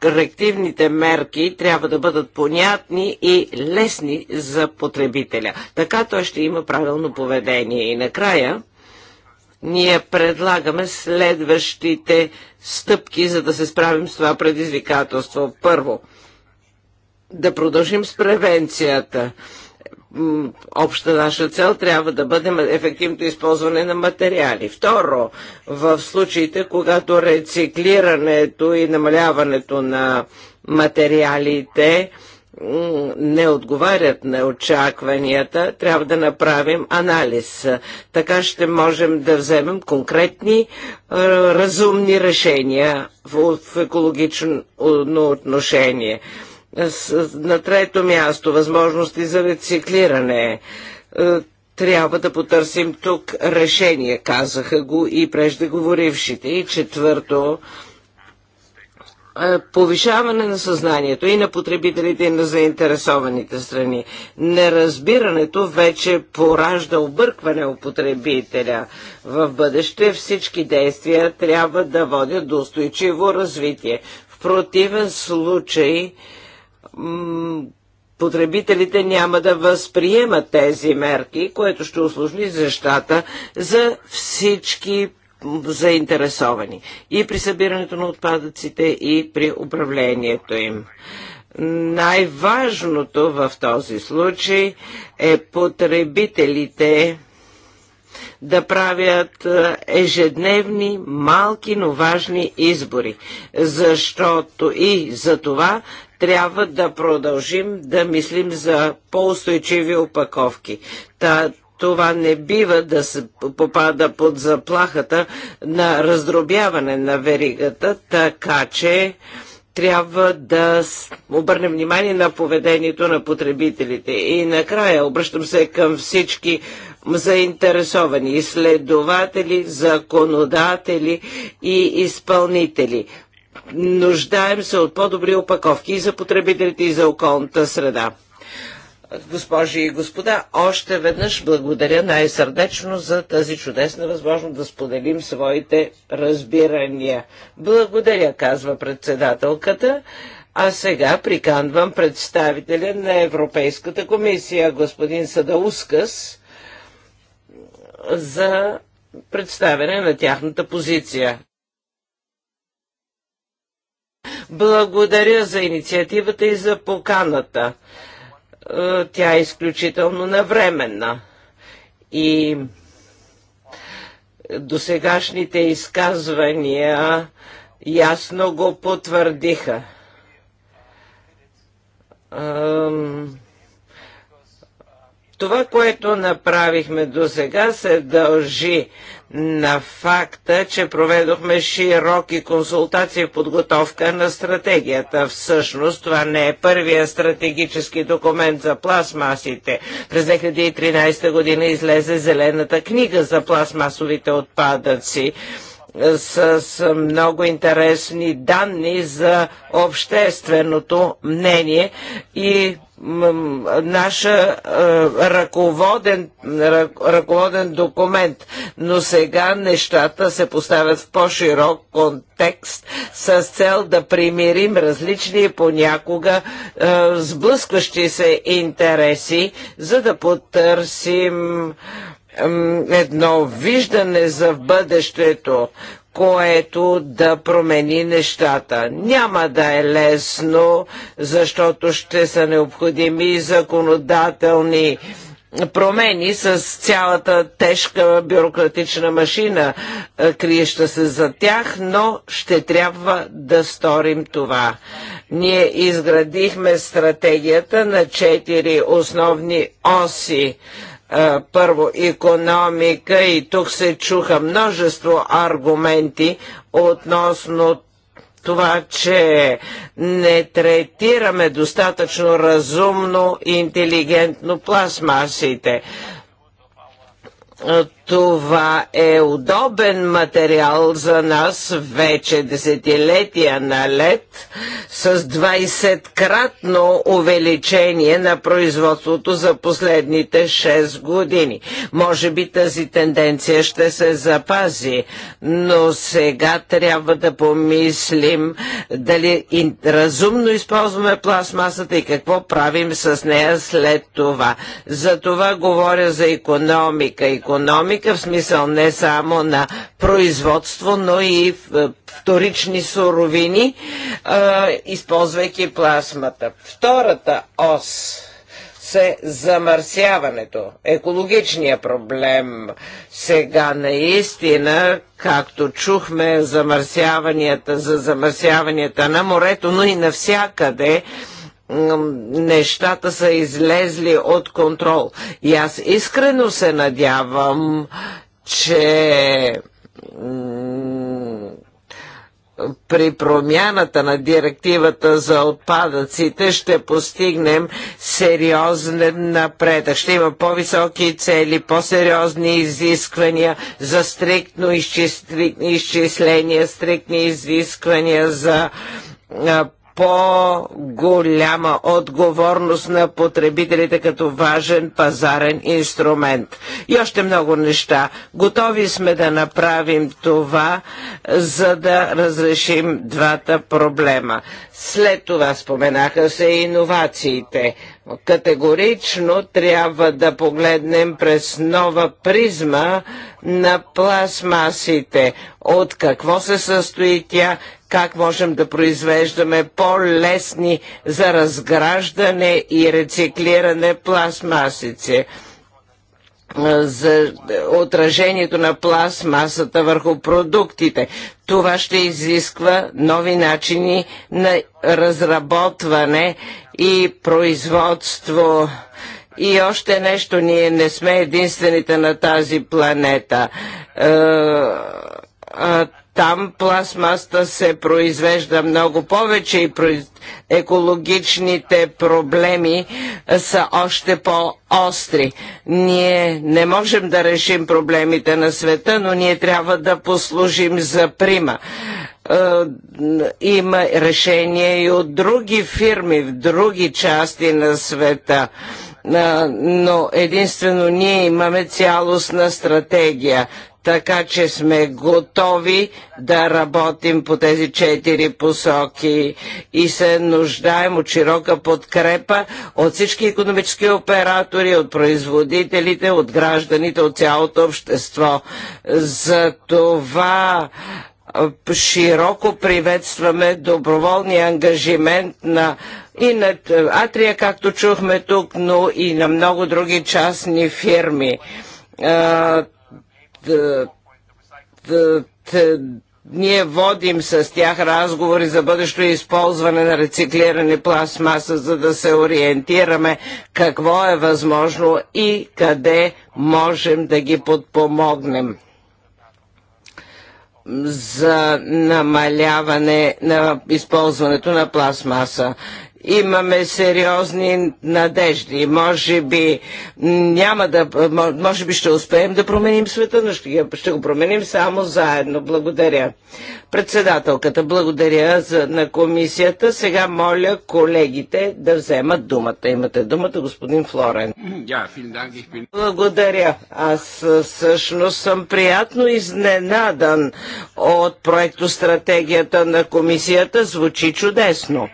корективните мерки трябва да бъдат понятни и лесни за потребителя. Така той ще има правилно поведение. И накрая ние предлагаме следващите стъпки, за да се справим с това предизвикателство. Първо, да продължим с превенцията обща наша цел трябва да бъде ефективното използване на материали. Второ, в случаите, когато рециклирането и намаляването на материалите не отговарят на очакванията, трябва да направим анализ. Така ще можем да вземем конкретни разумни решения в екологично отношение. На трето място възможности за рециклиране. Е, трябва да потърсим тук решение, казаха го и преждеговорившите. И четвърто, е, повишаване на съзнанието и на потребителите, и на заинтересованите страни. Неразбирането вече поражда объркване у потребителя. В бъдеще всички действия трябва да водят до устойчиво развитие. В противен случай потребителите няма да възприемат тези мерки, което ще усложни защата за всички заинтересовани и при събирането на отпадъците, и при управлението им. Най-важното в този случай е потребителите да правят е, ежедневни, малки, но важни избори. Защото и за това трябва да продължим да мислим за по-устойчиви опаковки. Та, това не бива да се попада под заплахата на раздробяване на веригата, така че трябва да обърнем внимание на поведението на потребителите. И накрая обръщам се към всички заинтересовани изследователи, законодатели и изпълнители. Нуждаем се от по-добри опаковки и за потребителите, и за околната среда. Госпожи и господа, още веднъж благодаря най-сърдечно за тази чудесна възможност да споделим своите разбирания. Благодаря, казва председателката. А сега приканвам представителя на Европейската комисия, господин Садаускас, за представяне на тяхната позиция. Благодаря за инициативата и за поканата. Е, тя е изключително навременна. И досегашните изказвания ясно го потвърдиха. Това, което направихме до сега, се дължи на факта, че проведохме широки консултации в подготовка на стратегията. Всъщност това не е първия стратегически документ за пластмасите. През 2013 година излезе зелената книга за пластмасовите отпадъци с, с много интересни данни за общественото мнение и наша е, ръководен, ръководен документ, но сега нещата се поставят в по-широк контекст с цел да примирим различни и понякога е, сблъскващи се интереси, за да потърсим едно виждане за бъдещето, което да промени нещата. Няма да е лесно, защото ще са необходими законодателни промени с цялата тежка бюрократична машина, е, криеща се за тях, но ще трябва да сторим това. Ние изградихме стратегията на четири основни оси първо економика и тук се чуха множество аргументи относно това, че не третираме достатъчно разумно и интелигентно пластмасите това е удобен материал за нас вече десетилетия на лед с 20-кратно увеличение на производството за последните 6 години. Може би тази тенденция ще се запази, но сега трябва да помислим дали разумно използваме пластмасата и какво правим с нея след това. За това говоря за економика. Економика никакъв смисъл не само на производство, но и е, вторични суровини, е, използвайки пластмата. Втората ос се замърсяването, екологичния проблем. Сега наистина, както чухме, замърсяванията за замърсяванията на морето, но и навсякъде, нещата са излезли от контрол. И аз искрено се надявам, че при промяната на директивата за отпадъците ще постигнем сериозен напредък. Ще има по-високи цели, по-сериозни изисквания за стриктно изчисление, стриктни изисквания за по-голяма отговорност на потребителите като важен пазарен инструмент. И още много неща. Готови сме да направим това, за да разрешим двата проблема. След това споменаха се и иновациите. Категорично трябва да погледнем през нова призма на пластмасите. От какво се състои тя, как можем да произвеждаме по-лесни за разграждане и рециклиране пластмасици за отражението на пластмасата върху продуктите. Това ще изисква нови начини на разработване и производство. И още нещо, ние не сме единствените на тази планета. Там пластмаста се произвежда много повече и екологичните проблеми са още по-остри. Ние не можем да решим проблемите на света, но ние трябва да послужим за прима има решение и от други фирми в други части на света. Но единствено ние имаме цялостна стратегия така че сме готови да работим по тези четири посоки и се нуждаем от широка подкрепа от всички економически оператори, от производителите, от гражданите, от цялото общество. За това широко приветстваме доброволния ангажимент на и на Атрия, както чухме тук, но и на много други частни фирми е, е, ние водим с тях разговори за бъдещо използване на рециклиране пластмаса, за да се ориентираме какво е възможно и къде можем да ги подпомогнем за намаляване на използването на пластмаса имаме сериозни надежди. Може би няма да, може би ще успеем да променим света, но ще, ще го променим само заедно. Благодаря. Председателката, благодаря за, на комисията. Сега моля колегите да вземат думата. Имате думата, господин Флорен. Благодаря. Аз всъщност съм приятно изненадан от проекто стратегията на комисията. Звучи чудесно.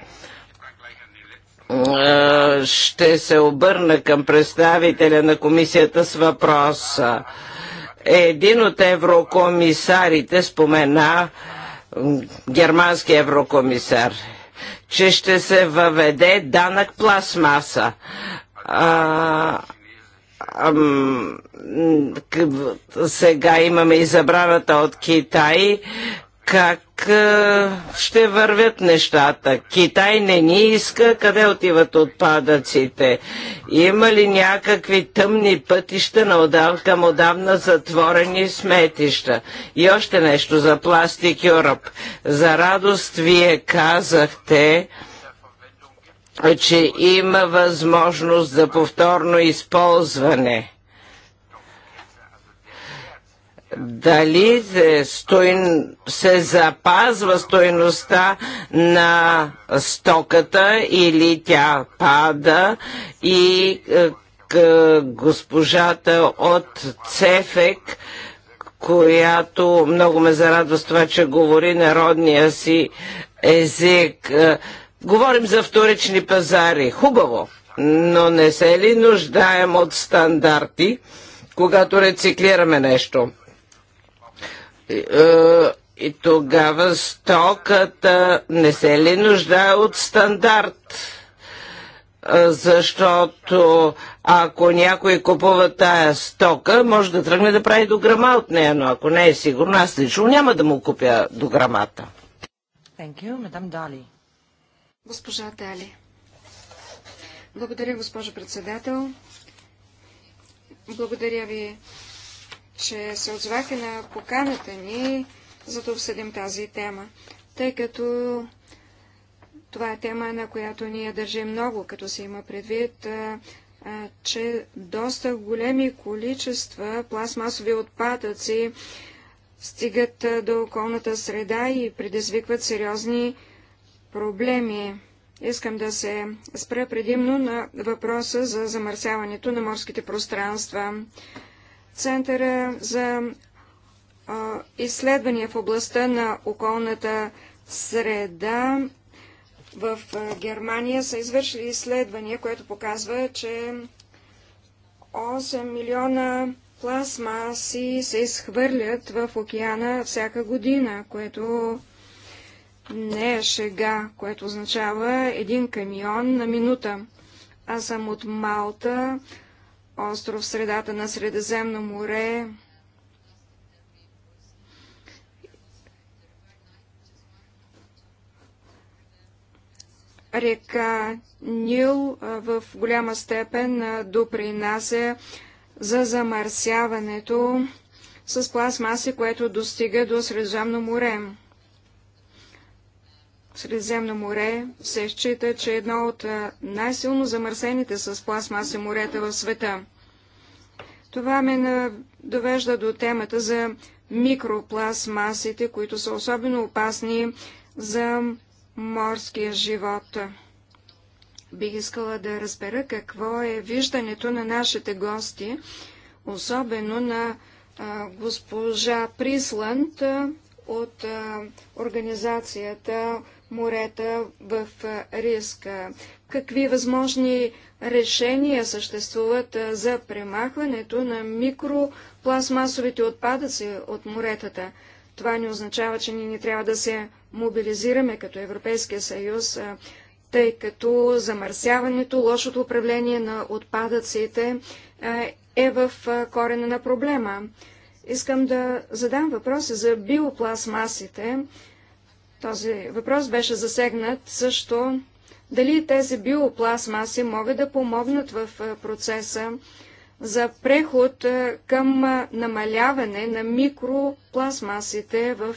Е, ще се обърна към представителя на комисията с въпроса. Един от еврокомисарите спомена, германски еврокомисар, че ще се въведе данък пластмаса. А, ам, сега имаме и забраната от Китай как ще вървят нещата. Китай не ни иска къде отиват отпадъците. Има ли някакви тъмни пътища на отдав, към отдавна затворени сметища? И още нещо за Пластик Юръп. За радост вие казахте, че има възможност за повторно използване дали е стоин, се запазва стоеността на стоката или тя пада и е, госпожата от Цефек която много ме зарадва с това, че говори народния си език. Е, говорим за вторични пазари. Хубаво, но не се ли нуждаем от стандарти, когато рециклираме нещо? Е, е, и тогава стоката не се ли нуждае от стандарт? Е, защото ако някой купува тая стока, може да тръгне да прави до грама от нея, но ако не е сигурно, аз лично няма да му купя до грамата. Thank you, мадам Дали. Госпожа Дали. Благодаря, госпожо председател. Благодаря ви че се отзвахте на поканата ни, за да обсъдим тази тема, тъй като това е тема, на която ние държим много, като се има предвид, че доста големи количества пластмасови отпадъци стигат до околната среда и предизвикват сериозни проблеми. Искам да се спра предимно на въпроса за замърсяването на морските пространства. Центъра за а, изследвания в областта на околната среда в а, Германия са извършили изследвания, което показва, че 8 милиона пластмаси се изхвърлят в океана всяка година, което не е шега, което означава един камион на минута. Аз съм от Малта, остров в средата на Средиземно море. Река Нил в голяма степен допринася за замърсяването с пластмаси, което достига до Средиземно море. Средиземно море се счита, че е едно от най-силно замърсените с пластмаса морета в света. Това ме довежда до темата за микропластмасите, които са особено опасни за морския живот. Бих искала да разбера какво е виждането на нашите гости, особено на а, госпожа Присланд от а, организацията морета в риск. Какви възможни решения съществуват за премахването на микропластмасовите отпадъци от моретата? Това не означава, че ние не трябва да се мобилизираме като Европейския съюз, тъй като замърсяването, лошото управление на отпадъците е в корена на проблема. Искам да задам въпроса за биопластмасите. Този въпрос беше засегнат също дали тези биопластмаси могат да помогнат в процеса за преход към намаляване на микропластмасите в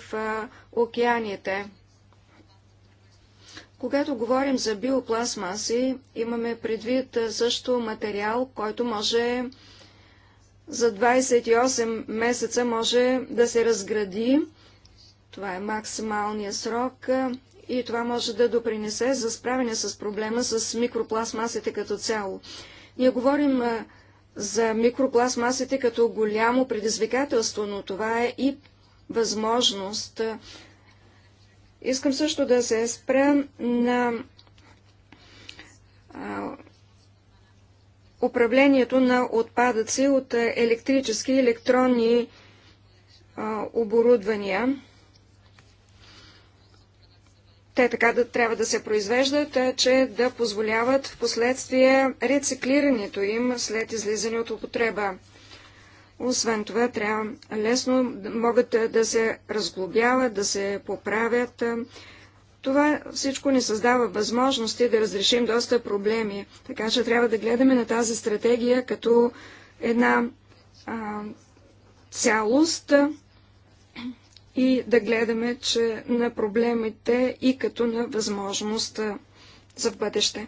океаните. Когато говорим за биопластмаси, имаме предвид също материал, който може за 28 месеца може да се разгради това е максималния срок и това може да допринесе за справяне с проблема с микропластмасите като цяло. Ние говорим за микропластмасите като голямо предизвикателство, но това е и възможност. Искам също да се спра на управлението на отпадъци от електрически и електронни оборудвания те така да, трябва да се произвеждат, че да позволяват в последствие рециклирането им след излизане от употреба. Освен това, трябва лесно могат да се разглобяват, да се поправят. Това всичко ни създава възможности да разрешим доста проблеми, така че трябва да гледаме на тази стратегия като една а, цялост, и да гледаме че на проблемите и като на възможност за в бъдеще.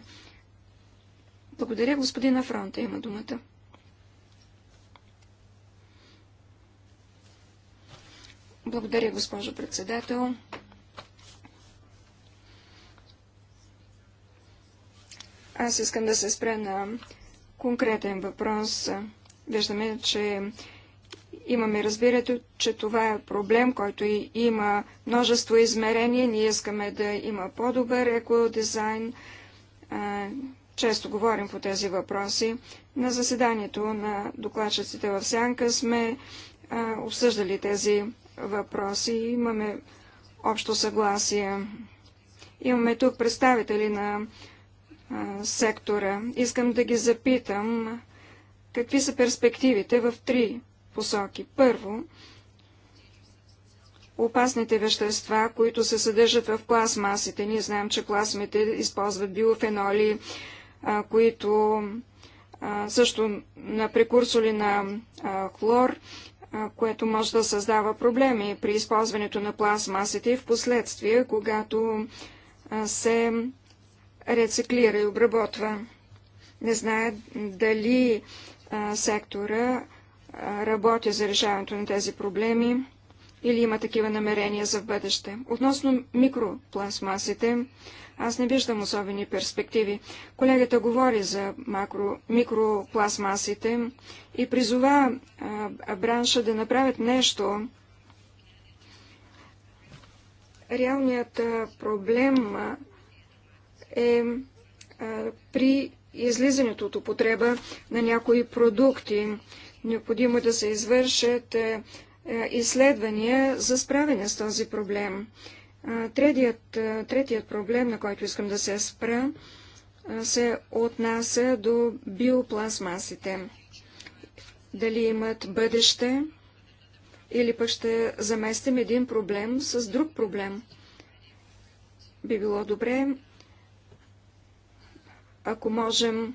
Благодаря, господин Афронта има думата. Благодаря, госпожо председател. Аз искам да се спре на конкретен въпрос. Виждаме, че Имаме разбирането, че това е проблем, който и има множество измерения. Ние искаме да има по-добър екодизайн. Често говорим по тези въпроси. На заседанието на докладчиците в Сянка сме обсъждали тези въпроси и имаме общо съгласие. Имаме тук представители на сектора. Искам да ги запитам какви са перспективите в три посоки. Първо, опасните вещества, които се съдържат в пластмасите. Ние знаем, че пластмите използват биофеноли, а, които а, също на прекурсори на а, хлор, а, което може да създава проблеми при използването на пластмасите и в последствие, когато а, се рециклира и обработва. Не знае дали а, сектора работя за решаването на тези проблеми или има такива намерения за бъдеще. Относно микропластмасите, аз не виждам особени перспективи. Колегата говори за макро, микропластмасите и призова а, бранша да направят нещо. Реалният а, проблем а, е а, при излизането от употреба на някои продукти. Необходимо е да се извършат е, е, изследвания за справяне с този проблем. Третият, третият проблем, на който искам да се спра, се отнася до биопластмасите. Дали имат бъдеще или пък ще заместим един проблем с друг проблем. Би било добре, ако можем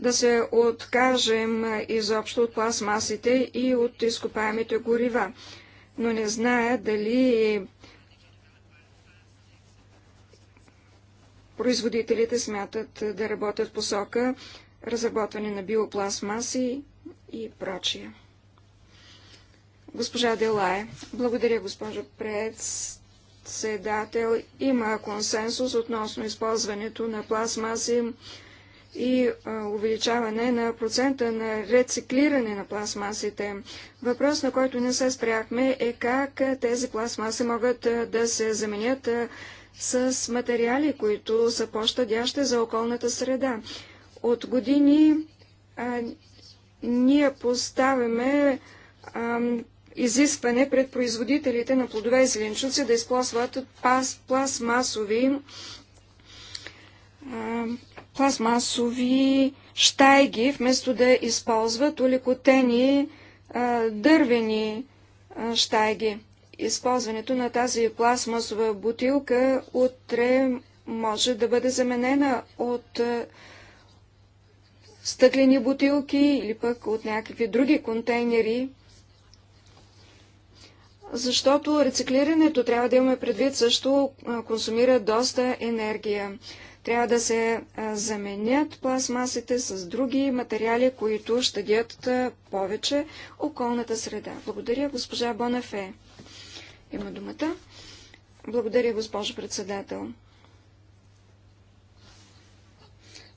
да се откажем изобщо от пластмасите и от изкопаемите горива. Но не зная дали производителите смятат да работят в посока разработване на биопластмаси и прочие. Госпожа Делае, благодаря, госпожо председател. Има консенсус относно използването на пластмаси и увеличаване на процента на рециклиране на пластмасите. Въпрос, на който не се спряхме, е как тези пластмаси могат да се заменят с материали, които са по-щадящи за околната среда. От години а, ние поставяме а, изискване пред производителите на плодове и зеленчуци да използват пластмасови пластмасови штайги, вместо да използват улекотени дървени щайги. Използването на тази пластмасова бутилка утре може да бъде заменена от стъклени бутилки или пък от някакви други контейнери, защото рециклирането, трябва да имаме предвид, също консумира доста енергия. Трябва да се заменят пластмасите с други материали, които щадят повече околната среда. Благодаря, госпожа Бонафе. Има думата. Благодаря, госпожо председател.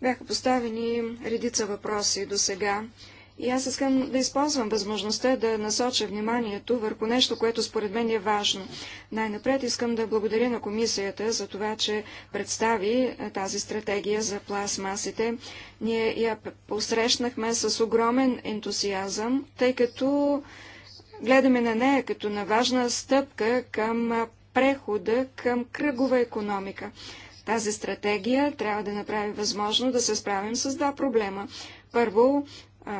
Бяха поставени редица въпроси до сега. И аз искам да използвам възможността да насоча вниманието върху нещо, което според мен е важно. Най-напред искам да благодаря на комисията за това, че представи тази стратегия за пластмасите. Ние я посрещнахме с огромен ентусиазъм, тъй като гледаме на нея като на важна стъпка към прехода към кръгова економика. Тази стратегия трябва да направи възможно да се справим с два проблема. Първо,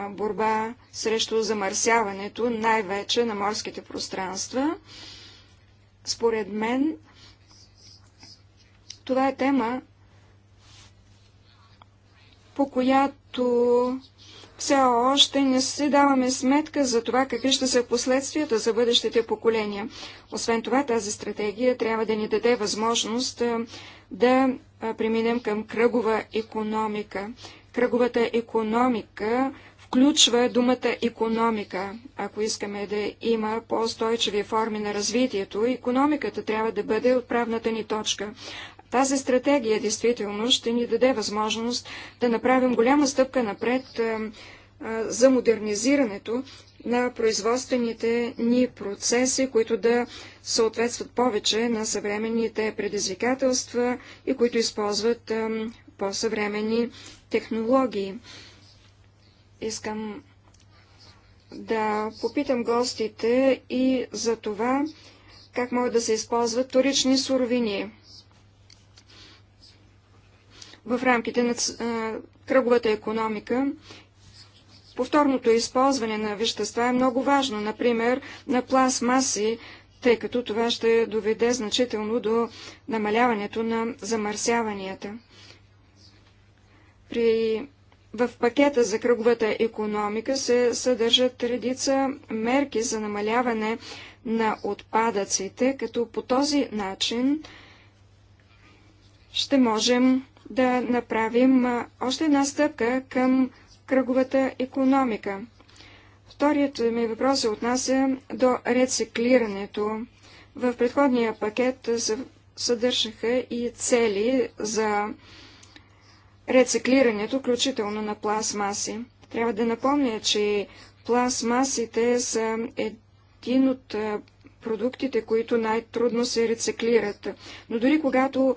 борба срещу замърсяването, най-вече на морските пространства. Според мен, това е тема, по която все още не се даваме сметка за това какви ще са последствията за бъдещите поколения. Освен това, тази стратегия трябва да ни даде възможност да преминем към кръгова економика. Кръговата економика включва думата економика. Ако искаме да има по-устойчиви форми на развитието, економиката трябва да бъде отправната ни точка. Тази стратегия действително ще ни даде възможност да направим голяма стъпка напред за модернизирането на производствените ни процеси, които да съответстват повече на съвременните предизвикателства и които използват по-съвремени технологии. Искам да попитам гостите и за това как могат да се използват вторични суровини в рамките на кръговата економика. Повторното използване на вещества е много важно, например на пластмаси, тъй като това ще доведе значително до намаляването на замърсяванията. При в пакета за кръговата економика се съдържат редица мерки за намаляване на отпадъците, като по този начин ще можем да направим още една стъпка към кръговата економика. Вторият ми въпрос се отнася до рециклирането. В предходния пакет съдържаха и цели за рециклирането, включително на пластмаси. Трябва да напомня, че пластмасите са един от продуктите, които най-трудно се рециклират. Но дори когато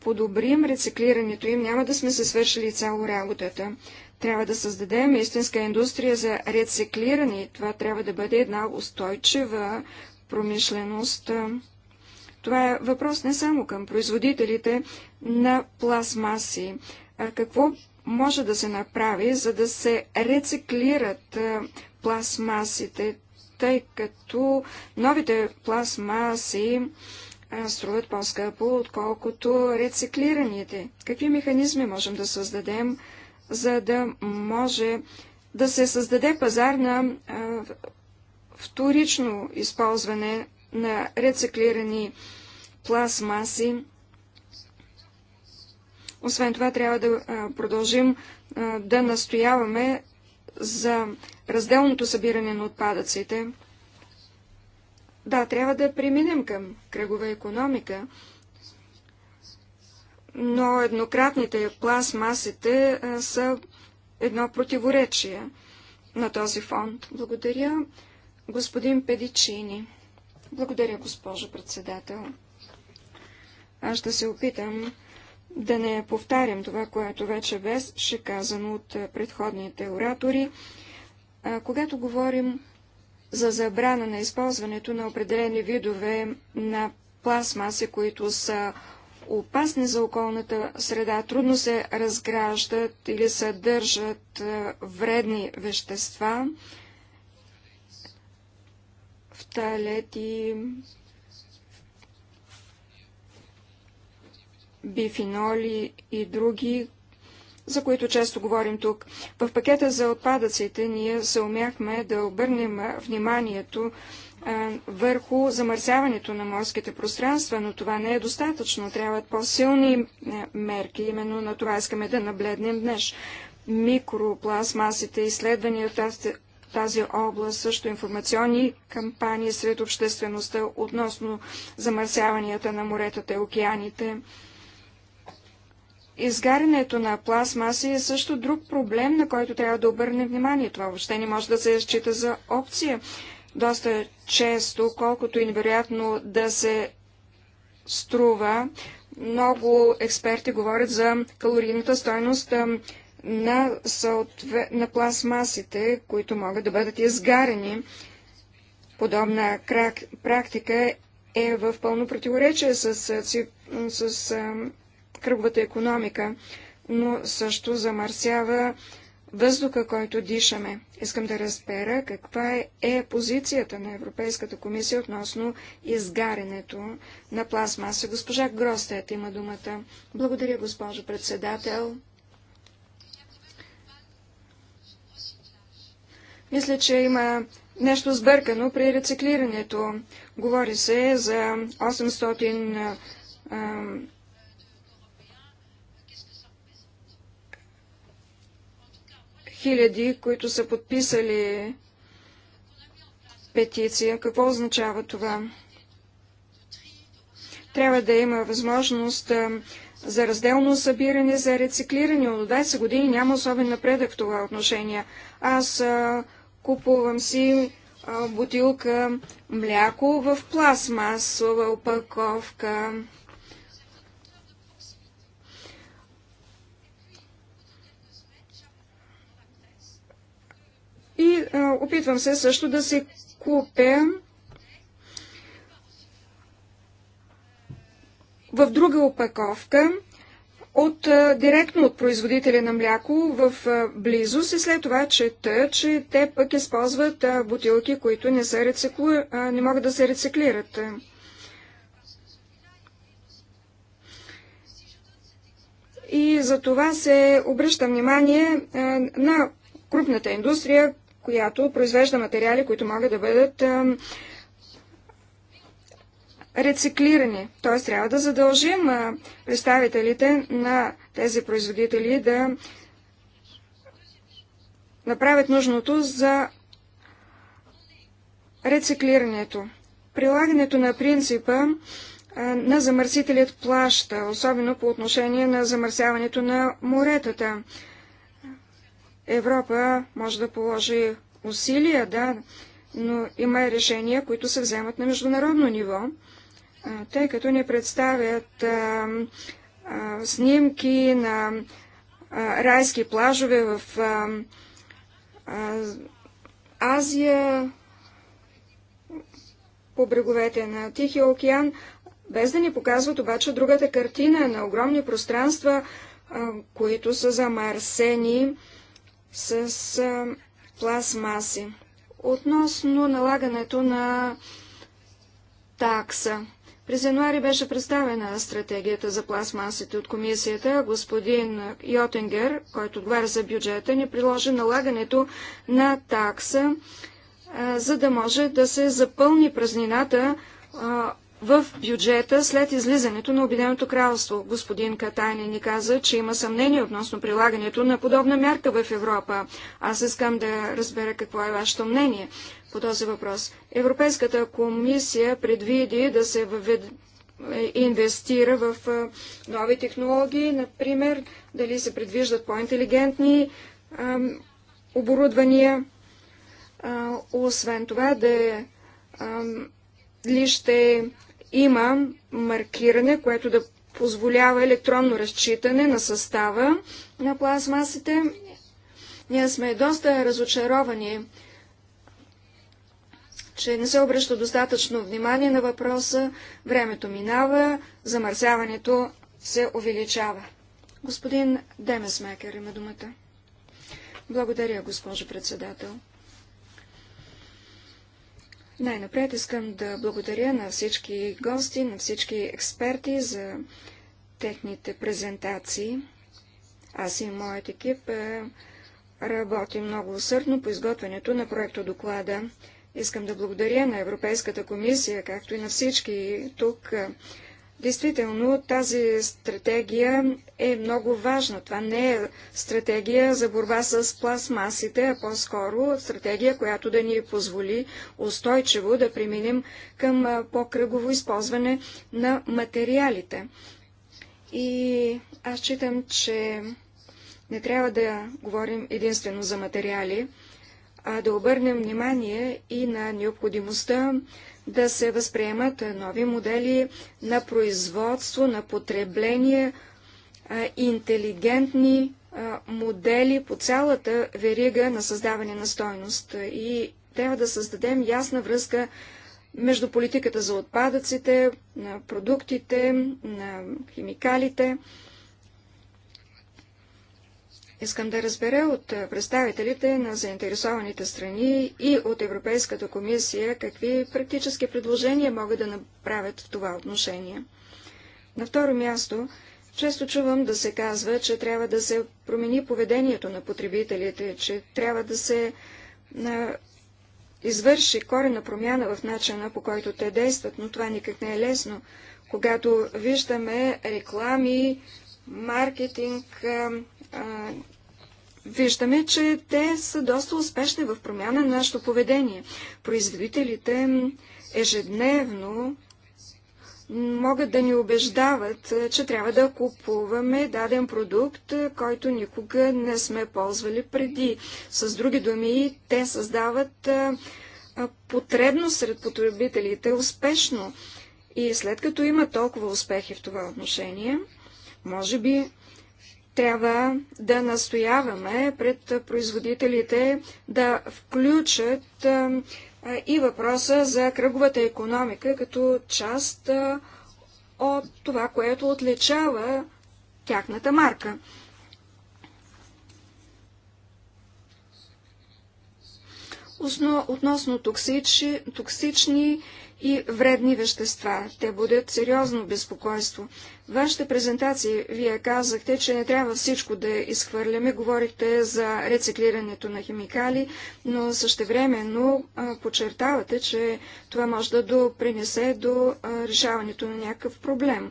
подобрим рециклирането им, няма да сме се свършили цяло работата. Трябва да създадем истинска индустрия за рециклиране. Това трябва да бъде една устойчива промишленост. Това е въпрос не само към производителите на пластмаси, какво може да се направи, за да се рециклират пластмасите, тъй като новите пластмаси струват по-скъпо, отколкото рециклираните. Какви механизми можем да създадем, за да може да се създаде пазар на вторично използване на рециклирани пластмаси? Освен това, трябва да продължим да настояваме за разделното събиране на отпадъците. Да, трябва да преминем към кръгова економика, но еднократните пластмасите са едно противоречие на този фонд. Благодаря, господин Педичини. Благодаря, госпожо председател. Аз ще се опитам да не повтарям това, което вече беше казано от е, предходните оратори. когато говорим за забрана на използването на определени видове на пластмаси, които са опасни за околната среда, трудно се разграждат или съдържат е, вредни вещества, фталети, бифиноли и други, за които често говорим тук. В пакета за отпадъците ние се умяхме да обърнем вниманието върху замърсяването на морските пространства, но това не е достатъчно. Трябват по-силни мерки. Именно на това искаме да набледнем днес. Микропластмасите, изследвания в тази, тази област, също информационни кампании сред обществеността относно замърсяванията на моретата и океаните. Изгарянето на пластмаси е също друг проблем, на който трябва да обърнем внимание. Това въобще не може да се счита за опция. Доста често, колкото и невероятно да се струва, много експерти говорят за калорийната стойност на, съотве... на пластмасите, които могат да бъдат изгарени. Подобна крак... практика е в пълно противоречие с, с, с кръговата економика, но също замърсява въздуха, който дишаме. Искам да разбера каква е позицията на Европейската комисия относно изгарянето на пластмаса. Госпожа Гростет има думата. Благодаря, госпожо председател. Мисля, че има нещо сбъркано при рециклирането. Говори се за 800 хиляди, които са подписали петиция. Какво означава това? Трябва да има възможност за разделно събиране, за рециклиране. От 20 години няма особен напредък в това отношение. Аз купувам си бутилка мляко в пластмасова опаковка. И а, опитвам се също да си купя в друга опаковка от, а, директно от производителя на мляко в а, близост и след това чета, че те пък използват а, бутилки, които не, са рециклу... а, не могат да се рециклират. И за това се обръща внимание а, на крупната индустрия, която произвежда материали, които могат да бъдат рециклирани. Т.е. трябва да задължим представителите на тези производители да направят нужното за рециклирането. Прилагането на принципа на замърсителят плаща, особено по отношение на замърсяването на моретата. Европа може да положи усилия, да, но има и решения, които се вземат на международно ниво, тъй като ни представят а, а, снимки на а, райски плажове в Азия, по бреговете на Тихия океан, без да ни показват обаче другата картина на огромни пространства, които са замърсени с пластмаси. Относно налагането на такса. През януари беше представена стратегията за пластмасите от комисията. Господин Йотенгер, който отговаря за бюджета, ни приложи налагането на такса, а, за да може да се запълни празнината а, в бюджета след излизането на Обединеното кралство. Господин Катайни ни каза, че има съмнение относно прилагането на подобна мярка в Европа. Аз искам да разбера какво е вашето мнение по този въпрос. Европейската комисия предвиди да се въвед... Е, инвестира в е, нови технологии, например, дали се предвиждат по-интелигентни е, оборудвания. А, освен това, да ли ще има маркиране, което да позволява електронно разчитане на състава на пластмасите. Ние сме доста разочаровани, че не се обръща достатъчно внимание на въпроса. Времето минава, замърсяването се увеличава. Господин Демесмекер има думата. Благодаря, госпожо председател. Най-напред искам да благодаря на всички гости, на всички експерти за техните презентации. Аз и моят екип е, работим много усърдно по изготвянето на проекта доклада. Искам да благодаря на Европейската комисия, както и на всички тук е, Действително, тази стратегия е много важна. Това не е стратегия за борба с пластмасите, а по-скоро стратегия, която да ни позволи устойчиво да преминем към по-кръгово използване на материалите. И аз считам, че не трябва да говорим единствено за материали, а да обърнем внимание и на необходимостта да се възприемат е, нови модели на производство, на потребление, интелигентни модели по цялата верига на създаване на стойност. И трябва да създадем ясна връзка между политиката за отпадъците, на продуктите, на химикалите. Искам да разбера от представителите на заинтересованите страни и от Европейската комисия какви практически предложения могат да направят в това отношение. На второ място, често чувам да се казва, че трябва да се промени поведението на потребителите, че трябва да се на, извърши корена промяна в начина по който те действат, но това никак не е лесно. Когато виждаме реклами, маркетинг, виждаме, че те са доста успешни в промяна на нашето поведение. Производителите ежедневно могат да ни убеждават, че трябва да купуваме даден продукт, който никога не сме ползвали преди. С други думи, те създават потребност сред потребителите успешно. И след като има толкова успехи в това отношение, може би трябва да настояваме пред производителите да включат и въпроса за кръговата економика като част от това, което отличава тяхната марка. Относно токсични, токсични и вредни вещества. Те будят сериозно безпокойство. В вашата презентации, вие казахте, че не трябва всичко да изхвърляме. Говорихте за рециклирането на химикали, но същевременно подчертавате, че това може да допринесе до решаването на някакъв проблем.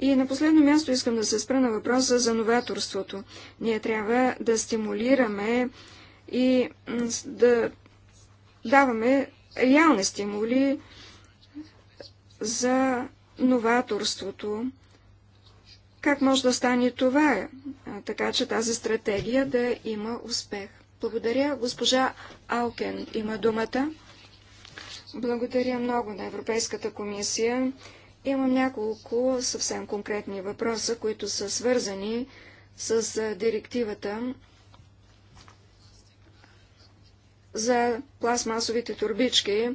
И на последно място искам да се спра на въпроса за новаторството. Ние трябва да стимулираме и да даваме реални стимули за новаторството. Как може да стане това, е? така че тази стратегия да има успех? Благодаря. Госпожа Алкен има думата. Благодаря много на Европейската комисия. Имам няколко съвсем конкретни въпроса, които са свързани с директивата за пластмасовите турбички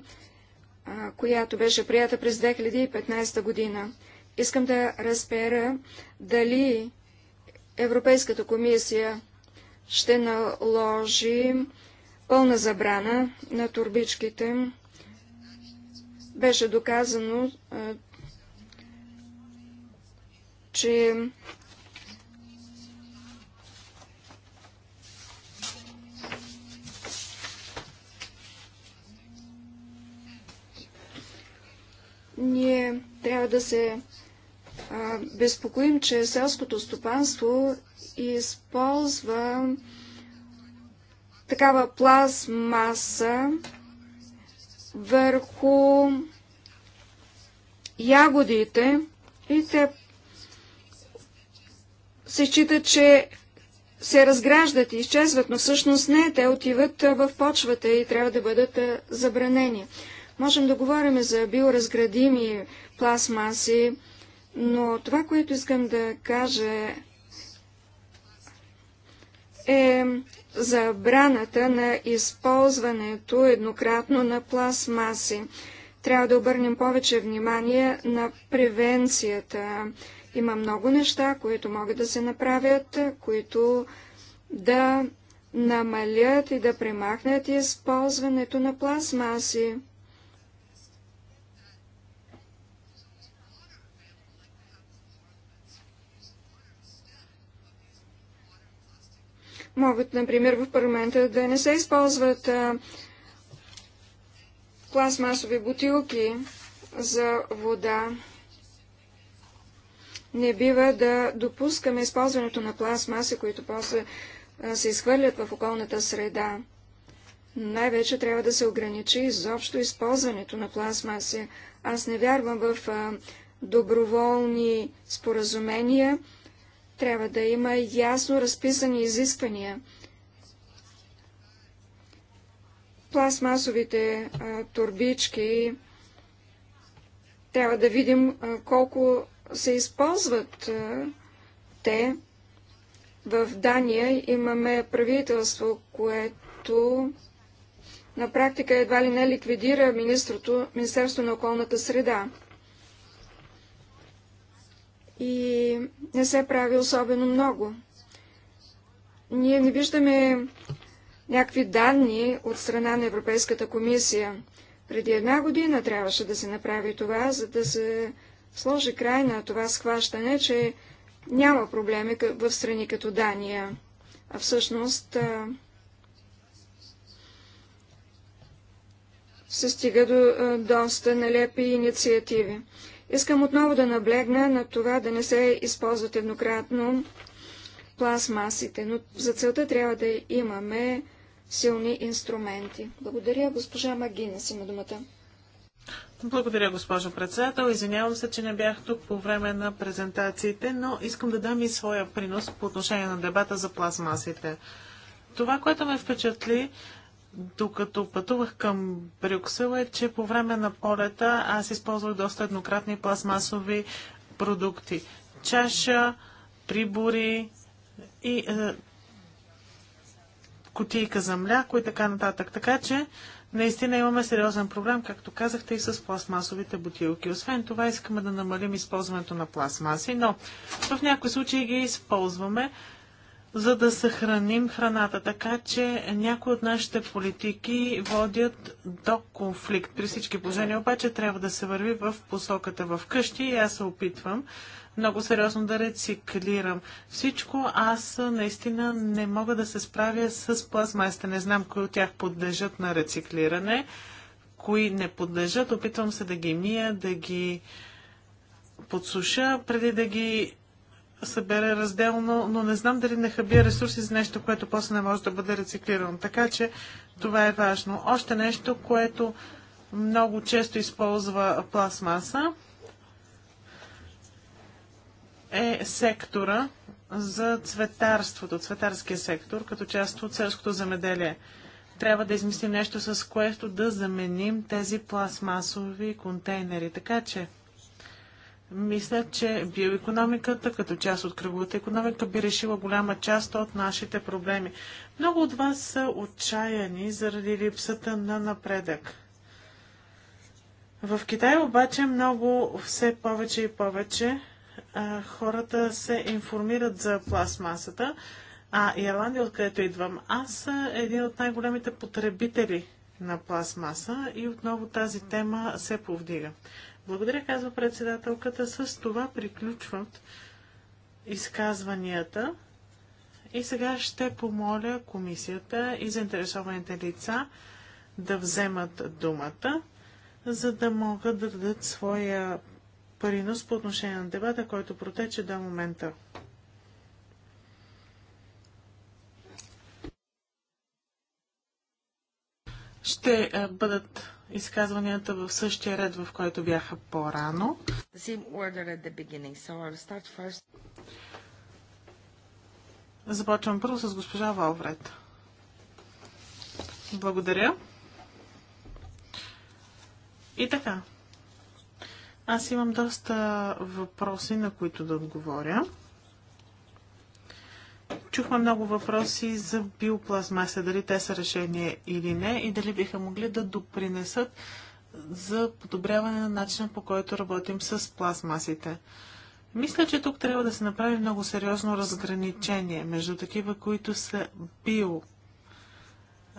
която беше прията през 2015 година. Искам да разбера дали Европейската комисия ще наложи пълна забрана на турбичките. Беше доказано, че Ние трябва да се а, безпокоим, че селското стопанство използва такава пластмаса върху ягодите и те се считат, че се разграждат и изчезват, но всъщност не, те отиват в почвата и трябва да бъдат забранени. Можем да говорим за биоразградими пластмаси, но това, което искам да кажа е забраната на използването еднократно на пластмаси. Трябва да обърнем повече внимание на превенцията. Има много неща, които могат да се направят, които да намалят и да премахнат използването на пластмаси. могат, например, в парламента да не се използват а, пластмасови бутилки за вода. Не бива да допускаме използването на пластмаси, които после а, се изхвърлят в околната среда. Най-вече трябва да се ограничи изобщо използването на пластмаси. Аз не вярвам в а, доброволни споразумения, трябва да има ясно разписани изисквания. Пластмасовите а, турбички трябва да видим а, колко се използват а, те. В Дания имаме правителство, което на практика едва ли не ликвидира Министерството на околната среда и не се прави особено много. Ние не виждаме някакви данни от страна на Европейската комисия. Преди една година трябваше да се направи това, за да се сложи край на това схващане, че няма проблеми в страни като Дания. А всъщност се стига до доста нелепи инициативи. Искам отново да наблегна на това да не се използват еднократно пластмасите, но за целта трябва да имаме силни инструменти. Благодаря, госпожа Магина, си на думата. Благодаря, госпожо председател. Извинявам се, че не бях тук по време на презентациите, но искам да дам и своя принос по отношение на дебата за пластмасите. Това, което ме впечатли, докато пътувах към Брюксел е, че по време на полета аз използвах доста еднократни пластмасови продукти. Чаша, прибори и е, кутийка за мляко и така нататък. Така че наистина имаме сериозен проблем, както казахте, и с пластмасовите бутилки. Освен това искаме да намалим използването на пластмаси, но в някои случаи ги използваме за да съхраним храната. Така че някои от нашите политики водят до конфликт. При всички положения обаче трябва да се върви в посоката в къщи и аз се опитвам много сериозно да рециклирам всичко. Аз наистина не мога да се справя с пластмасите. Не знам кои от тях подлежат на рециклиране, кои не подлежат. Опитвам се да ги мия, да ги подсуша, преди да ги събере разделно, но не знам дали не хабия ресурси за нещо, което после не може да бъде рециклирано. Така че това е важно. Още нещо, което много често използва пластмаса е сектора за цветарството, цветарския сектор, като част от селското земеделие. Трябва да измислим нещо, с което да заменим тези пластмасови контейнери. Така че мисля, че биоекономиката като част от кръговата економика би решила голяма част от нашите проблеми. Много от вас са отчаяни заради липсата на напредък. В Китай обаче много все повече и повече а, хората се информират за пластмасата, а Ирландия, откъдето идвам, аз са един от най-големите потребители на пластмаса и отново тази тема се повдига. Благодаря, казва председателката. С това приключват изказванията. И сега ще помоля комисията и заинтересованите лица да вземат думата, за да могат да дадат своя принос по отношение на дебата, който протече до момента. Ще е, бъдат изказванията в същия ред, в който бяха по-рано. Започвам първо с госпожа Валвред. Благодаря. И така. Аз имам доста въпроси, на които да отговоря. Чухме много въпроси за биопластмаса, дали те са решение или не и дали биха могли да допринесат за подобряване на начина по който работим с пластмасите. Мисля, че тук трябва да се направи много сериозно разграничение между такива, които са био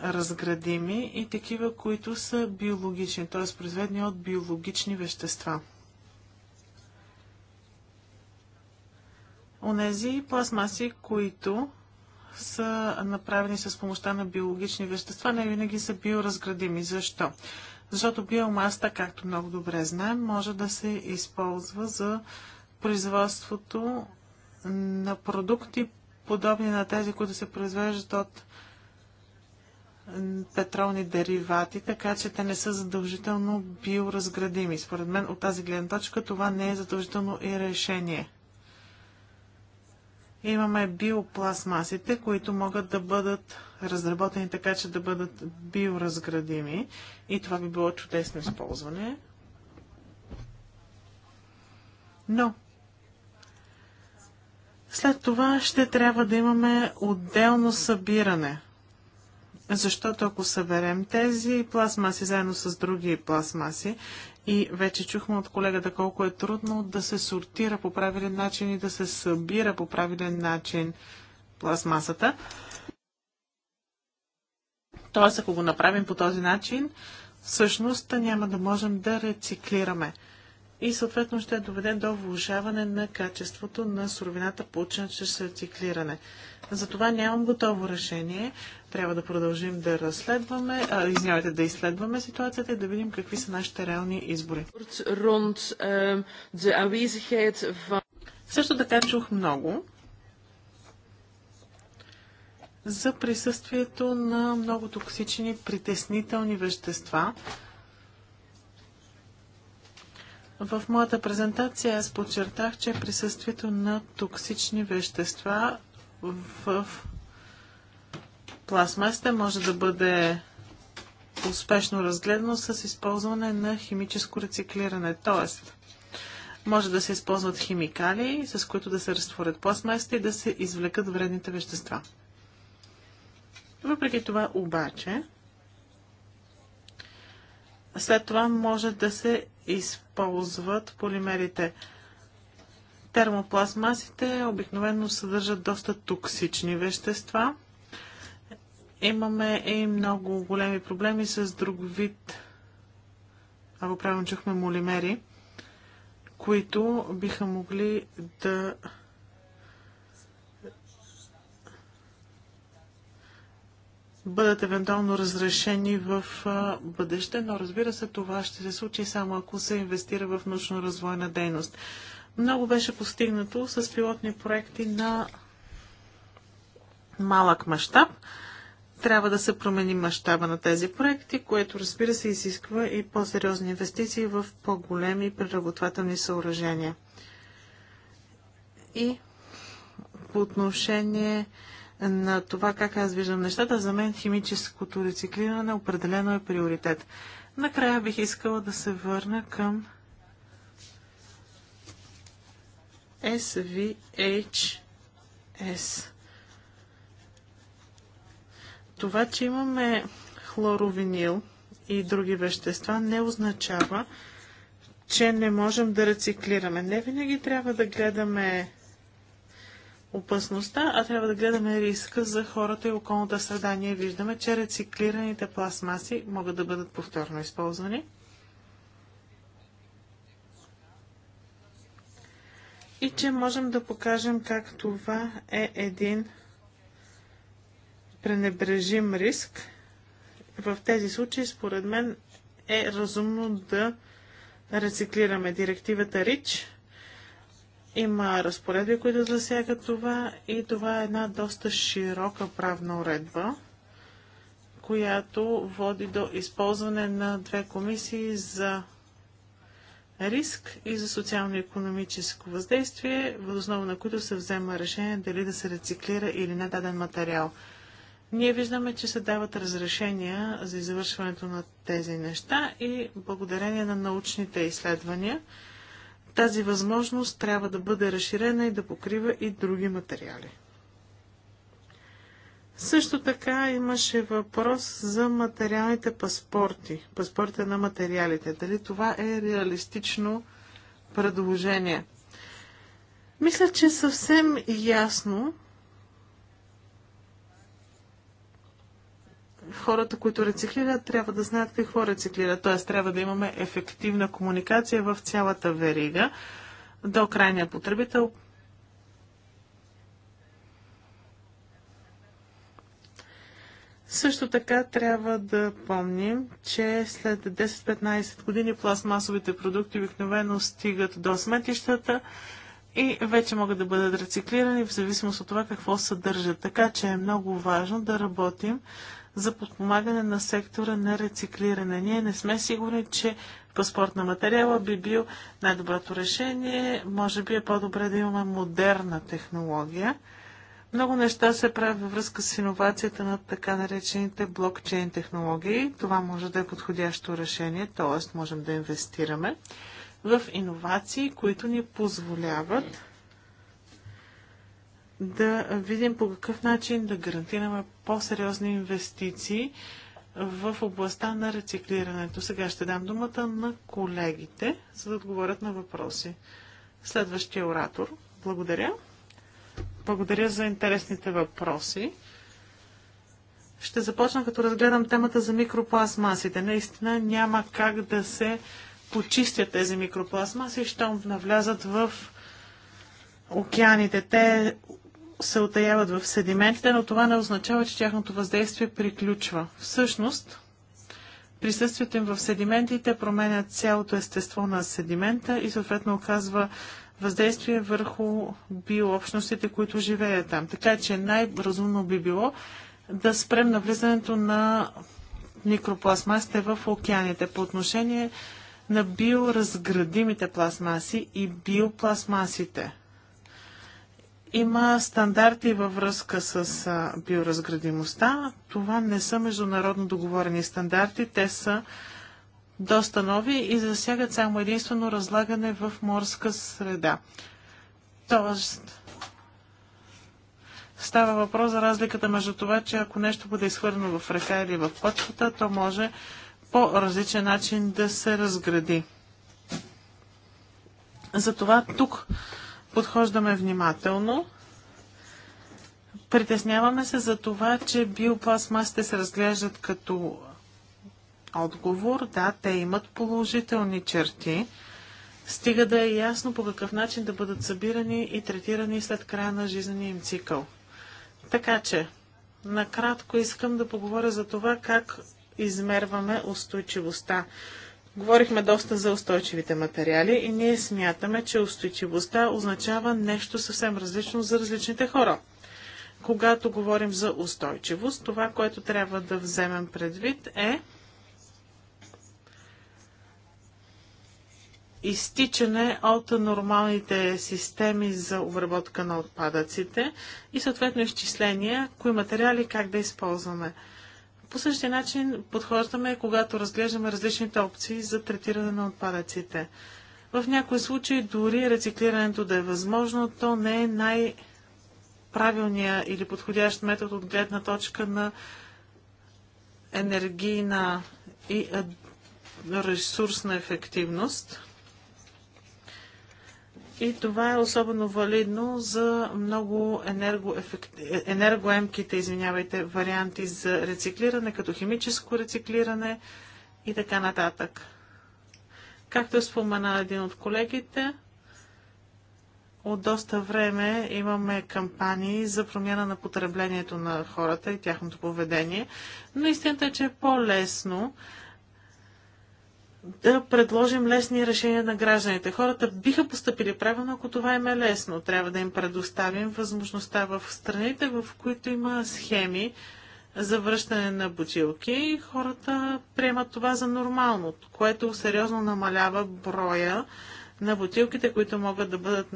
разградими и такива, които са биологични, т.е. произведени от биологични вещества. онези пластмаси, които са направени с помощта на биологични вещества, не винаги са биоразградими. Защо? Защото биомаста, както много добре знаем, може да се използва за производството на продукти, подобни на тези, които се произвеждат от петролни деривати, така че те не са задължително биоразградими. Според мен от тази гледна точка това не е задължително и решение. Имаме биопластмасите, които могат да бъдат разработени така, че да бъдат биоразградими. И това би било чудесно използване. Но след това ще трябва да имаме отделно събиране. Защото ако съберем тези пластмаси заедно с други пластмаси, и вече чухме от колегата колко е трудно да се сортира по правилен начин и да се събира по правилен начин пластмасата. Тоест, ако го направим по този начин, всъщност няма да можем да рециклираме и съответно ще доведе до влушаване на качеството на суровината, получена чрез рециклиране. За това нямам готово решение. Трябва да продължим да разследваме, а, извинявайте, да изследваме ситуацията и да видим какви са нашите реални избори. Ehm, Също така чух много за присъствието на много токсични притеснителни вещества, в моята презентация аз подчертах, че присъствието на токсични вещества в пластмасите може да бъде успешно разгледано с използване на химическо рециклиране. Тоест, може да се използват химикали, с които да се разтворят пластмасите и да се извлекат вредните вещества. Въпреки това обаче, след това може да се използват полимерите. Термопластмасите обикновено съдържат доста токсични вещества. Имаме и много големи проблеми с друг вид, ако правилно чухме, молимери, които биха могли да бъдат евентуално разрешени в бъдеще, но разбира се, това ще се случи само ако се инвестира в научно-развойна дейност. Много беше постигнато с пилотни проекти на малък мащаб. Трябва да се промени мащаба на тези проекти, което разбира се изисква и по-сериозни инвестиции в по-големи преработвателни съоръжения. И по отношение на това как аз виждам нещата, за мен химическото рециклиране определено е приоритет. Накрая бих искала да се върна към SVHS. Това, че имаме хлоровинил и други вещества, не означава, че не можем да рециклираме. Не винаги трябва да гледаме опасността, а трябва да гледаме риска за хората и околната среда. Ние виждаме, че рециклираните пластмаси могат да бъдат повторно използвани. И че можем да покажем как това е един пренебрежим риск. В тези случаи, според мен, е разумно да рециклираме директивата РИЧ има разпоредби, които засягат това и това е една доста широка правна уредба, която води до използване на две комисии за риск и за социално-економическо въздействие, възоснова на които се взема решение дали да се рециклира или не даден материал. Ние виждаме, че се дават разрешения за извършването на тези неща и благодарение на научните изследвания – тази възможност трябва да бъде разширена и да покрива и други материали. Също така имаше въпрос за материалните паспорти, паспорта на материалите. Дали това е реалистично предложение? Мисля, че съвсем ясно хората, които рециклират, трябва да знаят какво рециклират. Т.е. трябва да имаме ефективна комуникация в цялата верига до крайния потребител. Също така трябва да помним, че след 10-15 години пластмасовите продукти обикновено стигат до сметищата и вече могат да бъдат рециклирани в зависимост от това какво съдържат. Така че е много важно да работим за подпомагане на сектора на рециклиране. Ние не сме сигурни, че паспорт на материала би бил най-доброто решение. Може би е по-добре да имаме модерна технология. Много неща се правят във връзка с иновацията на така наречените блокчейн технологии. Това може да е подходящо решение, т.е. можем да инвестираме в иновации, които ни позволяват да видим по какъв начин да гарантираме по-сериозни инвестиции в областта на рециклирането. Сега ще дам думата на колегите, за да отговорят на въпроси. Следващия оратор. Благодаря. Благодаря за интересните въпроси. Ще започна като разгледам темата за микропластмасите. Наистина няма как да се почистят тези микропластмаси, щом навлязат в океаните. Те се отаяват в седиментите, но това не означава, че тяхното въздействие приключва. Всъщност, присъствието им в седиментите променя цялото естество на седимента и съответно оказва въздействие върху биообщностите, които живеят там. Така че най-разумно би било да спрем навлизането на микропластмасите в океаните. По отношение на биоразградимите пластмаси и биопластмасите. Има стандарти във връзка с биоразградимостта. Това не са международно договорени стандарти, те са доста нови и засягат само единствено разлагане в морска среда. Тоест, става въпрос за разликата между това, че ако нещо бъде изхвърлено в река или в почвата, то може по различен начин да се разгради. Затова тук подхождаме внимателно. Притесняваме се за това, че биопластмасите се разглеждат като отговор. Да, те имат положителни черти. Стига да е ясно по какъв начин да бъдат събирани и третирани след края на жизнения им цикъл. Така че, накратко искам да поговоря за това как измерваме устойчивостта. Говорихме доста за устойчивите материали и ние смятаме, че устойчивостта означава нещо съвсем различно за различните хора. Когато говорим за устойчивост, това, което трябва да вземем предвид е изтичане от нормалните системи за обработка на отпадъците и съответно изчисления, кои материали как да използваме. По същия начин подхождаме, когато разглеждаме различните опции за третиране на отпадъците. В някои случаи дори рециклирането да е възможно, то не е най-правилният или подходящ метод от гледна точка на енергийна и ресурсна ефективност. И това е особено валидно за много енергоемките извинявайте, варианти за рециклиране, като химическо рециклиране и така нататък. Както е спомена един от колегите, от доста време имаме кампании за промяна на потреблението на хората и тяхното поведение. Но истината е, че е по-лесно да предложим лесни решения на гражданите. Хората биха поступили правилно, ако това им е лесно. Трябва да им предоставим възможността в страните, в които има схеми за връщане на бутилки. Хората приемат това за нормално, което сериозно намалява броя на бутилките, които могат да бъдат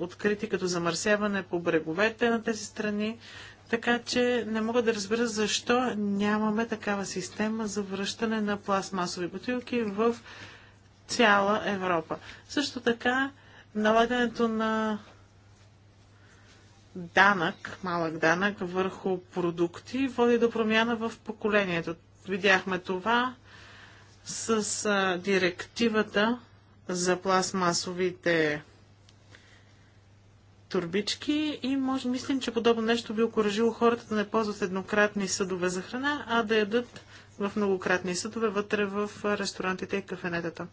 открити като замърсяване по бреговете на тези страни, така че не мога да разбера защо нямаме такава система за връщане на пластмасови бутилки в цяла Европа. Също така, налагането на данък, малък данък върху продукти води до промяна в поколението. Видяхме това с директивата за пластмасовите турбички и може, мислим, че подобно нещо би окоръжило хората да не ползват еднократни съдове за храна, а да ядат в многократни съдове вътре в ресторантите и кафенетата.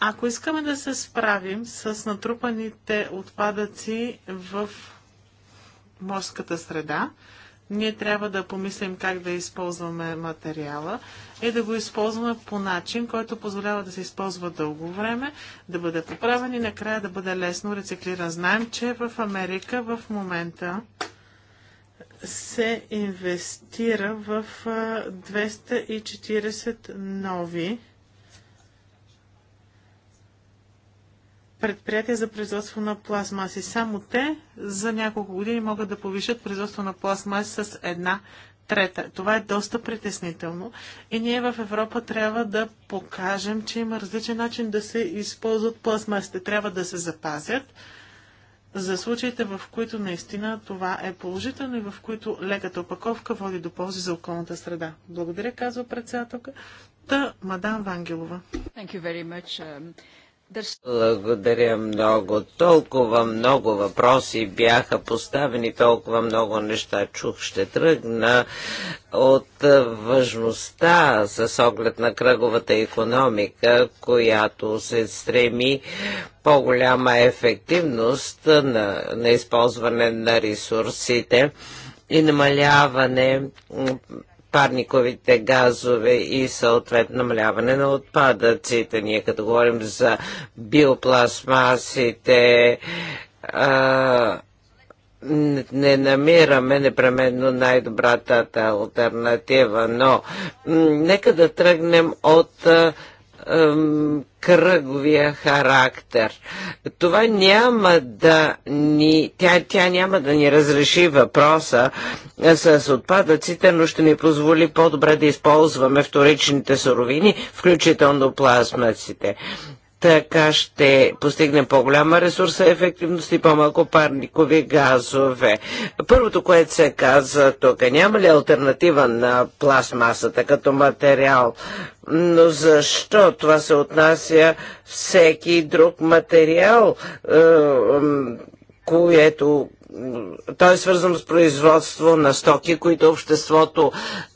Ако искаме да се справим с натрупаните отпадъци в морската среда, ние трябва да помислим как да използваме материала е да го използваме по начин, който позволява да се използва дълго време, да бъде поправен и накрая да бъде лесно рециклиран. Знаем, че в Америка в момента се инвестира в 240 нови предприятия за производство на пластмаси. Само те за няколко години могат да повишат производство на пластмаси с една трета. Това е доста притеснително и ние в Европа трябва да покажем, че има различен начин да се използват пластмасите. Трябва да се запазят за случаите, в които наистина това е положително и в които леката опаковка води до ползи за околната среда. Благодаря, казва председателка. Та, мадам Вангелова. Thank you very much. Um, благодаря много. Толкова много въпроси бяха поставени, толкова много неща чух. Ще тръгна от е, важността с оглед на кръговата економика, която се стреми по-голяма ефективност на, на използване на ресурсите и намаляване парниковите газове и съответно намаляване на отпадъците. Ние като говорим за биопластмасите, а, не намираме непременно най-добрата альтернатива, но нека да тръгнем от кръговия характер. Това няма да ни, тя, тя няма да ни разреши въпроса с отпадъците, но ще ни позволи по-добре да използваме вторичните суровини, включително пластмасите. Така ще постигне по-голяма ресурса ефективност и по-малко парникови газове. Първото, което се каза тук, е, няма ли альтернатива на пластмасата като материал? Но защо това се отнася всеки друг материал, е, което той е свързан с производство на стоки, които обществото,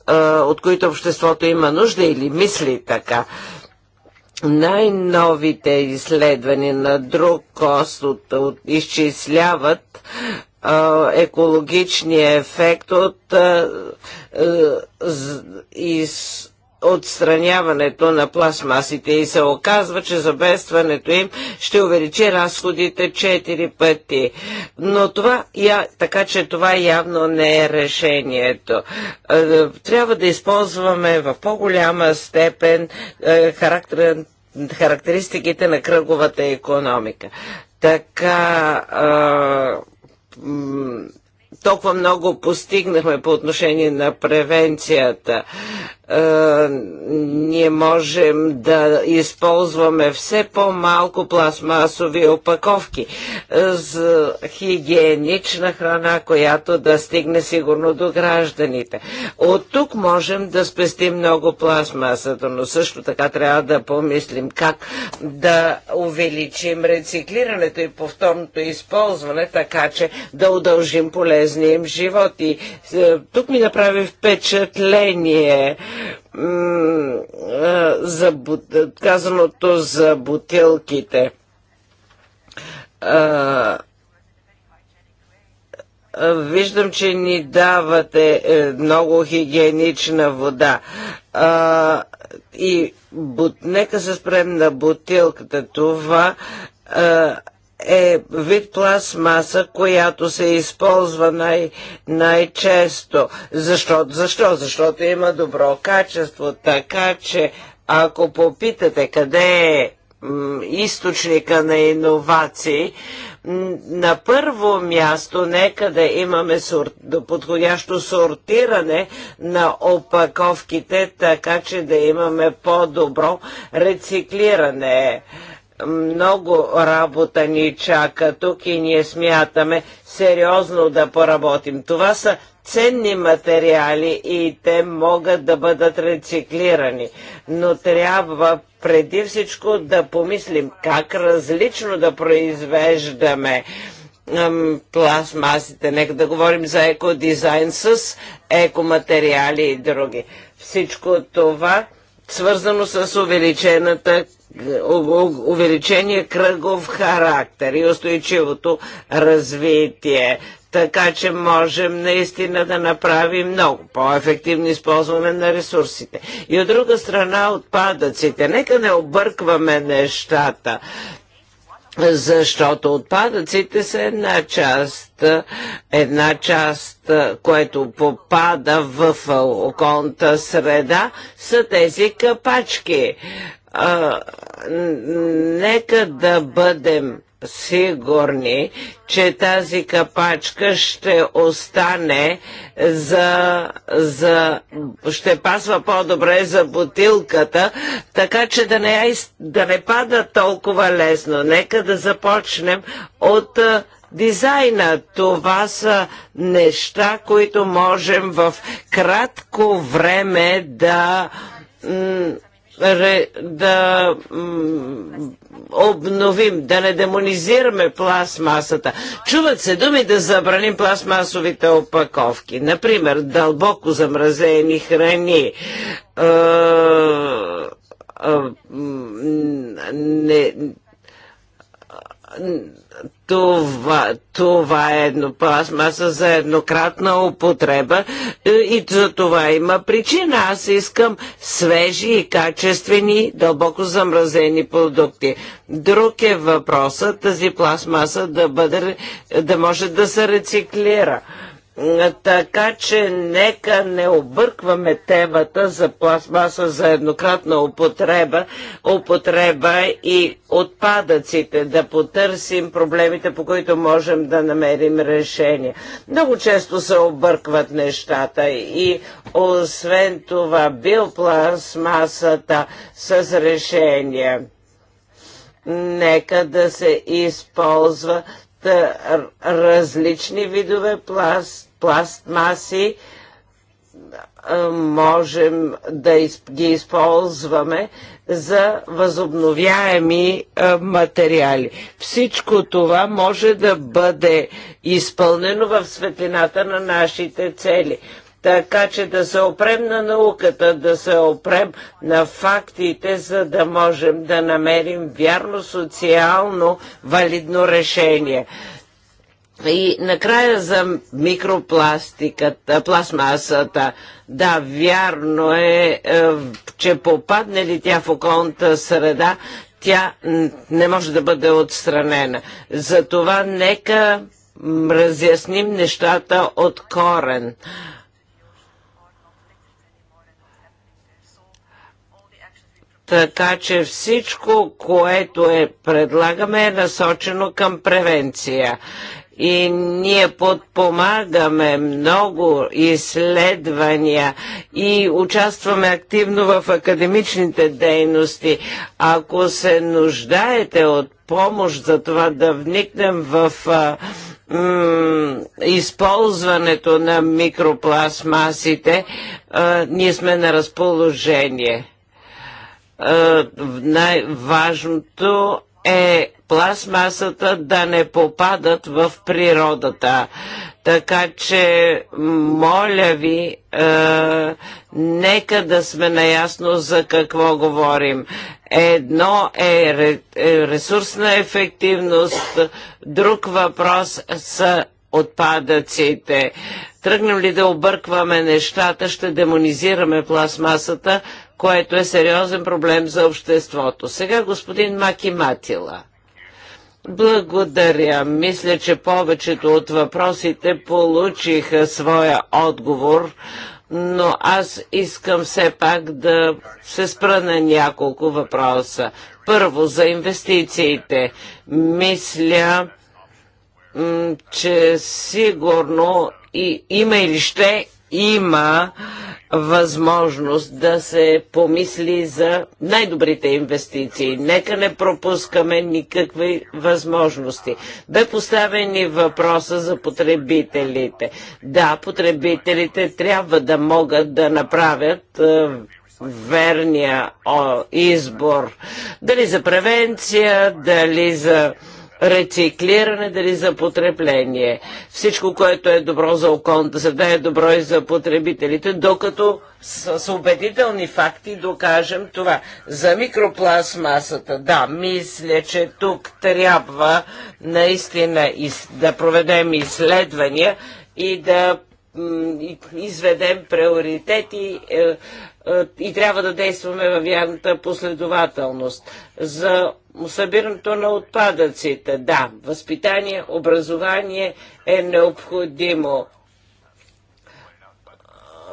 е, от които обществото има нужда или мисли така най-новите изследвания на друг кост от, от, изчисляват а, екологичния ефект от а, а, из, отстраняването на пластмасите и се оказва, че забестването им ще увеличи разходите 4 пъти. Но това, я, така че това явно не е решението. Е, трябва да използваме в по-голяма степен е, характер, характеристиките на кръговата економика. Така е, толкова много постигнахме по отношение на превенцията. Е, ние можем да използваме все по-малко пластмасови опаковки за хигиенична храна, която да стигне сигурно до гражданите. От тук можем да спестим много пластмасата, но също така трябва да помислим как да увеличим рециклирането и повторното използване, така че да удължим полезния им живот. И е, тук ми направи впечатление, за, казаното за бутилките. А, Виждам, че ни давате е, много хигиенична вода. А, и бут, нека се спрем на бутилката. Това а, е вид пластмаса, която се използва най- най-често. Защо? Защо? Защото има добро качество. Така че, ако попитате къде е източника на иновации, на първо място нека да имаме сор... подходящо сортиране на опаковките, така че да имаме по-добро рециклиране много работа ни чака тук и ние смятаме сериозно да поработим. Това са ценни материали и те могат да бъдат рециклирани. Но трябва преди всичко да помислим как различно да произвеждаме пластмасите. Нека да говорим за екодизайн с екоматериали и други. Всичко това свързано с увеличената увеличение кръгов характер и устойчивото развитие. Така че можем наистина да направим много по-ефективно използване на ресурсите. И от друга страна отпадъците. Нека не объркваме нещата защото отпадъците са една част, една част, което попада в околната среда, са тези капачки а, нека да бъдем сигурни, че тази капачка ще остане за, за ще пасва по-добре за бутилката, така че да не, да не пада толкова лесно. Нека да започнем от дизайна. Това са неща, които можем в кратко време да да обновим, да не демонизираме пластмасата. Чуват се думи да забраним пластмасовите опаковки. Например, дълбоко замразени храни. Е, е, не, това, това е едно пластмаса за еднократна употреба е, и за това има причина. Аз искам свежи и качествени, дълбоко замразени продукти. Друг е въпросът тази пластмаса да, бъде, да може да се рециклира. Така че нека не объркваме темата за пластмаса за еднократна употреба, употреба и отпадъците, да потърсим проблемите, по които можем да намерим решение. Много често се объркват нещата и освен това биопластмасата с решение. Нека да се използва различни видове пласт пластмаси, можем да ги използваме за възобновяеми материали. Всичко това може да бъде изпълнено в светлината на нашите цели. Така че да се опрем на науката, да се опрем на фактите, за да можем да намерим вярно социално валидно решение. И накрая за микропластиката, пластмасата. Да, вярно е, е, че попадне ли тя в околната среда, тя не може да бъде отстранена. Затова нека разясним нещата от корен. Така че всичко, което е предлагаме е насочено към превенция и ние подпомагаме много изследвания и участваме активно в академичните дейности. Ако се нуждаете от помощ за това да вникнем в а, използването на микропластмасите, а, ние сме на разположение. Най-важното е пластмасата да не попадат в природата. Така че, моля ви, е, нека да сме наясно за какво говорим. Едно е, е ресурсна ефективност, друг въпрос са отпадъците. Тръгнем ли да объркваме нещата, ще демонизираме пластмасата, което е сериозен проблем за обществото. Сега господин Маки Матила. Благодаря. Мисля, че повечето от въпросите получиха своя отговор, но аз искам все пак да се спра на няколко въпроса. Първо, за инвестициите. Мисля, че сигурно и има или ще има възможност да се помисли за най-добрите инвестиции. Нека не пропускаме никакви възможности. Бе поставени въпроса за потребителите. Да, потребителите трябва да могат да направят е, верния избор. Дали за превенция, дали за рециклиране, дали за потребление. Всичко, което е добро за околната среда, е добро и за потребителите, докато с, с убедителни факти докажем това. За микропластмасата, да, мисля, че тук трябва наистина из, да проведем изследвания и да изведем приоритети, е, е, и трябва да действаме във вярната последователност. За събирането на отпадъците, да, възпитание, образование е необходимо.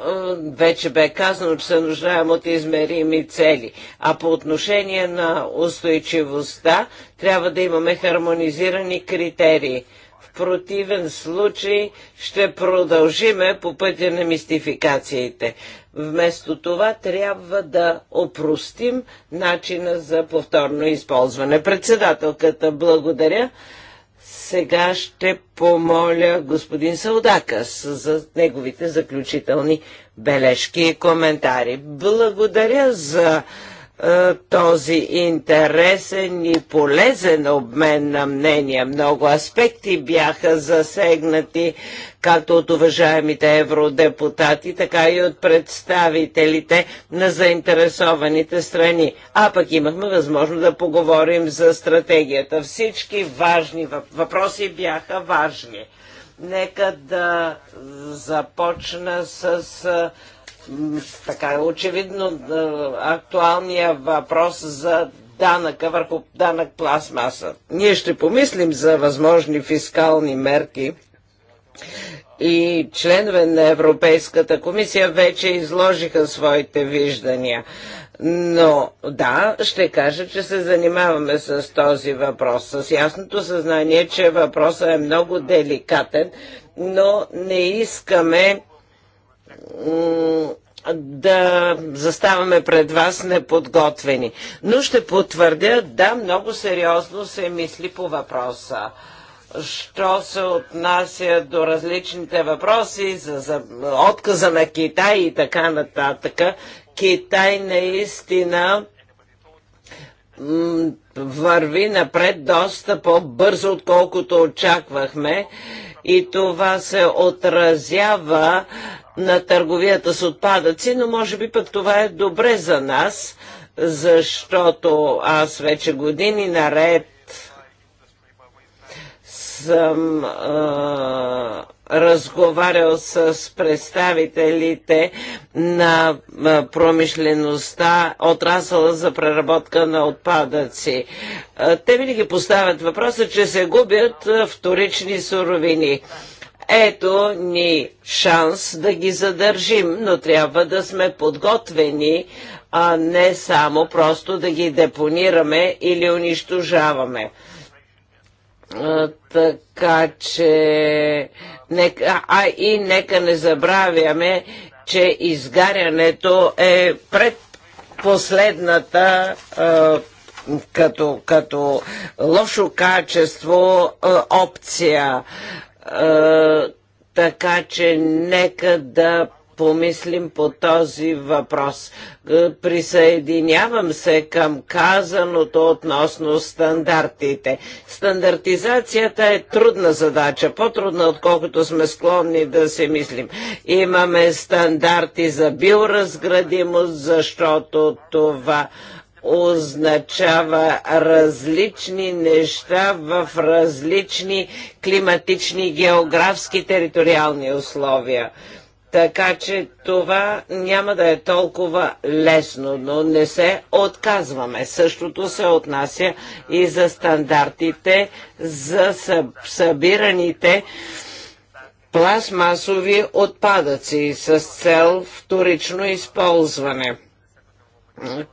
Е, вече бе казано, че се нуждаем от измерими цели. А по отношение на устойчивостта, трябва да имаме хармонизирани критерии – противен случай ще продължиме по пътя на мистификациите. Вместо това трябва да опростим начина за повторно използване. Председателката, благодаря. Сега ще помоля господин Саудакас за неговите заключителни бележки и коментари. Благодаря за е, този интересен и полезен обмен на мнения. Много аспекти бяха засегнати както от уважаемите евродепутати, така и от представителите на заинтересованите страни. А пък имахме възможност да поговорим за стратегията. Всички важни въпроси бяха важни. Нека да започна с е, така е очевидно актуалния въпрос за данъка върху данък пластмаса. Ние ще помислим за възможни фискални мерки и членове на Европейската комисия вече изложиха своите виждания. Но да, ще кажа, че се занимаваме с този въпрос, с ясното съзнание, че въпросът е много деликатен, но не искаме да заставаме пред вас неподготвени. Но ще потвърдя, да, много сериозно се мисли по въпроса. Що се отнася до различните въпроси за, за отказа на Китай и така нататък, Китай наистина върви напред доста по-бързо, отколкото очаквахме и това се отразява на търговията с отпадъци, но може би пък това е добре за нас, защото аз вече години наред съм а, разговарял с представителите на промишлеността, отрасъла за преработка на отпадъци. Те винаги поставят въпроса, че се губят вторични суровини. Ето ни шанс да ги задържим, но трябва да сме подготвени, а не само просто да ги депонираме или унищожаваме. А, така че, нека, а и нека не забравяме, че изгарянето е пред последната а, като, като лошо качество опция така че нека да помислим по този въпрос. Присъединявам се към казаното относно стандартите. Стандартизацията е трудна задача, по-трудна отколкото сме склонни да се мислим. Имаме стандарти за биоразградимост, защото това означава различни неща в различни климатични, географски, териториални условия. Така че това няма да е толкова лесно, но не се отказваме. Същото се отнася и за стандартите за събираните пластмасови отпадъци с цел вторично използване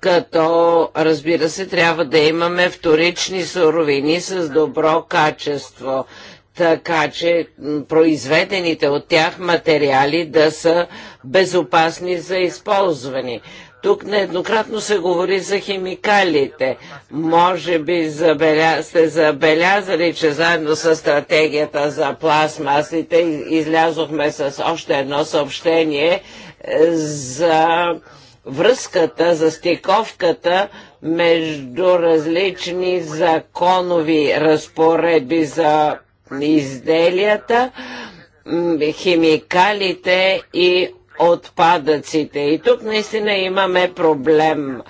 като разбира се трябва да имаме вторични суровини с добро качество, така че произведените от тях материали да са безопасни за използване. Тук нееднократно се говори за химикалите. Може би забеля... сте забелязали, че заедно с стратегията за пластмасите излязохме с още едно съобщение е, за връзката, за стиковката между различни законови разпоредби за изделията, химикалите и отпадъците. И тук наистина имаме проблем.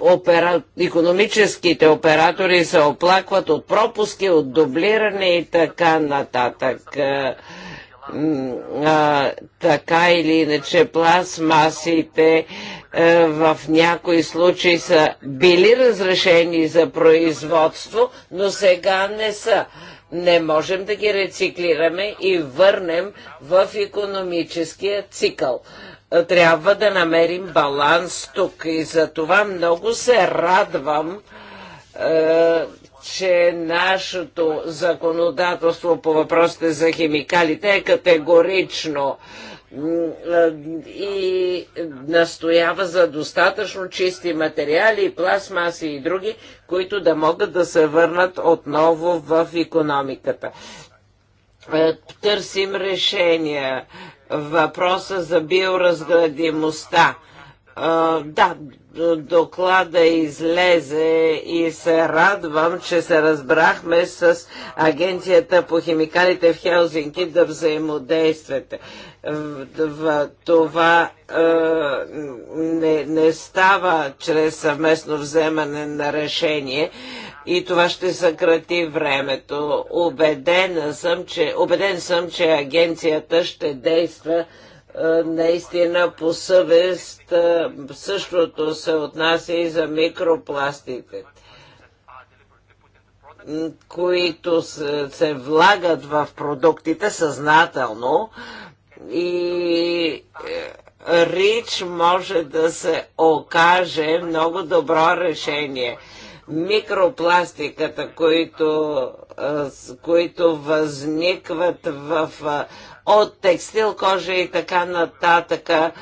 Опера... Економическите оператори се оплакват от пропуски, от дублиране и така нататък а, така или иначе пластмасите а, е, в някои случаи са били разрешени за производство, но сега не са. Не можем да ги рециклираме и върнем в економическия цикъл е, трябва да намерим баланс тук и за това много се радвам, е, че нашето законодателство по въпросите за химикалите е категорично и настоява за достатъчно чисти материали, пластмаси и други, които да могат да се върнат отново в економиката. Е, търсим решения. Въпроса за биоразградимостта да, доклада излезе и се радвам, че се разбрахме с Агенцията по химикалите в Хелзинки да взаимодействате. Това е, не, не става чрез съвместно вземане на решение и това ще съкрати времето. Убедена съм, че, убеден съм, че агенцията ще действа е, наистина по съвест е, същото се отнася и за микропластиките които се влагат в продуктите съзнателно и е, Рич може да се окаже много добро решение. Микропластиката, които, които възникват в от текстил, кожа и така нататък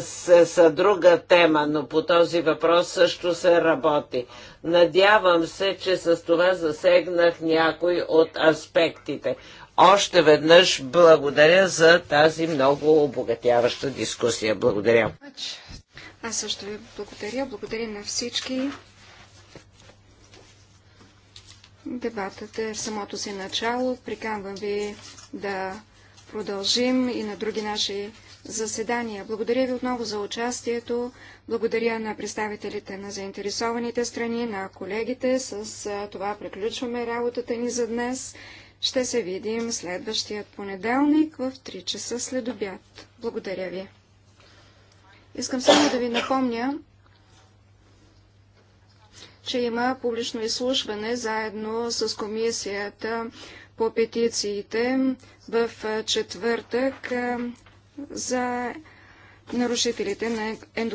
са, друга тема, но по този въпрос също се работи. Надявам се, че с това засегнах някой от аспектите. Още веднъж благодаря за тази много обогатяваща дискусия. Благодаря. Аз също ви благодаря. Благодаря на всички. Дебатът е в самото си начало. Приканвам ви да продължим и на други наши заседания. Благодаря ви отново за участието. Благодаря на представителите на заинтересованите страни, на колегите. С това приключваме работата ни за днес. Ще се видим следващият понеделник в 3 часа след обяд. Благодаря ви. Искам само да ви напомня, че има публично изслушване заедно с комисията по петициите в четвъртък за нарушителите на ендокринни